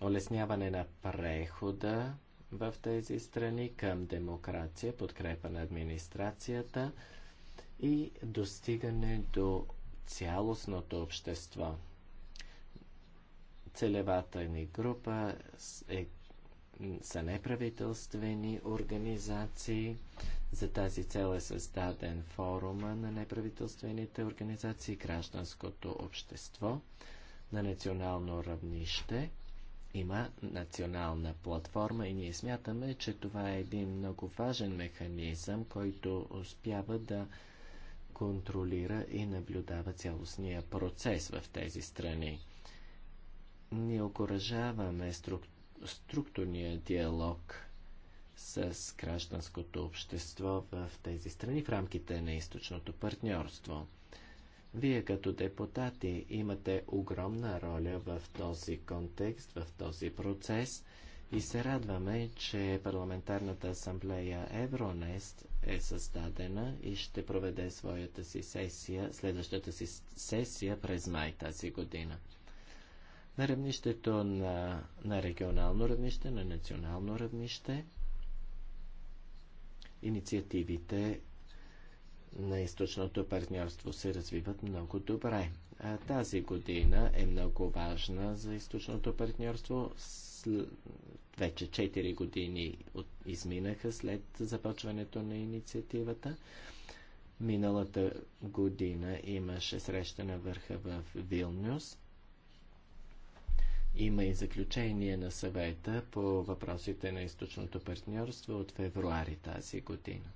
олесняване на прехода в тези страни към демокрация, подкрепа на администрацията и достигане до цялостното общество. Целевата ни група е, са неправителствени организации. За тази цел е създаден форума на неправителствените организации гражданското общество на национално равнище. Има национална платформа и ние смятаме, че това е един много важен механизъм, който успява да контролира и наблюдава цялостния процес в тези страни. Ние окоръжаваме струк... структурния диалог с гражданското общество в тези страни в рамките на източното партньорство. Вие като депутати имате огромна роля в този контекст, в този процес и се радваме, че Парламентарната асамблея Евронест е създадена и ще проведе своята си сесия, следващата си сесия през май тази година. На равнището на, на регионално равнище, на национално равнище, инициативите на източното партньорство се развиват много добре. А тази година е много важна за източното партньорство. Вече 4 години изминаха след започването на инициативата. Миналата година имаше среща на върха в Вилнюс. Има и заключение на съвета по въпросите на източното партньорство от февруари тази година.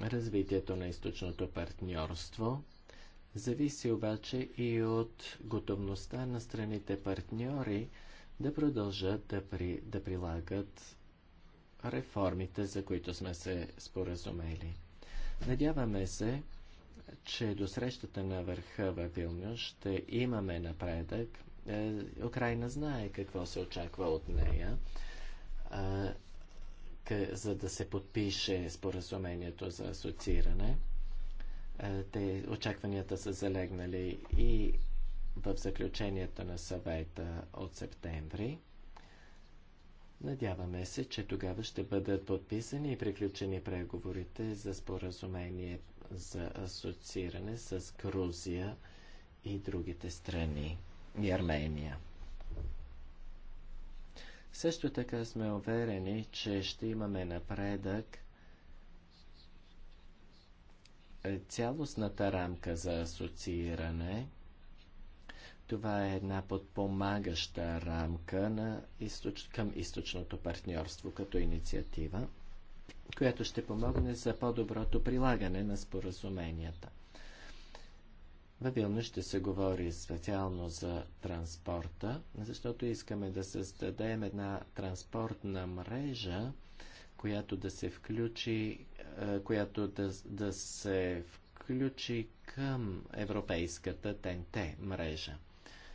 Развитието на източното партньорство – зависи обаче и от готовността на страните партньори да продължат да, при, да прилагат реформите, за които сме се споразумели. Надяваме се, че до срещата на върха във Вилнюс ще имаме напредък. Е, Украина знае какво се очаква от нея, за да се подпише споразумението за асоцииране. Е, те, очакванията са залегнали и в заключението на съвета от септември. Надяваме се, че тогава ще бъдат подписани и приключени преговорите за споразумение за асоцииране с Грузия и другите страни и Армения. Също така сме уверени, че ще имаме напредък цялостната рамка за асоцииране, това е една подпомагаща рамка на източ... към източното партньорство като инициатива, която ще помогне за по-доброто прилагане на споразуменията. Във ще се говори специално за транспорта, защото искаме да създадем една транспортна мрежа, която да се включи, е, която да, да се включи към европейската ТНТ мрежа.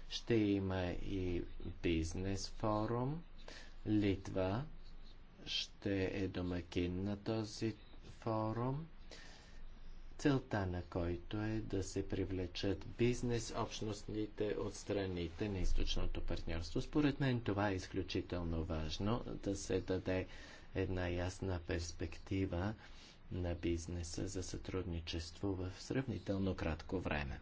Ще има и бизнес форум. Литва ще е домакин на този форум, целта на който е да се привлечат бизнес общностните от страните на източното партньорство. Според мен това е изключително важно да се даде една ясна перспектива на бизнеса за сътрудничество в сравнително кратко време.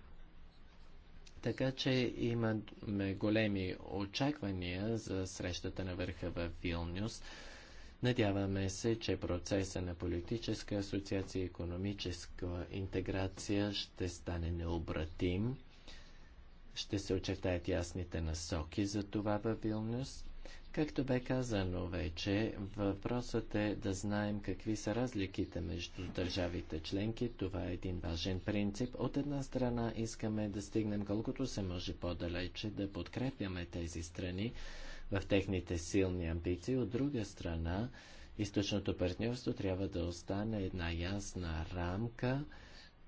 Така че имаме големи очаквания за срещата на върха в Вилнюс. Надяваме се, че процеса на политическа асоциация и економическа интеграция ще стане необратим. Ще се очертаят ясните насоки за това във Вилнюс Както бе казано вече, въпросът е да знаем какви са разликите между държавите членки. Това е един важен принцип. От една страна искаме да стигнем колкото се може по-далече, да подкрепяме тези страни в техните силни амбиции. От друга страна, източното партньорство трябва да остане една ясна рамка,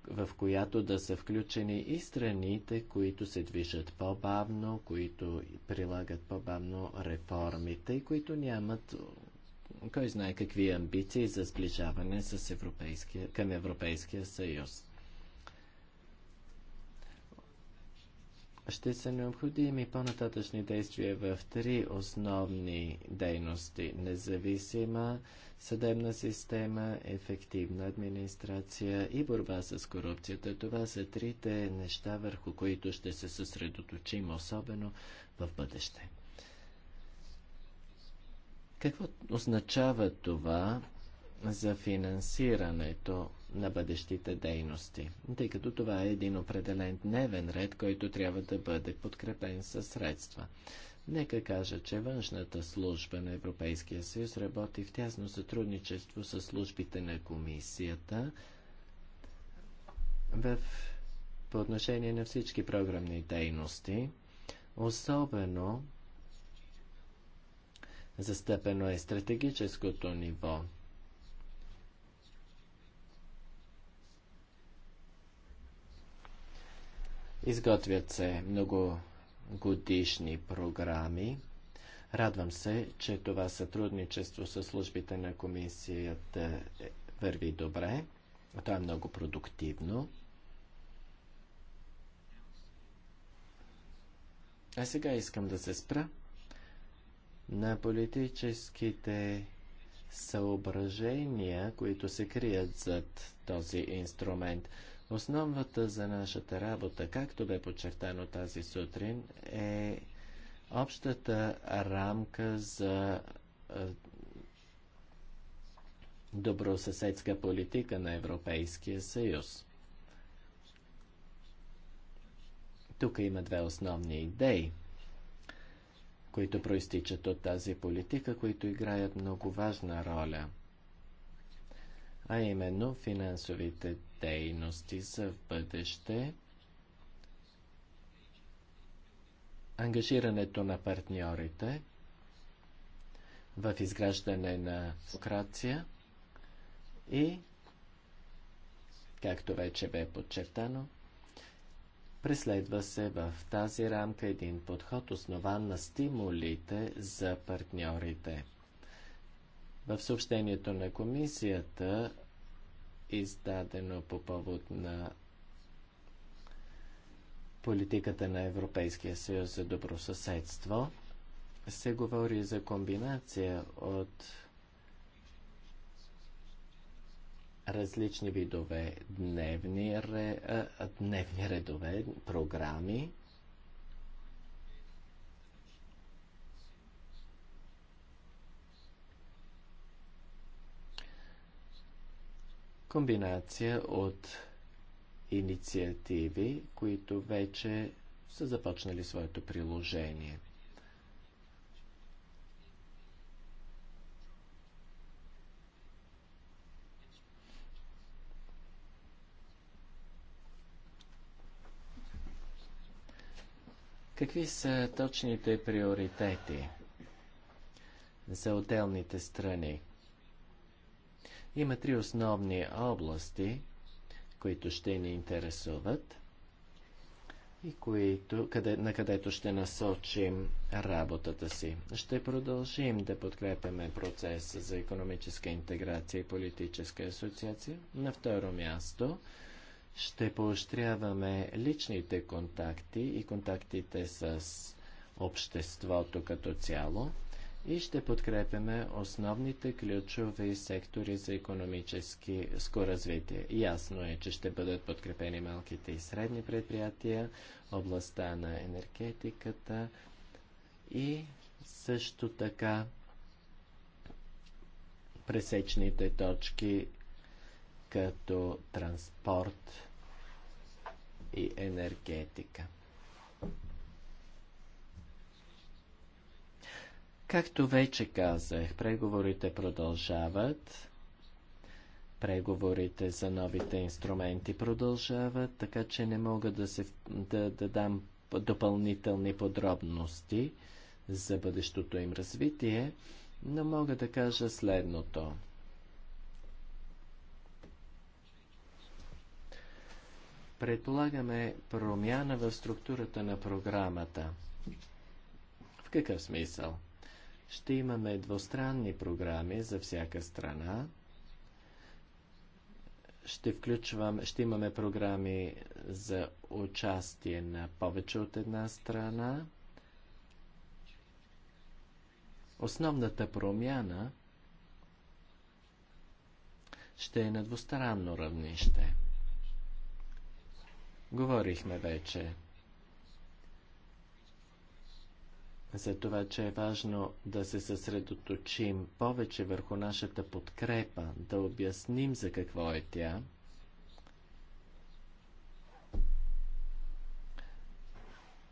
в която да са включени и страните, които се движат по-бавно, които прилагат по-бавно реформите и които нямат кой знае какви амбиции за сближаване с европейския, към Европейския съюз. Ще са необходими по-нататъчни действия в три основни дейности. Независима съдебна система, ефективна администрация и борба с корупцията. Това са трите неща, върху които ще се съсредоточим особено в бъдеще. Какво означава това за финансирането на бъдещите дейности? Тъй като това е един определен дневен ред, който трябва да бъде подкрепен със средства. Нека кажа, че външната служба на Европейския съюз работи в тясно сътрудничество с службите на комисията в, по отношение на всички програмни дейности, особено застъпено е стратегическото ниво. Изготвят се много годишни програми. Радвам се, че това сътрудничество с службите на комисията върви добре. Това е много продуктивно. А сега искам да се спра на политическите съображения, които се крият зад този инструмент – Основната за нашата работа, както бе подчертано тази сутрин, е общата рамка за е, добросъседска политика на Европейския съюз. Тук има две основни идеи, които проистичат от тази политика, които играят много важна роля, а именно финансовите дейности за в бъдеще, ангажирането на партньорите в изграждане на демокрация и, както вече бе подчертано, преследва се в тази рамка един подход, основан на стимулите за партньорите. В съобщението на комисията издадено по повод на политиката на Европейския съюз за добросъседство, се говори за комбинация от различни видове дневни, дневни редове, програми, комбинация от инициативи, които вече са започнали своето приложение. Какви са точните приоритети за отделните страни? Има три основни области, които ще ни интересуват и които, къде, на където ще насочим работата си. Ще продължим да подкрепяме процеса за економическа интеграция и политическа асоциация. На второ място ще поощряваме личните контакти и контактите с обществото като цяло и ще подкрепяме основните ключови сектори за економически развитие. Ясно е, че ще бъдат подкрепени малките и средни предприятия, областта на енергетиката и също така пресечните точки като транспорт и енергетика. Както вече казах, преговорите продължават. Преговорите за новите инструменти продължават, така че не мога да, се, да, да дам допълнителни подробности за бъдещото им развитие, но мога да кажа следното. Предполагаме промяна в структурата на програмата. В какъв смисъл? ще имаме двустранни програми за всяка страна. Ще, включвам, ще имаме програми за участие на повече от една страна. Основната промяна ще е на двустранно равнище. Говорихме вече за това, че е важно да се съсредоточим повече върху нашата подкрепа, да обясним за какво е тя.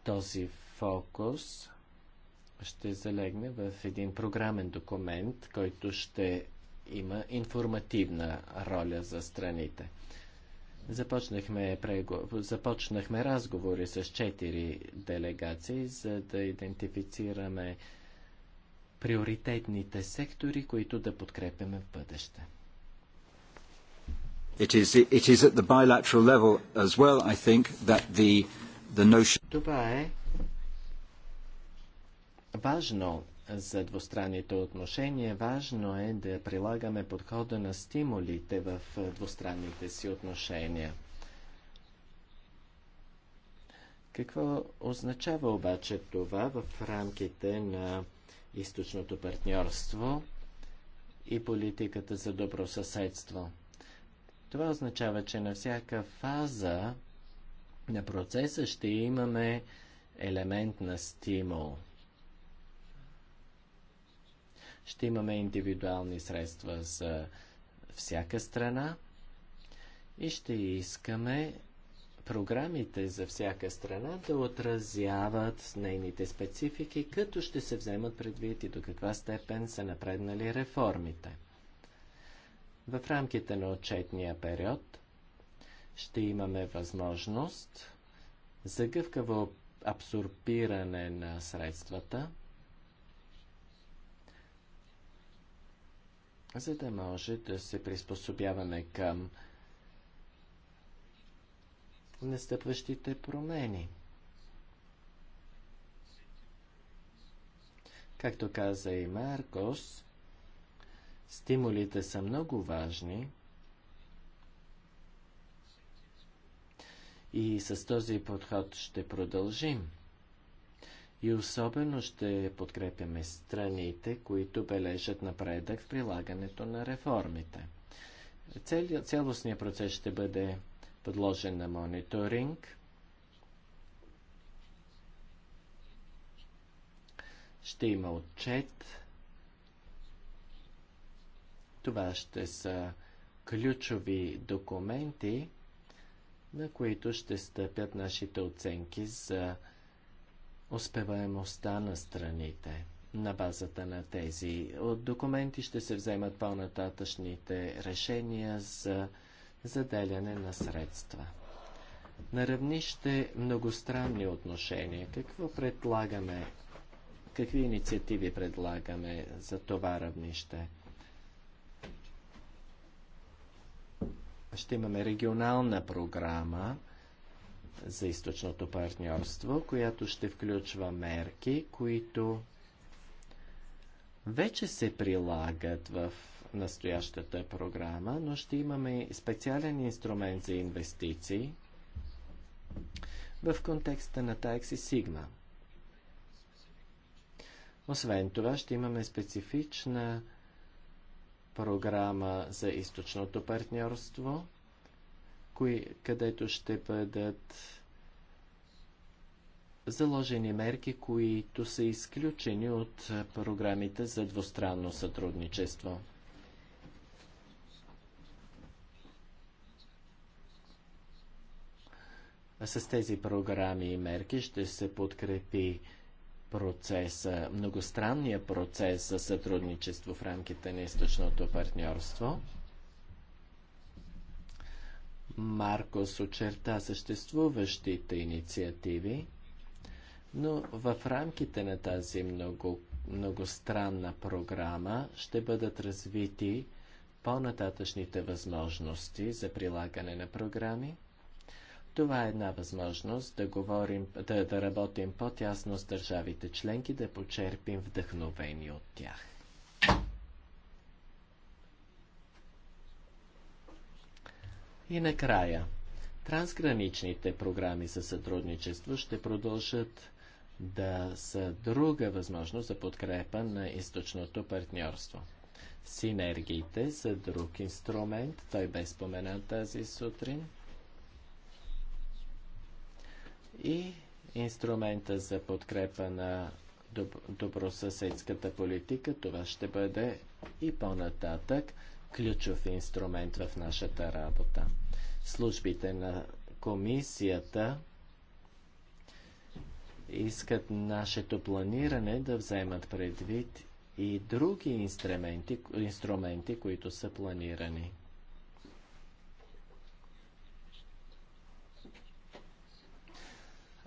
Този фокус ще залегне в един програмен документ, който ще има информативна роля за страните. Започнахме, прего... Започнахме разговори с четири делегации, за да идентифицираме приоритетните сектори, които да подкрепяме в бъдеще. It is, it is at the bilateral level as well, I think, that the, the notion... Това е важно за двустранните отношения, важно е да прилагаме подхода на стимулите в двустранните си отношения. Какво означава обаче това в рамките на източното партньорство и политиката за добро съседство? Това означава, че на всяка фаза на процеса ще имаме елемент на стимул – ще имаме индивидуални средства за всяка страна и ще искаме програмите за всяка страна да отразяват нейните специфики, като ще се вземат предвид и до каква степен са напреднали реформите. В рамките на отчетния период ще имаме възможност за гъвкаво абсорбиране на средствата – за да може да се приспособяваме към настъпващите промени. Както каза и Маркос, стимулите са много важни и с този подход ще продължим. И особено ще подкрепяме страните, които бележат напредък в прилагането на реформите. Цел, цялостният процес ще бъде подложен на мониторинг. Ще има отчет. Това ще са ключови документи, на които ще стъпят нашите оценки за успеваемостта на страните на базата на тези. От документи ще се вземат по-нататъчните решения за заделяне на средства. На равнище многостранни отношения, какво предлагаме, какви инициативи предлагаме за това равнище? Ще имаме регионална програма, за източното партньорство, която ще включва мерки, които вече се прилагат в настоящата програма, но ще имаме специален инструмент за инвестиции в контекста на такси Сигма. Освен това, ще имаме специфична програма за източното партньорство – кои, където ще бъдат заложени мерки, които са изключени от програмите за двустранно сътрудничество. С тези програми и мерки ще се подкрепи процеса, многостранния процес за сътрудничество в рамките на източното партньорство. Маркос очерта съществуващите инициативи, но в рамките на тази много, многостранна програма ще бъдат развити по-нататъчните възможности за прилагане на програми. Това е една възможност да, говорим, да, да работим по-тясно с държавите членки, да почерпим вдъхновение от тях. И накрая, трансграничните програми за сътрудничество ще продължат да са друга възможност за подкрепа на източното партньорство. Синергиите са друг инструмент, той бе споменат тази сутрин. И инструмента за подкрепа на добросъседската политика, това ще бъде и по-нататък ключов инструмент в нашата работа. Службите на комисията искат нашето планиране да вземат предвид и други инструменти, инструменти които са планирани.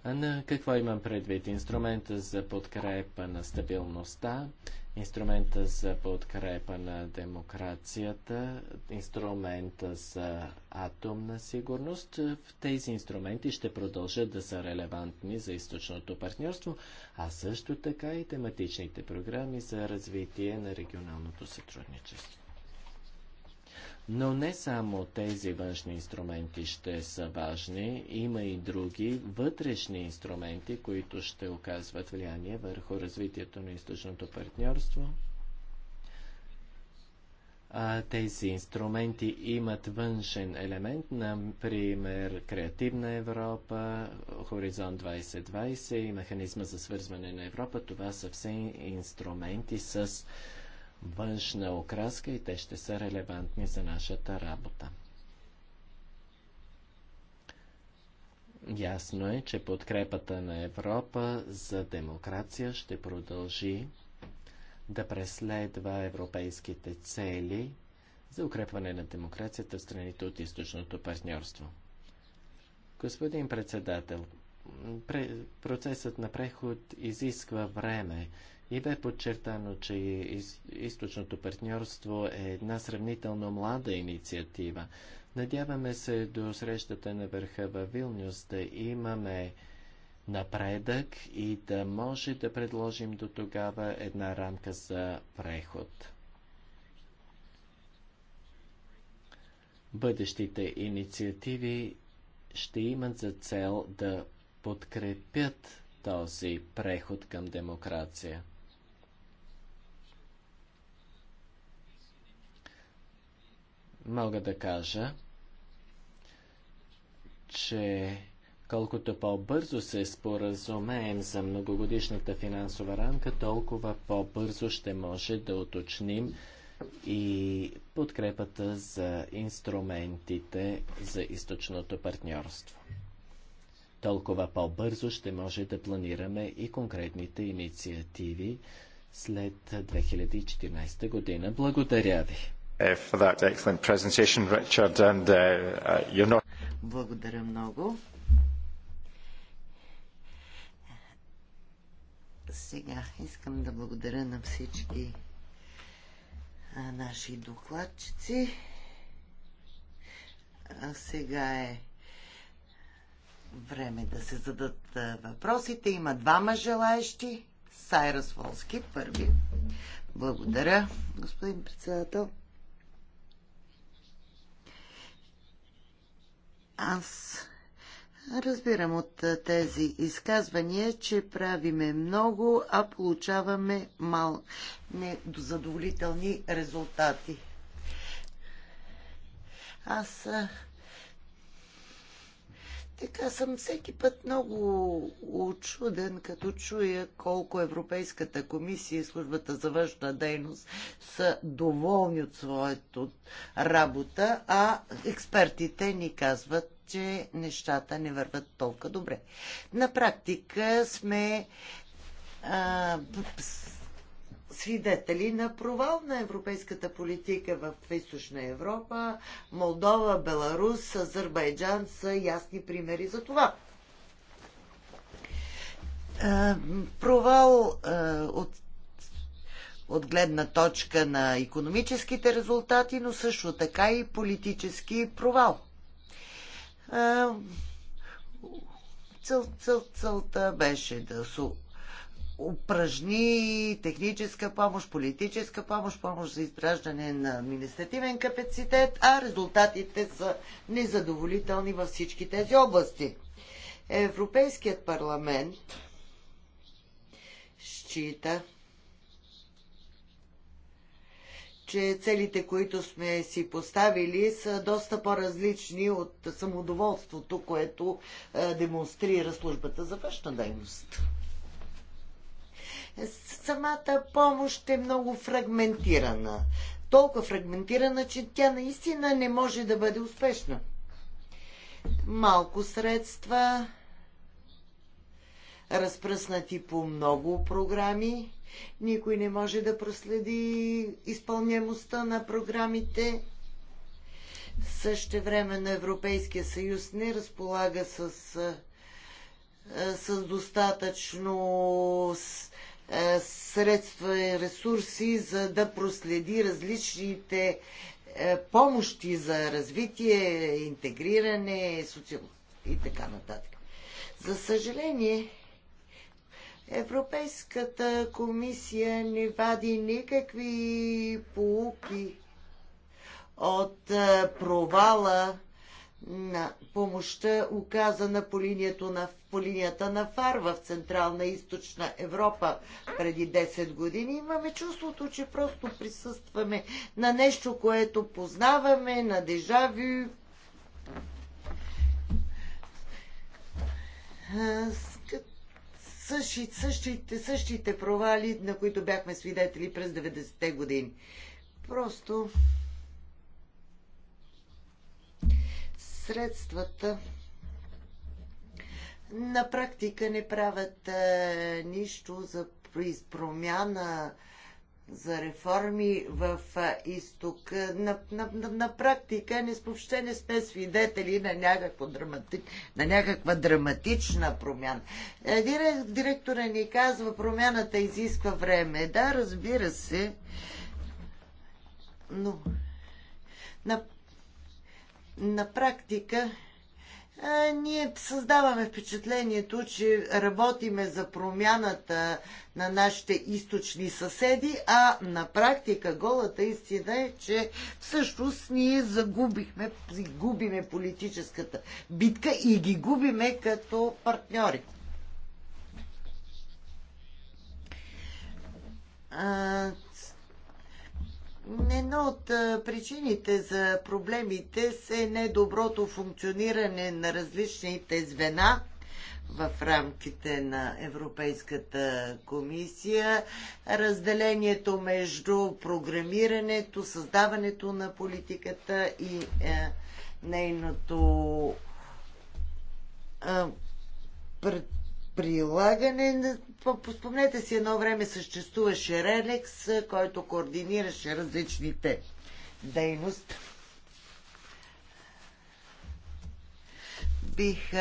На какво имам предвид? Инструмента за подкрепа на стабилността, инструмента за подкрепа на демокрацията, инструмента за атомна сигурност. В тези инструменти ще продължат да са релевантни за източното партньорство, а също така и тематичните програми за развитие на регионалното сътрудничество. Но не само тези външни инструменти ще са важни, има и други вътрешни инструменти, които ще оказват влияние върху развитието на източното партньорство. А, тези инструменти имат външен елемент, например Креативна Европа, Хоризонт 2020 и Механизма за свързване на Европа. Това са все инструменти с външна окраска и те ще са релевантни за нашата работа. Ясно е, че подкрепата на Европа за демокрация ще продължи да преследва европейските цели за укрепване на демокрацията в страните от източното партньорство. Господин председател, процесът на преход изисква време. И бе подчертано, че източното партньорство е една сравнително млада инициатива. Надяваме се до срещата на върха във Вилнюс да имаме напредък и да може да предложим до тогава една рамка за преход. Бъдещите инициативи ще имат за цел да подкрепят този преход към демокрация. мога да кажа, че колкото по-бързо се споразумеем за многогодишната финансова рамка, толкова по-бързо ще може да уточним и подкрепата за инструментите за източното партньорство. Толкова по-бързо ще може да планираме и конкретните инициативи след 2014 година. Благодаря ви! Uh, for that excellent presentation, Richard. And uh, uh, you're not. Благодаря много. Сега искам да благодаря на всички наши докладчици. А сега е време да се зададат въпросите. Има двама желаещи. Сайрас Волски първи. Благодаря, господин председател. Аз разбирам от тези изказвания, че правиме много, а получаваме мал... незадоволителни резултати. Аз така съм всеки път много очуден, като чуя колко Европейската комисия и службата за външна дейност са доволни от своето работа, а експертите ни казват, че нещата не върват толкова добре. На практика сме а, свидетели на провал на европейската политика в Източна Европа. Молдова, Беларус, Азербайджан са ясни примери за това. Е, провал е, от от гледна точка на економическите резултати, но също така и политически провал. Е, цел, цел, целта беше да, упражни техническа помощ, политическа помощ, помощ за изграждане на административен капацитет, а резултатите са незадоволителни във всички тези области. Европейският парламент счита, че целите, които сме си поставили, са доста по-различни от самодоволството, което е, демонстрира службата за външна дейност самата помощ е много фрагментирана. Толкова фрагментирана, че тя наистина не може да бъде успешна. Малко средства, разпръснати по много програми, никой не може да проследи изпълнемостта на програмите. Също време на Европейския съюз не разполага с, с достатъчно е, средства и ресурси, за да проследи различните е, помощи за развитие, интегриране, социално и така нататък. За съжаление, Европейската комисия не вади никакви полуки от е, провала на помощта, оказана по, на, по линията на ФАР в Централна и Източна Европа преди 10 години. Имаме чувството, че просто присъстваме на нещо, което познаваме, на дежави. Същи, същите, същите провали, на които бяхме свидетели през 90-те години. Просто средствата на практика не правят е, нищо за промяна, за реформи в е, изток. Е, на, на, на, на практика не, въобще не сме свидетели на, драмати, на някаква драматична промяна. Е, директ, директора ни казва, промяната изисква време. Да, разбира се, но на, на практика а, ние създаваме впечатлението, че работиме за промяната на нашите източни съседи, а на практика голата истина е, че всъщност ние загубихме, губиме политическата битка и ги губиме като партньори. А, Една от причините за проблемите се недоброто функциониране на различните звена в рамките на Европейската комисия, разделението между програмирането, създаването на политиката и е, нейното е, пред прилагане. Спомнете си, едно време съществуваше Релекс, който координираше различните дейности. Бих...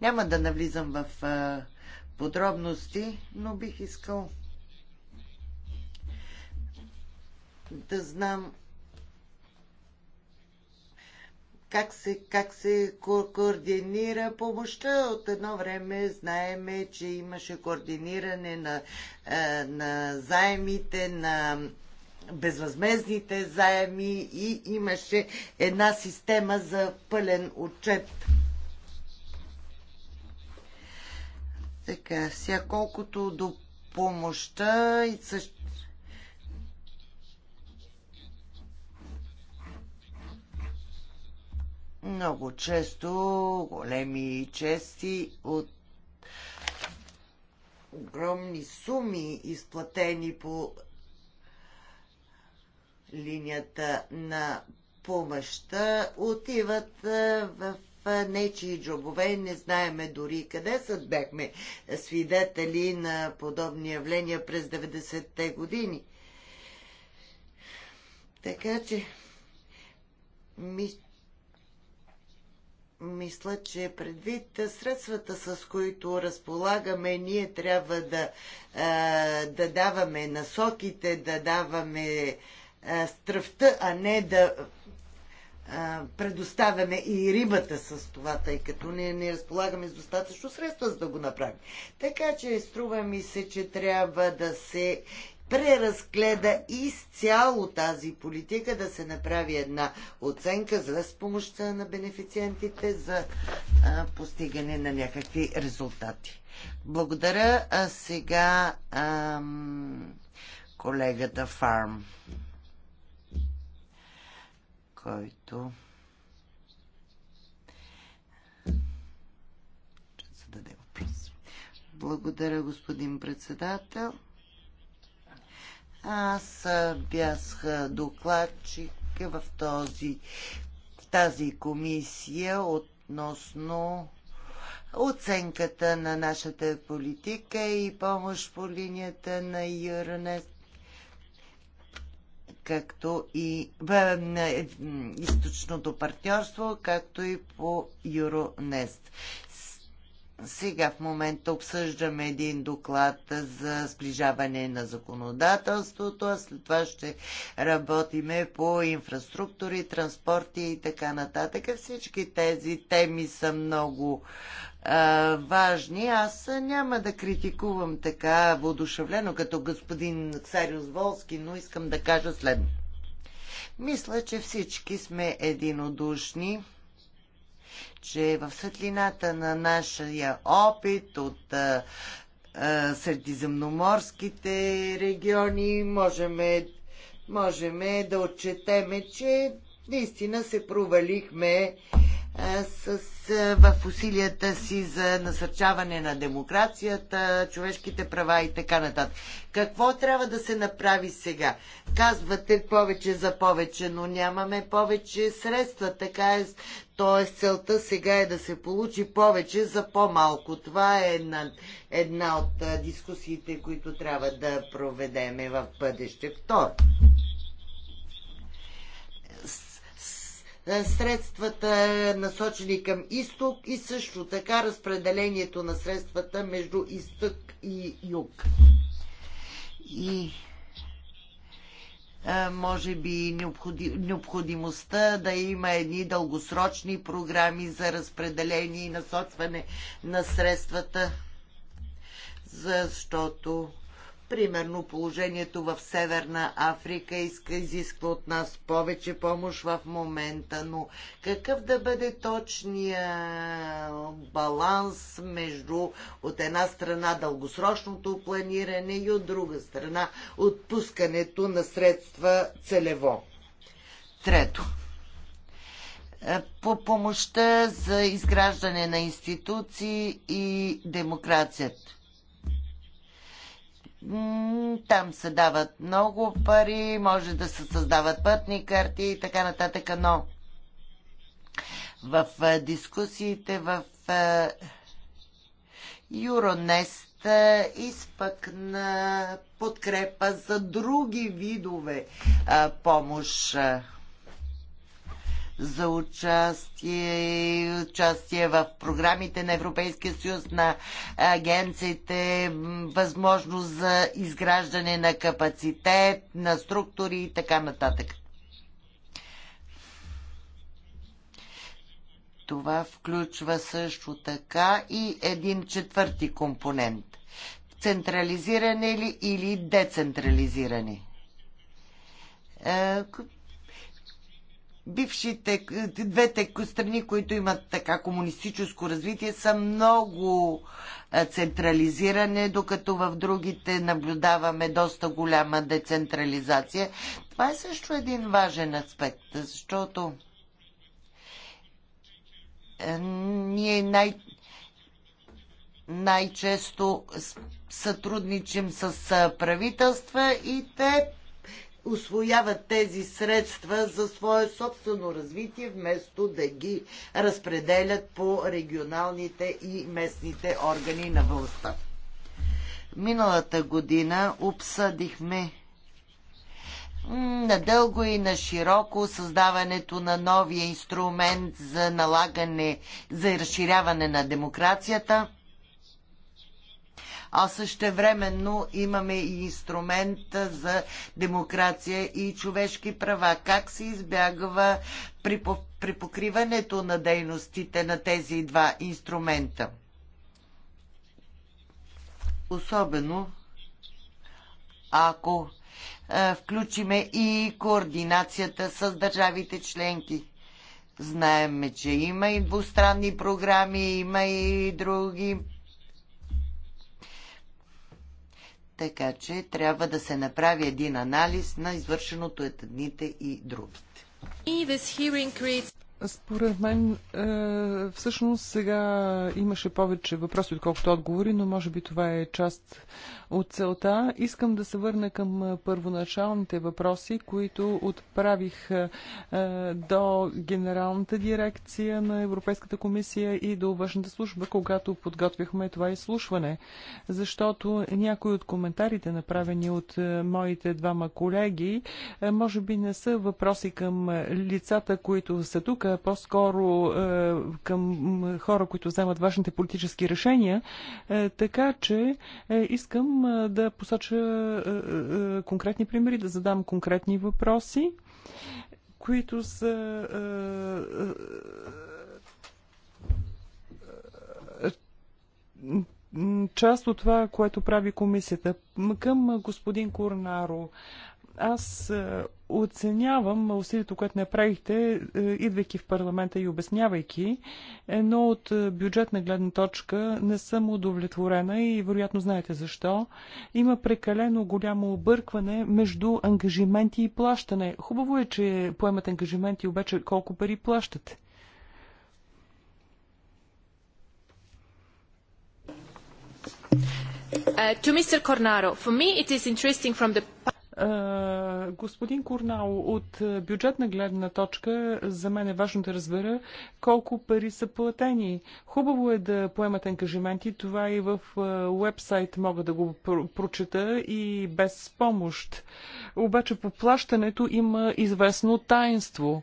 Няма да навлизам в подробности, но бих искал да знам как се, как се ко- координира помощта. От едно време знаеме, че имаше координиране на, е, на заемите, на безвъзмезните заеми и имаше една система за пълен отчет. Така, сега колкото до помощта и също много често големи чести от огромни суми изплатени по линията на помощта отиват в нечии джобове, не знаеме дори къде са. Бяхме свидетели на подобни явления през 90-те години. Така че, мисля, мисля, че предвид средствата, с които разполагаме, ние трябва да, да даваме насоките, да даваме стръвта, а не да предоставяме и рибата с това, тъй като ние не разполагаме с достатъчно средства, за да го направим. Така че струва ми се, че трябва да се преразгледа изцяло тази политика, да се направи една оценка за с помощта на бенефициентите за а, постигане на някакви резултати. Благодаря. А сега ам, колегата Фарм, който въпрос. Благодаря, господин председател. Аз бях докладчик в, този, в тази комисия относно оценката на нашата политика и помощ по линията на ЮРНЕС, както и в, на източното партньорство, както и по Юронест. Сега в момента обсъждаме един доклад за сближаване на законодателството, а след това ще работиме по инфраструктури, транспорти и така нататък. Всички тези теми са много а, важни. Аз няма да критикувам така воодушевлено като господин Ксариус Волски, но искам да кажа следното. Мисля, че всички сме единодушни че в светлината на нашия опит от а, а, средиземноморските региони можем, можеме да отчетеме, че наистина се провалихме с, в усилията си за насърчаване на демокрацията, човешките права и така нататък. Какво трябва да се направи сега? Казвате повече за повече, но нямаме повече средства, така е. т.е. целта сега е да се получи повече за по-малко. Това е една, една от дискусиите, които трябва да проведеме в бъдеще. Второ. Е, средствата насочени към изток и също така разпределението на средствата между изток и юг. И е, може би необходимостта да има едни дългосрочни програми за разпределение и насочване на средствата, защото Примерно положението в Северна Африка иска, изисква от нас повече помощ в момента, но какъв да бъде точния баланс между от една страна дългосрочното планиране и от друга страна отпускането на средства целево? Трето е, по помощта за изграждане на институции и демокрацията там се дават много пари, може да се създават пътни карти и така нататък, но в дискусиите в Юронест изпъкна подкрепа за други видове помощ за участие, участие в програмите на Европейския съюз, на агенциите, възможност за изграждане на капацитет, на структури и така нататък. Това включва също така и един четвърти компонент. Централизиране ли или децентрализиране? Е, бившите е, двете страни, които имат така комунистическо развитие, са много е, централизиране, докато в другите наблюдаваме доста голяма децентрализация. Това е също един важен аспект, защото е, ние най- най-често сътрудничим с правителства и те усвояват тези средства за свое собствено развитие, вместо да ги разпределят по регионалните и местните органи на властта. Миналата година обсъдихме надълго и на широко създаването на новия инструмент за налагане, за разширяване на демокрацията – а същевременно имаме и инструмент за демокрация и човешки права. Как се избягва при, при покриването на дейностите на тези два инструмента? Особено ако е, включиме и координацията с държавите членки. Знаеме, че има и двустранни програми, има и други Така че трябва да се направи един анализ на извършеното от едните и другите. Според мен, е, всъщност сега имаше повече въпроси, отколкото отговори, но може би това е част от целта. Искам да се върна към първоначалните въпроси, които отправих до Генералната дирекция на Европейската комисия и до външната служба, когато подготвяхме това изслушване. Защото някои от коментарите, направени от моите двама колеги, може би не са въпроси към лицата, които са тук, а по-скоро към хора, които вземат важните политически решения. Така че искам да посоча конкретни примери, да задам конкретни въпроси, които са част от това, което прави комисията. Към господин Курнаро. Аз е, оценявам усилието, което направихте, е, идвайки в парламента и обяснявайки, но от е, бюджетна гледна точка не съм удовлетворена и вероятно знаете защо. Има прекалено голямо объркване между ангажименти и плащане. Хубаво е, че поемат ангажименти, обаче колко пари плащате? Uh, to Mr. Cornaro, for me it is interesting from the Господин Курнал, от бюджетна гледна точка за мен е важно да разбера колко пари са платени. Хубаво е да поемат ангажименти, това и в уебсайт мога да го прочета и без помощ. Обаче по плащането има известно таинство.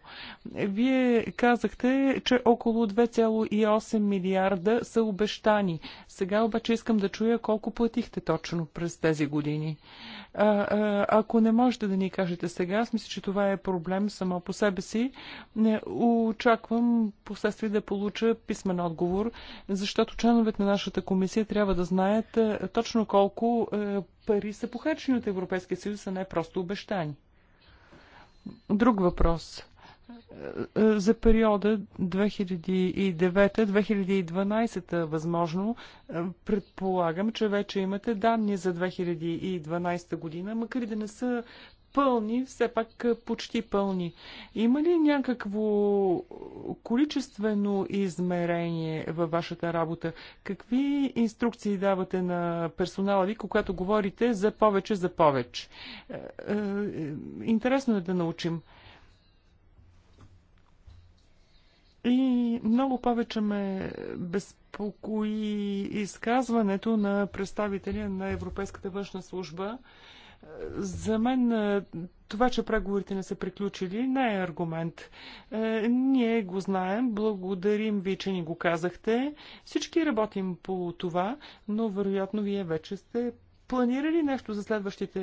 Вие казахте, че около 2,8 милиарда са обещани. Сега обаче искам да чуя колко платихте точно през тези години. А, а, ако не можете да ни кажете сега, аз мисля, че това е проблем само по себе си. Не, очаквам последствие да получа писмен отговор, защото членовете на нашата комисия трябва да знаят а, точно колко а, пари са похарчени от Европейския съюз, а не просто обещани. Друг въпрос. Е, е, за периода 2009-2012 възможно. Е, предполагам, че вече имате данни за 2012 година, макар и да не са пълни, все пак почти пълни. Има ли някакво количествено измерение във вашата работа? Какви инструкции давате на персонала ви, когато говорите за повече за повече? Интересно е да научим. И много повече ме безпокои изказването на представителя на Европейската външна служба. За мен е, това, че преговорите не са приключили, не е аргумент. Е, ние го знаем, благодарим ви, че ни го казахте. Всички работим по това, но вероятно вие вече сте планира ли нещо за следващите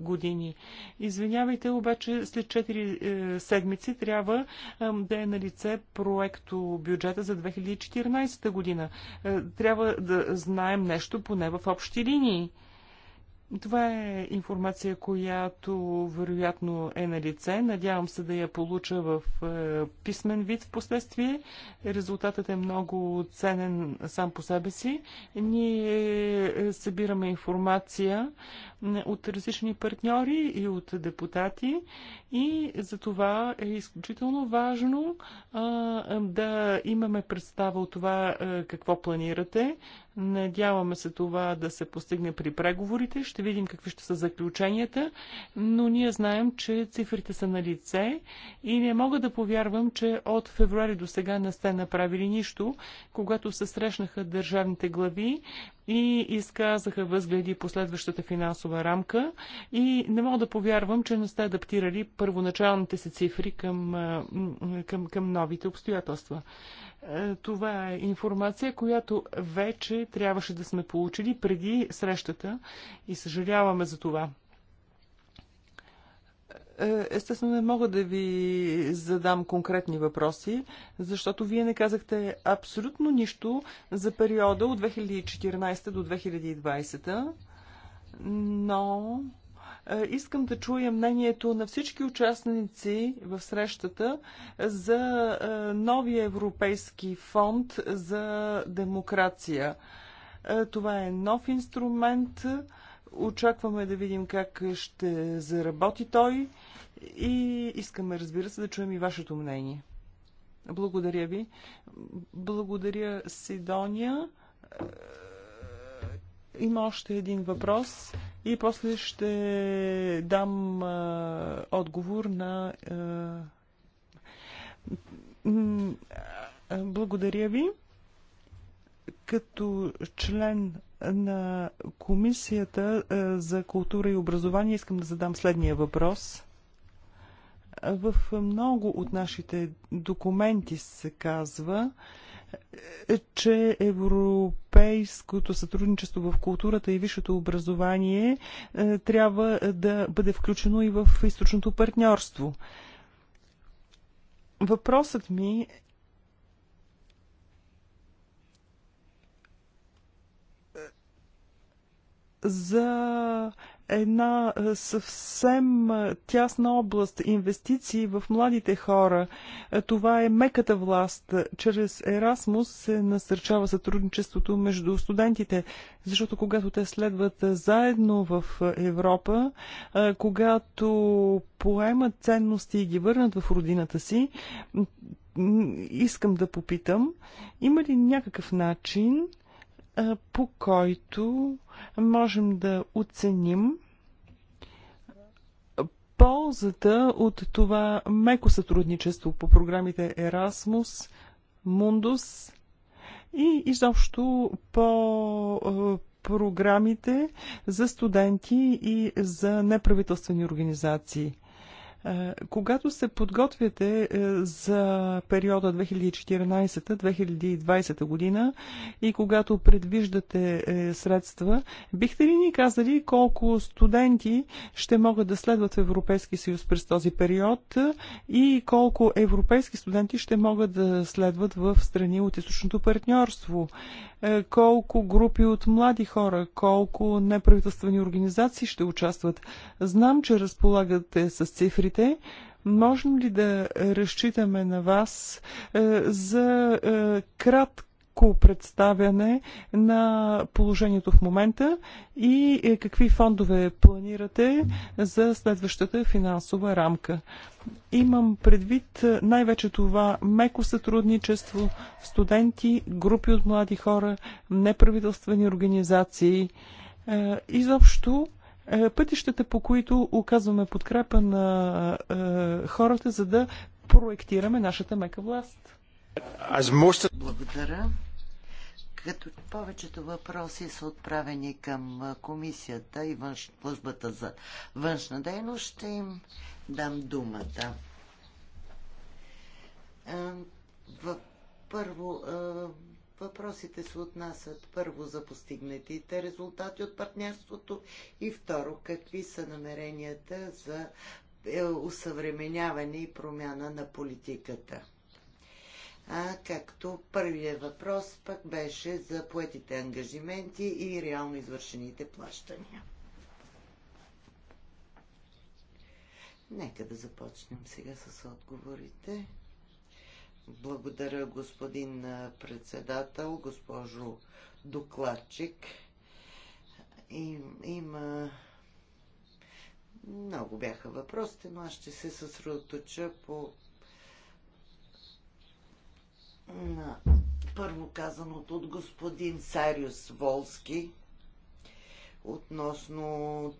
години? Извинявайте, обаче след 4 е, седмици трябва е, да е на лице проекто бюджета за 2014 година. Е, трябва да знаем нещо поне в общи линии. Това е информация, която вероятно е на лице. Надявам се да я получа в е, писмен вид в последствие. Резултатът е много ценен сам по себе си. Ние е, събираме информация от различни партньори и от депутати и за това е изключително важно да имаме представа от това е, какво планирате, Надяваме се това да се постигне при преговорите. Ще видим какви ще са заключенията, но ние знаем, че цифрите са на лице и не мога да повярвам, че от февруари до сега не сте направили нищо. Когато се срещнаха държавните глави, и изказаха възгледи по следващата финансова рамка и не мога да повярвам, че не сте адаптирали първоначалните си цифри към, към, към новите обстоятелства. Е, това е информация, която вече трябваше да сме получили преди срещата и съжаляваме за това. Е, естествено, не мога да ви задам конкретни въпроси, защото вие не казахте абсолютно нищо за периода от 2014 до 2020, но е, искам да чуя мнението на всички участници в срещата за е, новия Европейски фонд за демокрация. Това е нов инструмент. Очакваме да видим как ще заработи той. И искаме, разбира се, да чуем и вашето мнение. Благодаря ви. Благодаря, Сидония. Е, има още един въпрос и после ще дам а, е, отговор на. А, е, благодаря ви. Като член на Комисията за култура и образование искам да задам следния въпрос. В много от нашите документи се казва, е, че европейското сътрудничество в културата и висшето образование е, трябва да бъде включено и в източното партньорство. Въпросът ми е, за една съвсем тясна област инвестиции в младите хора. Това е меката власт. Чрез Ерасмус се насърчава сътрудничеството между студентите, защото когато те следват заедно в Европа, когато поемат ценности и ги върнат в родината си, искам да попитам, има ли някакъв начин по който можем да оценим ползата от това меко сътрудничество по програмите Erasmus, Mundus и изобщо по е, програмите за студенти и за неправителствени организации. Когато се подготвяте е, за периода 2014-2020 година и когато предвиждате е, средства, бихте ли ни казали колко студенти ще могат да следват в Европейски съюз през този период и колко европейски студенти ще могат да следват в страни от източното партньорство? Е, колко групи от млади хора, колко неправителствени организации ще участват? Знам, че разполагате с цифри преговорите. Можем ли да разчитаме на вас е, за е, кратко представяне на положението в момента и е, какви фондове планирате за следващата финансова рамка. Имам предвид най-вече това меко сътрудничество, студенти, групи от млади хора, неправителствени организации. Изобщо е, пътищата, по които оказваме подкрепа на е, хората, за да проектираме нашата мека власт. Благодаря. Като повечето въпроси са отправени към е, комисията и външ... службата за външна дейност, ще им дам думата. Във първо, Въпросите се отнасят първо за постигнатите резултати от партньорството и второ какви са намеренията за е, усъвременяване и промяна на политиката. А както първият въпрос пък беше за поетите ангажименти и реално извършените плащания. Нека да започнем сега с отговорите. Благодаря, господин председател, госпожо докладчик. И, има много бяха въпросите, но аз ще се съсредоточа по на първо казаното от господин Сариус Волски относно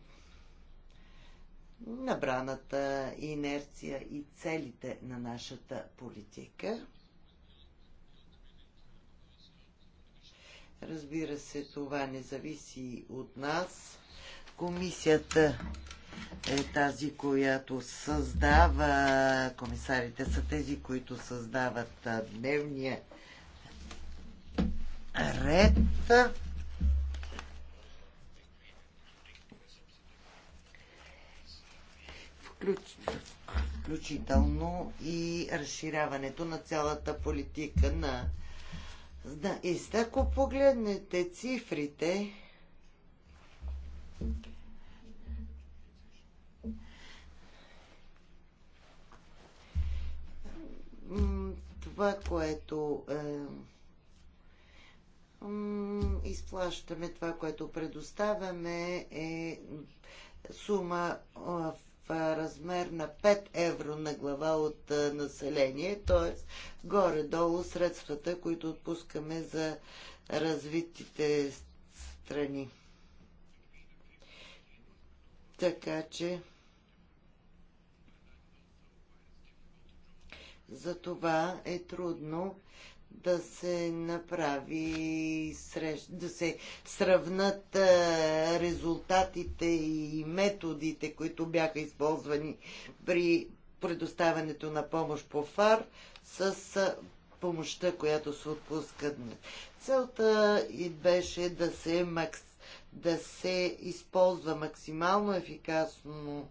набраната инерция и целите на нашата политика. Разбира се, това не зависи от нас. Комисията е тази, която създава, комисарите са тези, които създават дневния ред. включително и разширяването на цялата политика на... Да, и ако погледнете цифрите, това, което е, изплащаме, това, което предоставяме е сума в. Е, размер на 5 евро на глава от е, население, т.е. горе-долу средствата, които отпускаме за развитите страни. Така че за това е трудно да се направи, да се сравнат резултатите и методите, които бяха използвани при предоставянето на помощ по ФАР с помощта, която се отпуска днес. Целта и беше да се, макс... да се използва максимално ефикасно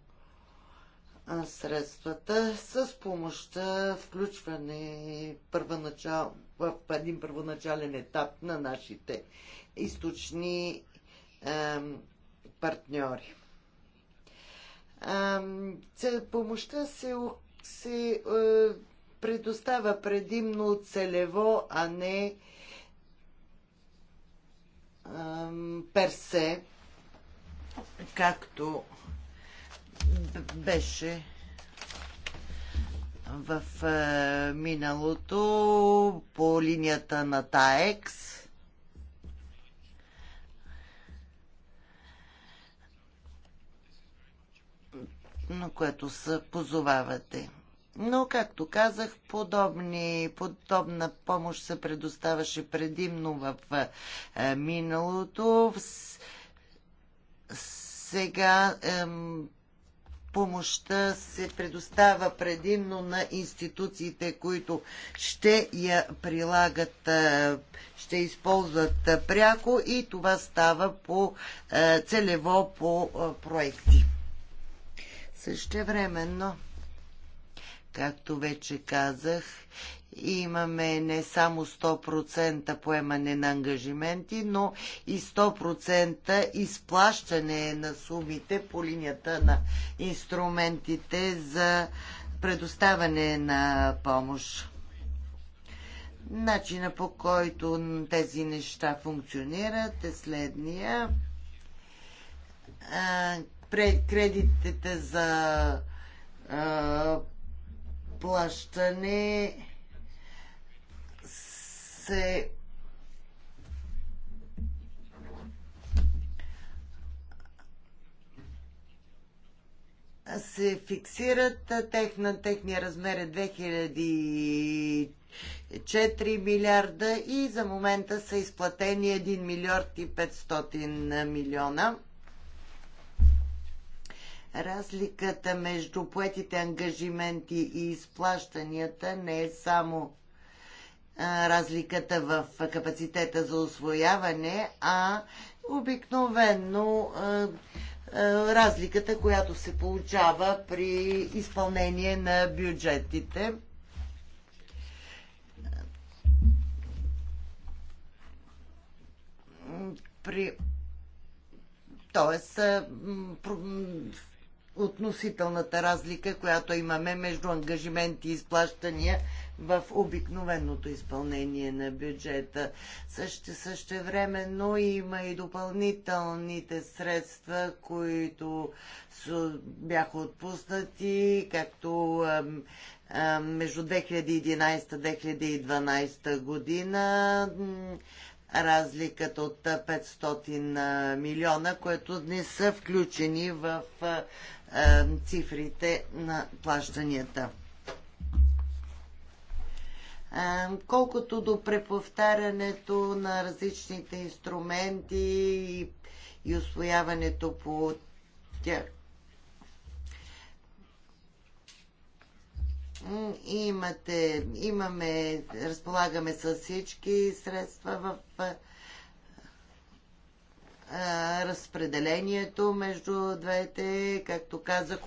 средствата с помощта включване първоначал, в един първоначален етап на нашите източни ем, партньори. Ем, помощта се, се е, предимно целево, а не ем, персе, както беше в е, миналото по линията на ТАЕКС. на което се позовавате. Но, както казах, подобни, подобна помощ се предоставаше предимно в е, миналото. Сега помощта се предоставя предимно на институциите, които ще я прилагат, ще използват пряко и това става по целево по проекти. Същевременно, както вече казах, имаме не само 100% поемане на ангажименти, но и 100% изплащане на сумите по линията на инструментите за предоставяне на помощ. Начина по който тези неща функционират е следния. Кредитите за плащане се се фиксират. Техна, техния размер е 2004 милиарда и за момента са изплатени 1 милиард и 500 милиона. Разликата между поетите ангажименти и изплащанията не е само разликата в капацитета за освояване, а обикновенно разликата, която се получава при изпълнение на бюджетите. При... Тоест, относителната разлика, която имаме между ангажименти и изплащания, в обикновеното изпълнение на бюджета. Също, също време, но има и допълнителните средства, които са, бяха отпуснати, както а, между 2011-2012 година разликата от 500 милиона, които не са включени в цифрите на плащанията. Колкото до преповтарянето на различните инструменти и освояването по тях. Имате, имаме, разполагаме с всички средства в разпределението между двете, както казах,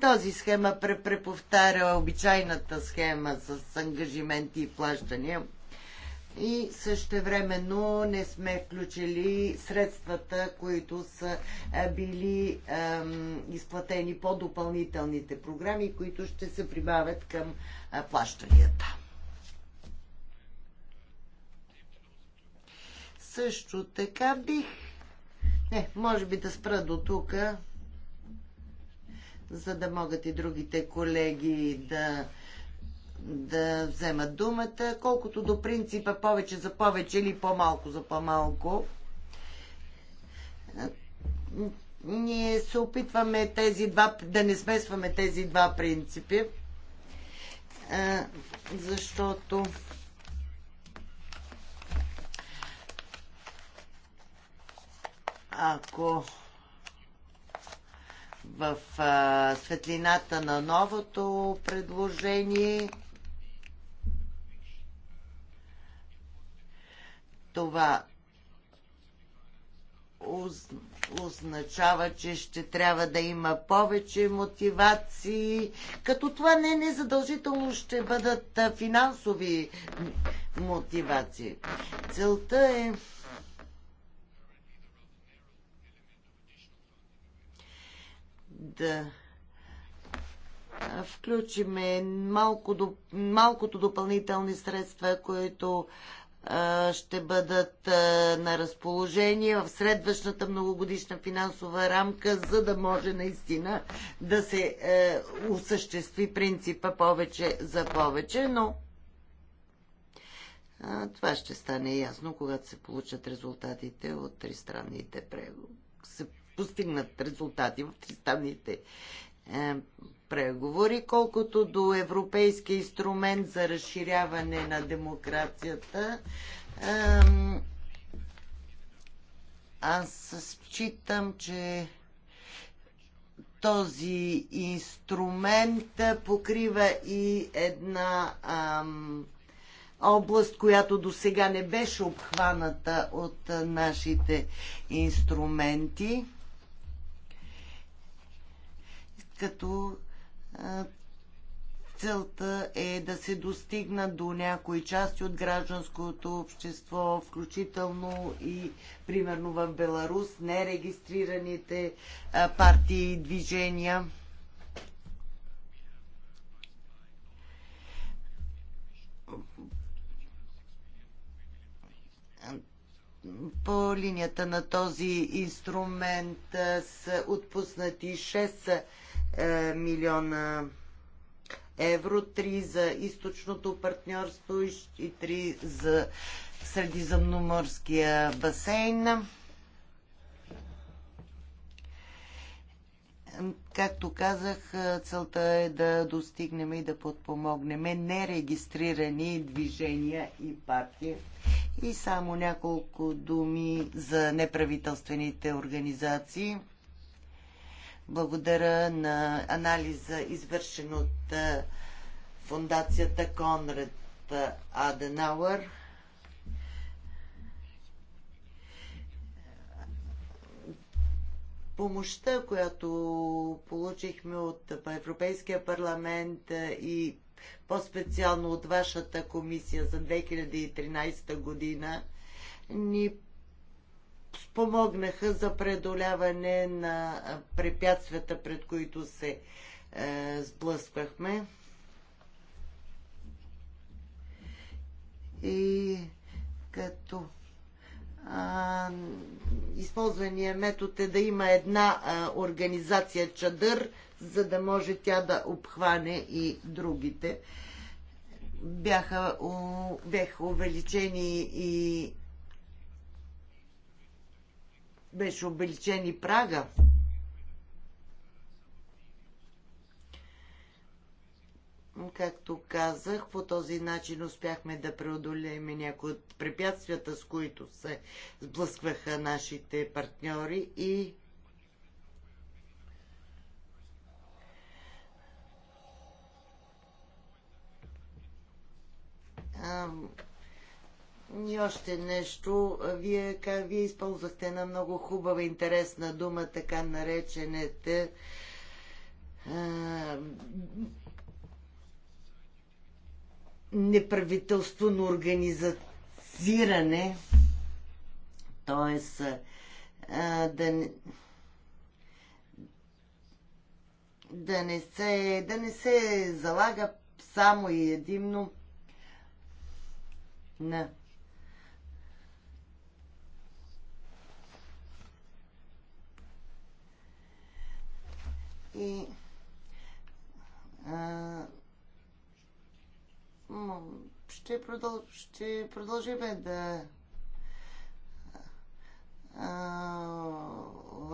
този схема преповтаря обичайната схема с ангажименти и плащания. И същевременно не сме включили средствата, които са е, били изплатени по допълнителните програми, които ще се прибавят към е, плащанията. Също така бих... Не, може би да спра до тук за да могат и другите колеги да, да вземат думата. Колкото до принципа повече за повече или по-малко за по-малко, ние се опитваме тези два, да не смесваме тези два принципи, защото ако в а, светлината на новото предложение. Това означава, че ще трябва да има повече мотивации, като това не незадължително ще бъдат финансови мотивации. Целта е да включиме малко, малкото допълнителни средства, които ще бъдат на разположение в следващата многогодишна финансова рамка, за да може наистина да се е, осъществи принципа повече за повече, но това ще стане ясно, когато се получат резултатите от тристранните преговори постигнат резултати в тристанните е, преговори, колкото до Европейския инструмент за разширяване на демокрацията. Аз считам, че този инструмент покрива и една ам, област, която до сега не беше обхваната от нашите инструменти като целта е да се достигна до някои части от гражданското общество, включително и, примерно, в Беларус, нерегистрираните партии и движения. По линията на този инструмент са отпуснати 6 е, милиона евро, 3 за източното партньорство и 3 за Средиземноморския басейн. Както казах, е, целта е да достигнем и да подпомогнем нерегистрирани движения и партии. И само няколко думи за неправителствените организации – благодаря на анализа, извършен от фундацията Конрад Аденауър. Помощта, която получихме от Европейския парламент и по-специално от вашата комисия за 2013 година, ни спомогнаха за преодоляване на препятствията, пред които се е, сблъсквахме. И като а, използвания метод е да има една а, организация чадър, за да може тя да обхване и другите. Бяха, у, бяха увеличени и беше обеличен и прага. Както казах, по този начин успяхме да преодолеем някои от препятствията, с които се сблъскваха нашите партньори и и още нещо, вие, как, вие използвахте една много хубава, интересна дума, така наречените а, на организиране, т.е. да не да не се, да не се залага само и единно на и а, ще, продъл, ще продължиме да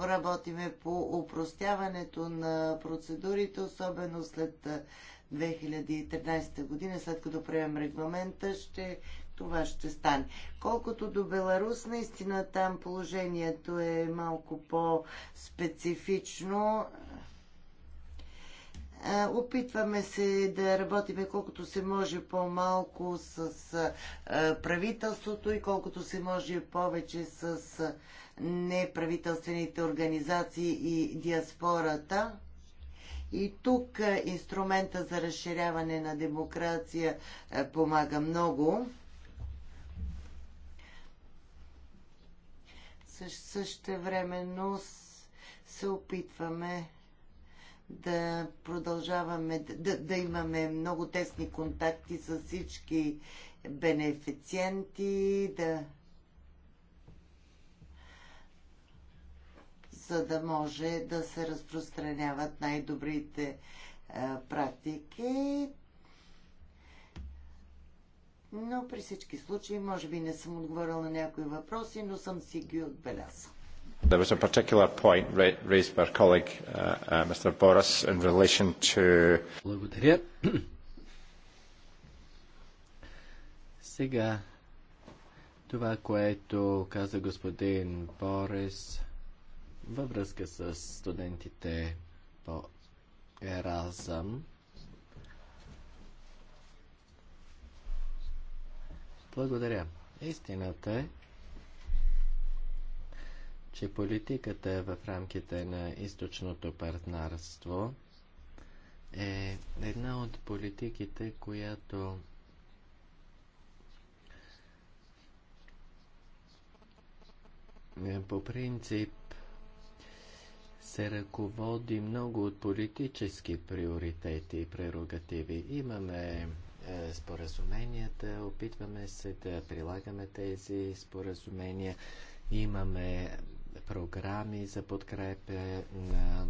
работиме по упростяването на процедурите, особено след 2013 година, след като приемем регламента, ще, това ще стане. Колкото до Беларус, наистина там положението е малко по-специфично. Опитваме се да работиме колкото се може по-малко с правителството и колкото се може повече с неправителствените организации и диаспората. И тук инструмента за разширяване на демокрация помага много. Също времено се опитваме да продължаваме да, да имаме много тесни контакти с всички бенефициенти, да за да може да се разпространяват най-добрите е, практики. Но при всички случаи, може би не съм отговорила на някои въпроси, но съм си ги отбелязала. There was a particular point raised by our colleague, uh, uh, Mr. Boris, in relation to... Благодаря. Сега, това, което каза господин Борис във връзка с студентите по Еразъм, благодаря. Истината е, че политиката в рамките на източното партнерство е една от политиките, която е, по принцип се ръководи много от политически приоритети и прерогативи. Имаме е, споразуменията, опитваме се да прилагаме тези споразумения, имаме програми за подкрепа на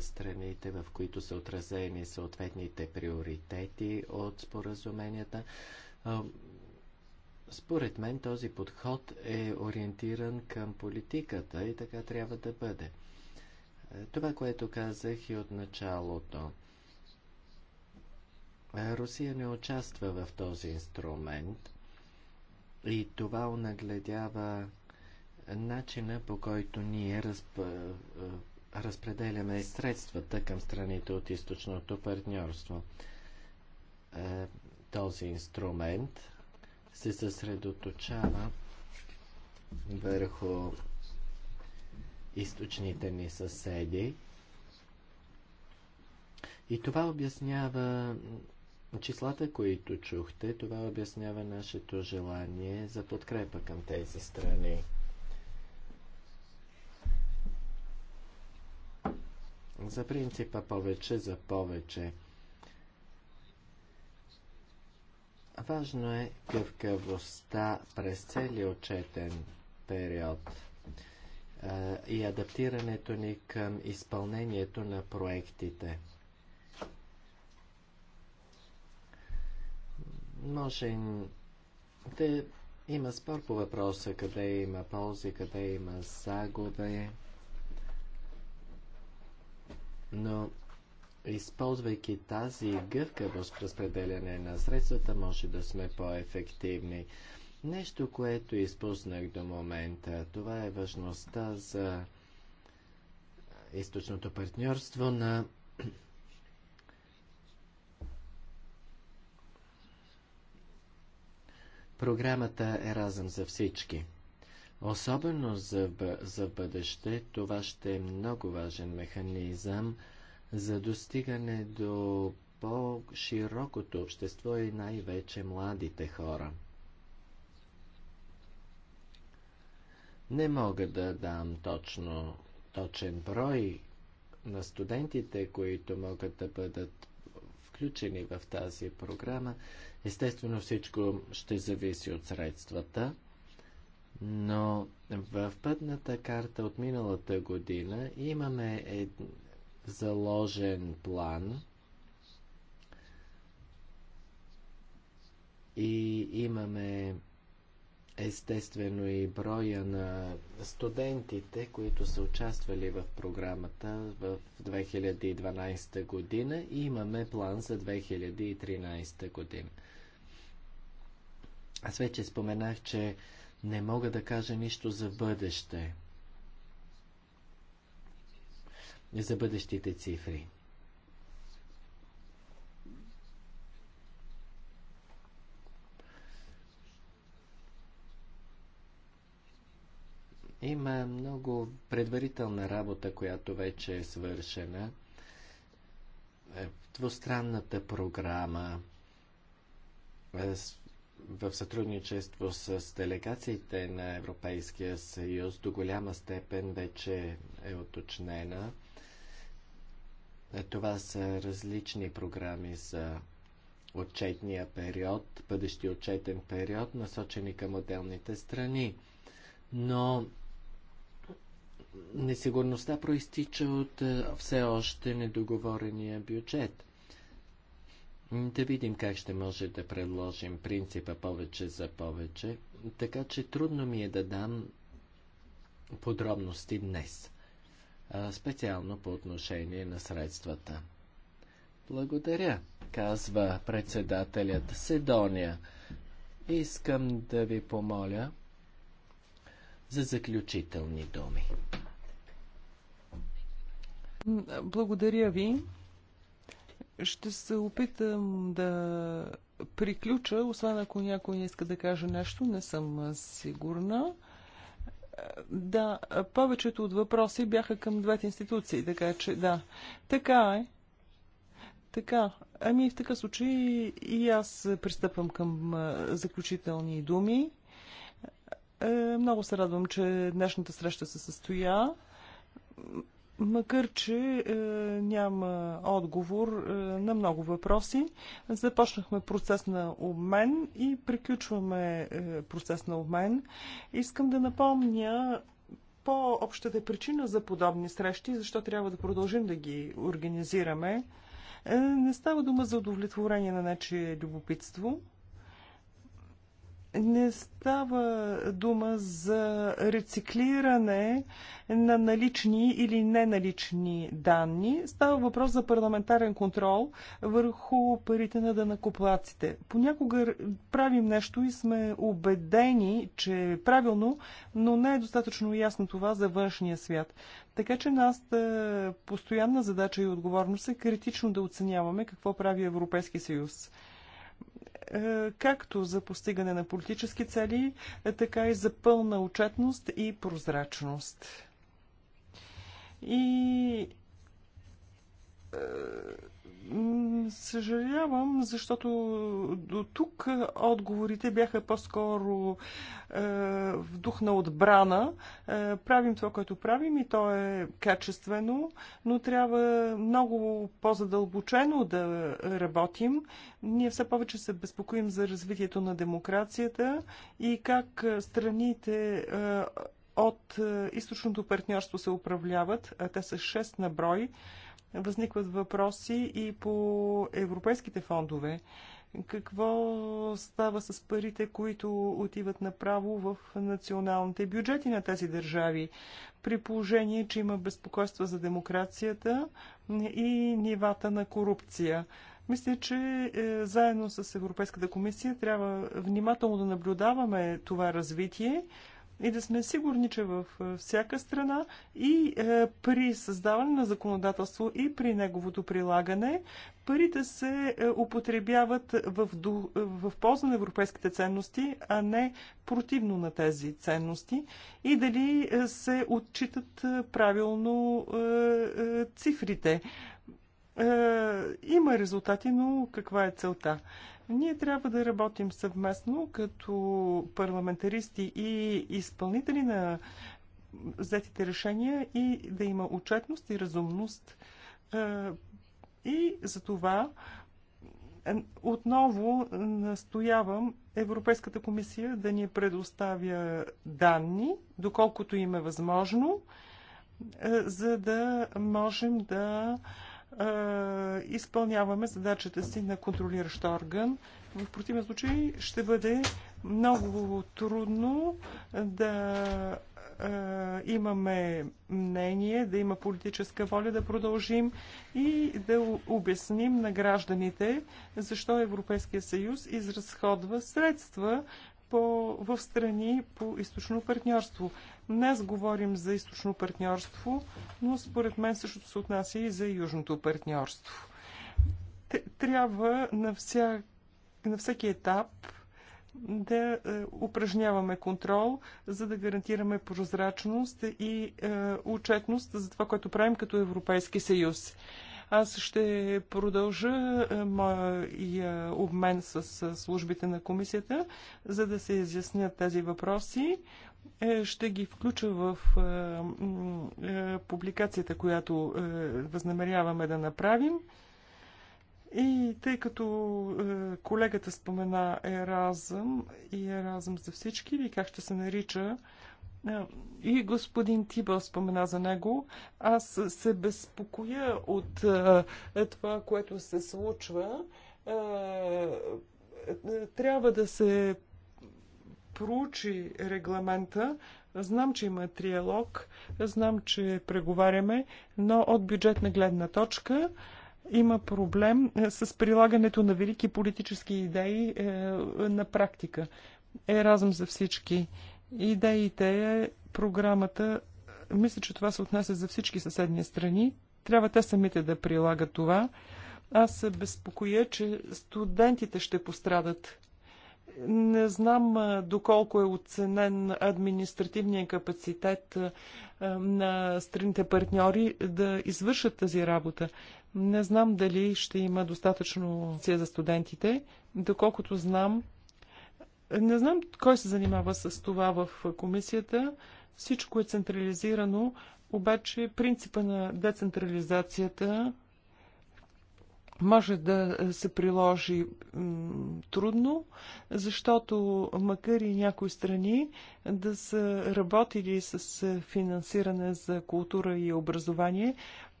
страните, в които са отразени съответните приоритети от споразуменията. Според мен този подход е ориентиран към политиката и така трябва да бъде. Това, което казах и от началото. Русия не участва в този инструмент и това онагледява начина по който ние разп... разпределяме средствата към страните от източното партньорство. Е, този инструмент се съсредоточава върху източните ни съседи. И това обяснява числата, които чухте, това обяснява нашето желание за подкрепа към тези страни. за принципа повече за повече. Важно е гъвкавостта през целия отчетен период а, и адаптирането ни към изпълнението на проектите. Може да има спор по въпроса къде има ползи, къде има загуби но използвайки тази гъвкавост в разпределяне на средствата, може да сме по-ефективни. Нещо, което изпуснах до момента, това е важността за източното партньорство на програмата Еразъм за всички. Особено за, за бъдеще това ще е много важен механизъм за достигане до по-широкото общество и най-вече младите хора. Не мога да дам точно точен брой на студентите, които могат да бъдат включени в тази програма. Естествено всичко ще зависи от средствата. Но в пътната карта от миналата година имаме заложен план и имаме естествено и броя на студентите, които са участвали в програмата в 2012 година и имаме план за 2013 година. Аз вече споменах, че не мога да кажа нищо за бъдеще, за бъдещите цифри. Има много предварителна работа, която вече е свършена. Е, двустранната програма, е, в сътрудничество с делегациите на Европейския съюз до голяма степен вече е уточнена. Това са различни програми за отчетния период, бъдещи отчетен период, насочени към отделните страни. Но несигурността проистича от все още недоговорения бюджет – да видим как ще може да предложим принципа повече за повече, така че трудно ми е да дам подробности днес, специално по отношение на средствата. Благодаря, казва председателят Седония. Искам да ви помоля за заключителни думи. Благодаря ви. Ще се опитам да приключа, освен ако някой не иска да каже нещо, не съм сигурна. Да, повечето от въпроси бяха към двете институции, така че да. Така е. Така, ами в такъв случай и аз пристъпвам към заключителни думи. Е, много се радвам, че днешната среща се състоя. Макар, че е, няма отговор е, на много въпроси, започнахме процес на обмен и приключваме е, процес на обмен. Искам да напомня по-общата причина за подобни срещи, защо трябва да продължим да ги организираме. Е, не става дума за удовлетворение на нечие любопитство не става дума за рециклиране на налични или неналични данни. Става въпрос за парламентарен контрол върху парите на дънакоплаците. Понякога правим нещо и сме убедени, че е правилно, но не е достатъчно ясно това за външния свят. Така че нас постоянна задача и отговорност е критично да оценяваме какво прави Европейски съюз. Е, както за постигане на политически цели, е, така и за пълна отчетност и прозрачност. И е, Съжалявам, защото до тук отговорите бяха по-скоро е, в дух на отбрана. Е, правим това, което правим и то е качествено, но трябва много по-задълбочено да работим. Ние все повече се безпокоим за развитието на демокрацията и как страните. Е, от източното партньорство се управляват, а те са 6 на брой възникват въпроси и по европейските фондове. Какво става с парите, които отиват направо в националните бюджети на тези държави? При положение, че има безпокойства за демокрацията и нивата на корупция. Мисля, че е, заедно с Европейската комисия трябва внимателно да наблюдаваме това развитие, и да сме сигурни, че в е, всяка страна и е, при създаване на законодателство и при неговото прилагане парите се е, употребяват в, в полза на европейските ценности, а не противно на тези ценности и дали се отчитат правилно цифрите. Има резултати, но каква е целта? Ние трябва да работим съвместно като парламентаристи и изпълнители на взетите решения и да има отчетност и разумност. Е, и за това е, отново настоявам Европейската комисия да ни предоставя данни, доколкото им е възможно, е, за да можем да е, изпълняваме задачата си на контролиращ орган. В противен случай ще бъде много трудно да е, имаме мнение, да има политическа воля да продължим и да обясним на гражданите защо Европейския съюз изразходва средства, по, в страни по източно партньорство. Днес говорим за източно партньорство, но според мен същото се отнася и за южното партньорство. Трябва на, вся, на всеки етап да е, упражняваме контрол, за да гарантираме прозрачност и е, отчетност за това, което правим като Европейски съюз. Аз ще продължа е, моя обмен с е, службите на комисията, за да се изяснят тези въпроси. Е, ще ги включа в публикацията, която възнамеряваме да направим. И тъй като колегата спомена Еразъм и Еразъм за всички, или как ще се нарича, и господин Тибъл спомена за него. Аз се безпокоя от е, това, което се случва. Е, трябва да се проучи регламента. Знам, че има триалог, знам, че преговаряме, но от бюджетна гледна точка има проблем е, с прилагането на велики политически идеи на практика. Е разум за всички идеите, е програмата, мисля, че това се отнася за всички съседни страни. Трябва те самите да прилагат това. Аз се безпокоя, че студентите ще пострадат. Не знам доколко е оценен административния капацитет на страните партньори да извършат тази работа. Не знам дали ще има достатъчно за студентите. Доколкото знам, не знам кой се занимава с това в комисията. Всичко е централизирано, обаче принципа на децентрализацията може да се приложи трудно, защото макар и някои страни да са работили с е, финансиране за култура и образование,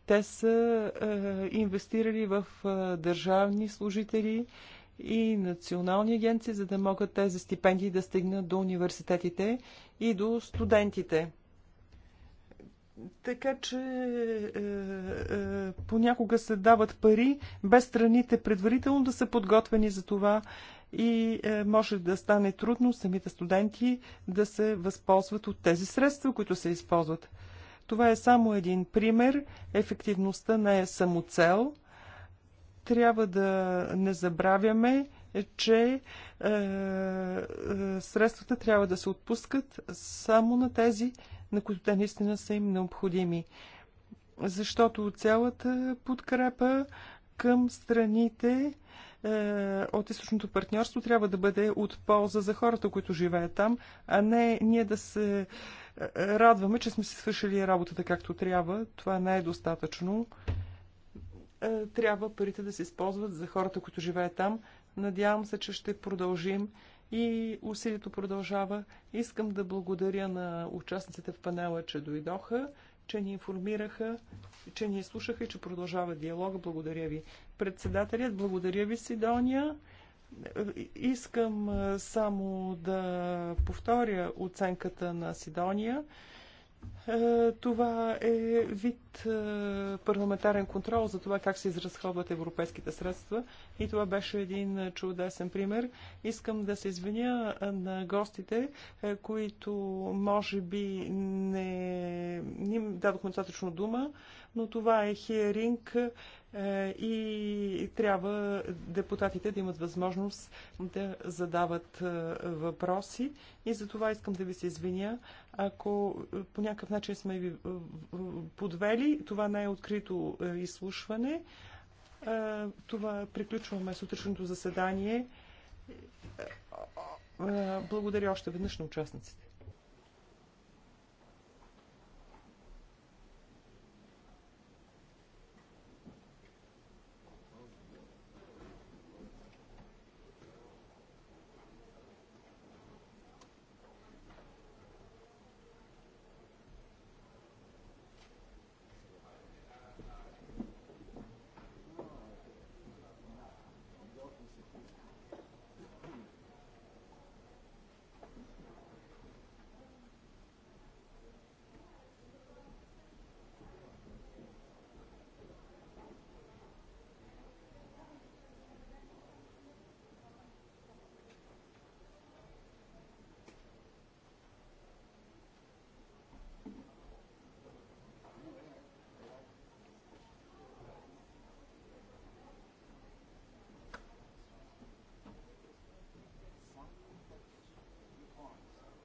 те са е, инвестирали в е, държавни служители, и национални агенции, за да могат тези стипендии да стигнат до университетите и до студентите. Така че е, е, понякога се дават пари без страните предварително да са подготвени за това и е, може да стане трудно самите студенти да се възползват от тези средства, които се използват. Това е само един пример. Ефективността не е самоцел. цел трябва да не забравяме, че е, е, средствата трябва да се отпускат само на тези, на които те наистина са им необходими. Защото цялата подкрепа към страните е, от източното партньорство трябва да бъде от полза за хората, които живеят там, а не ние да се е, радваме, че сме си свършили работата както трябва. Това не е достатъчно. Е, трябва парите да се използват за хората, които живеят там. Надявам се, че ще продължим и усилието продължава. Искам да благодаря на участниците в панела, че дойдоха, че ни информираха, че ни слушаха и че продължава диалога. Благодаря ви. Председателят, благодаря ви, Сидония. Искам е, само да повторя оценката на Сидония. Е, това е вид е, парламентарен контрол за това как се изразходват европейските средства и това беше един чудесен пример. Искам да се извиня е, на гостите, които може би не, не дадохме достатъчно дума, но това е хиеринг е, и трябва депутатите да имат възможност да задават е, въпроси. И за това искам да ви се извиня. Ако е, по някакъв начин сме ви подвели, това не е открито изслушване. Това приключваме сутрешното заседание. Благодаря още веднъж на участниците.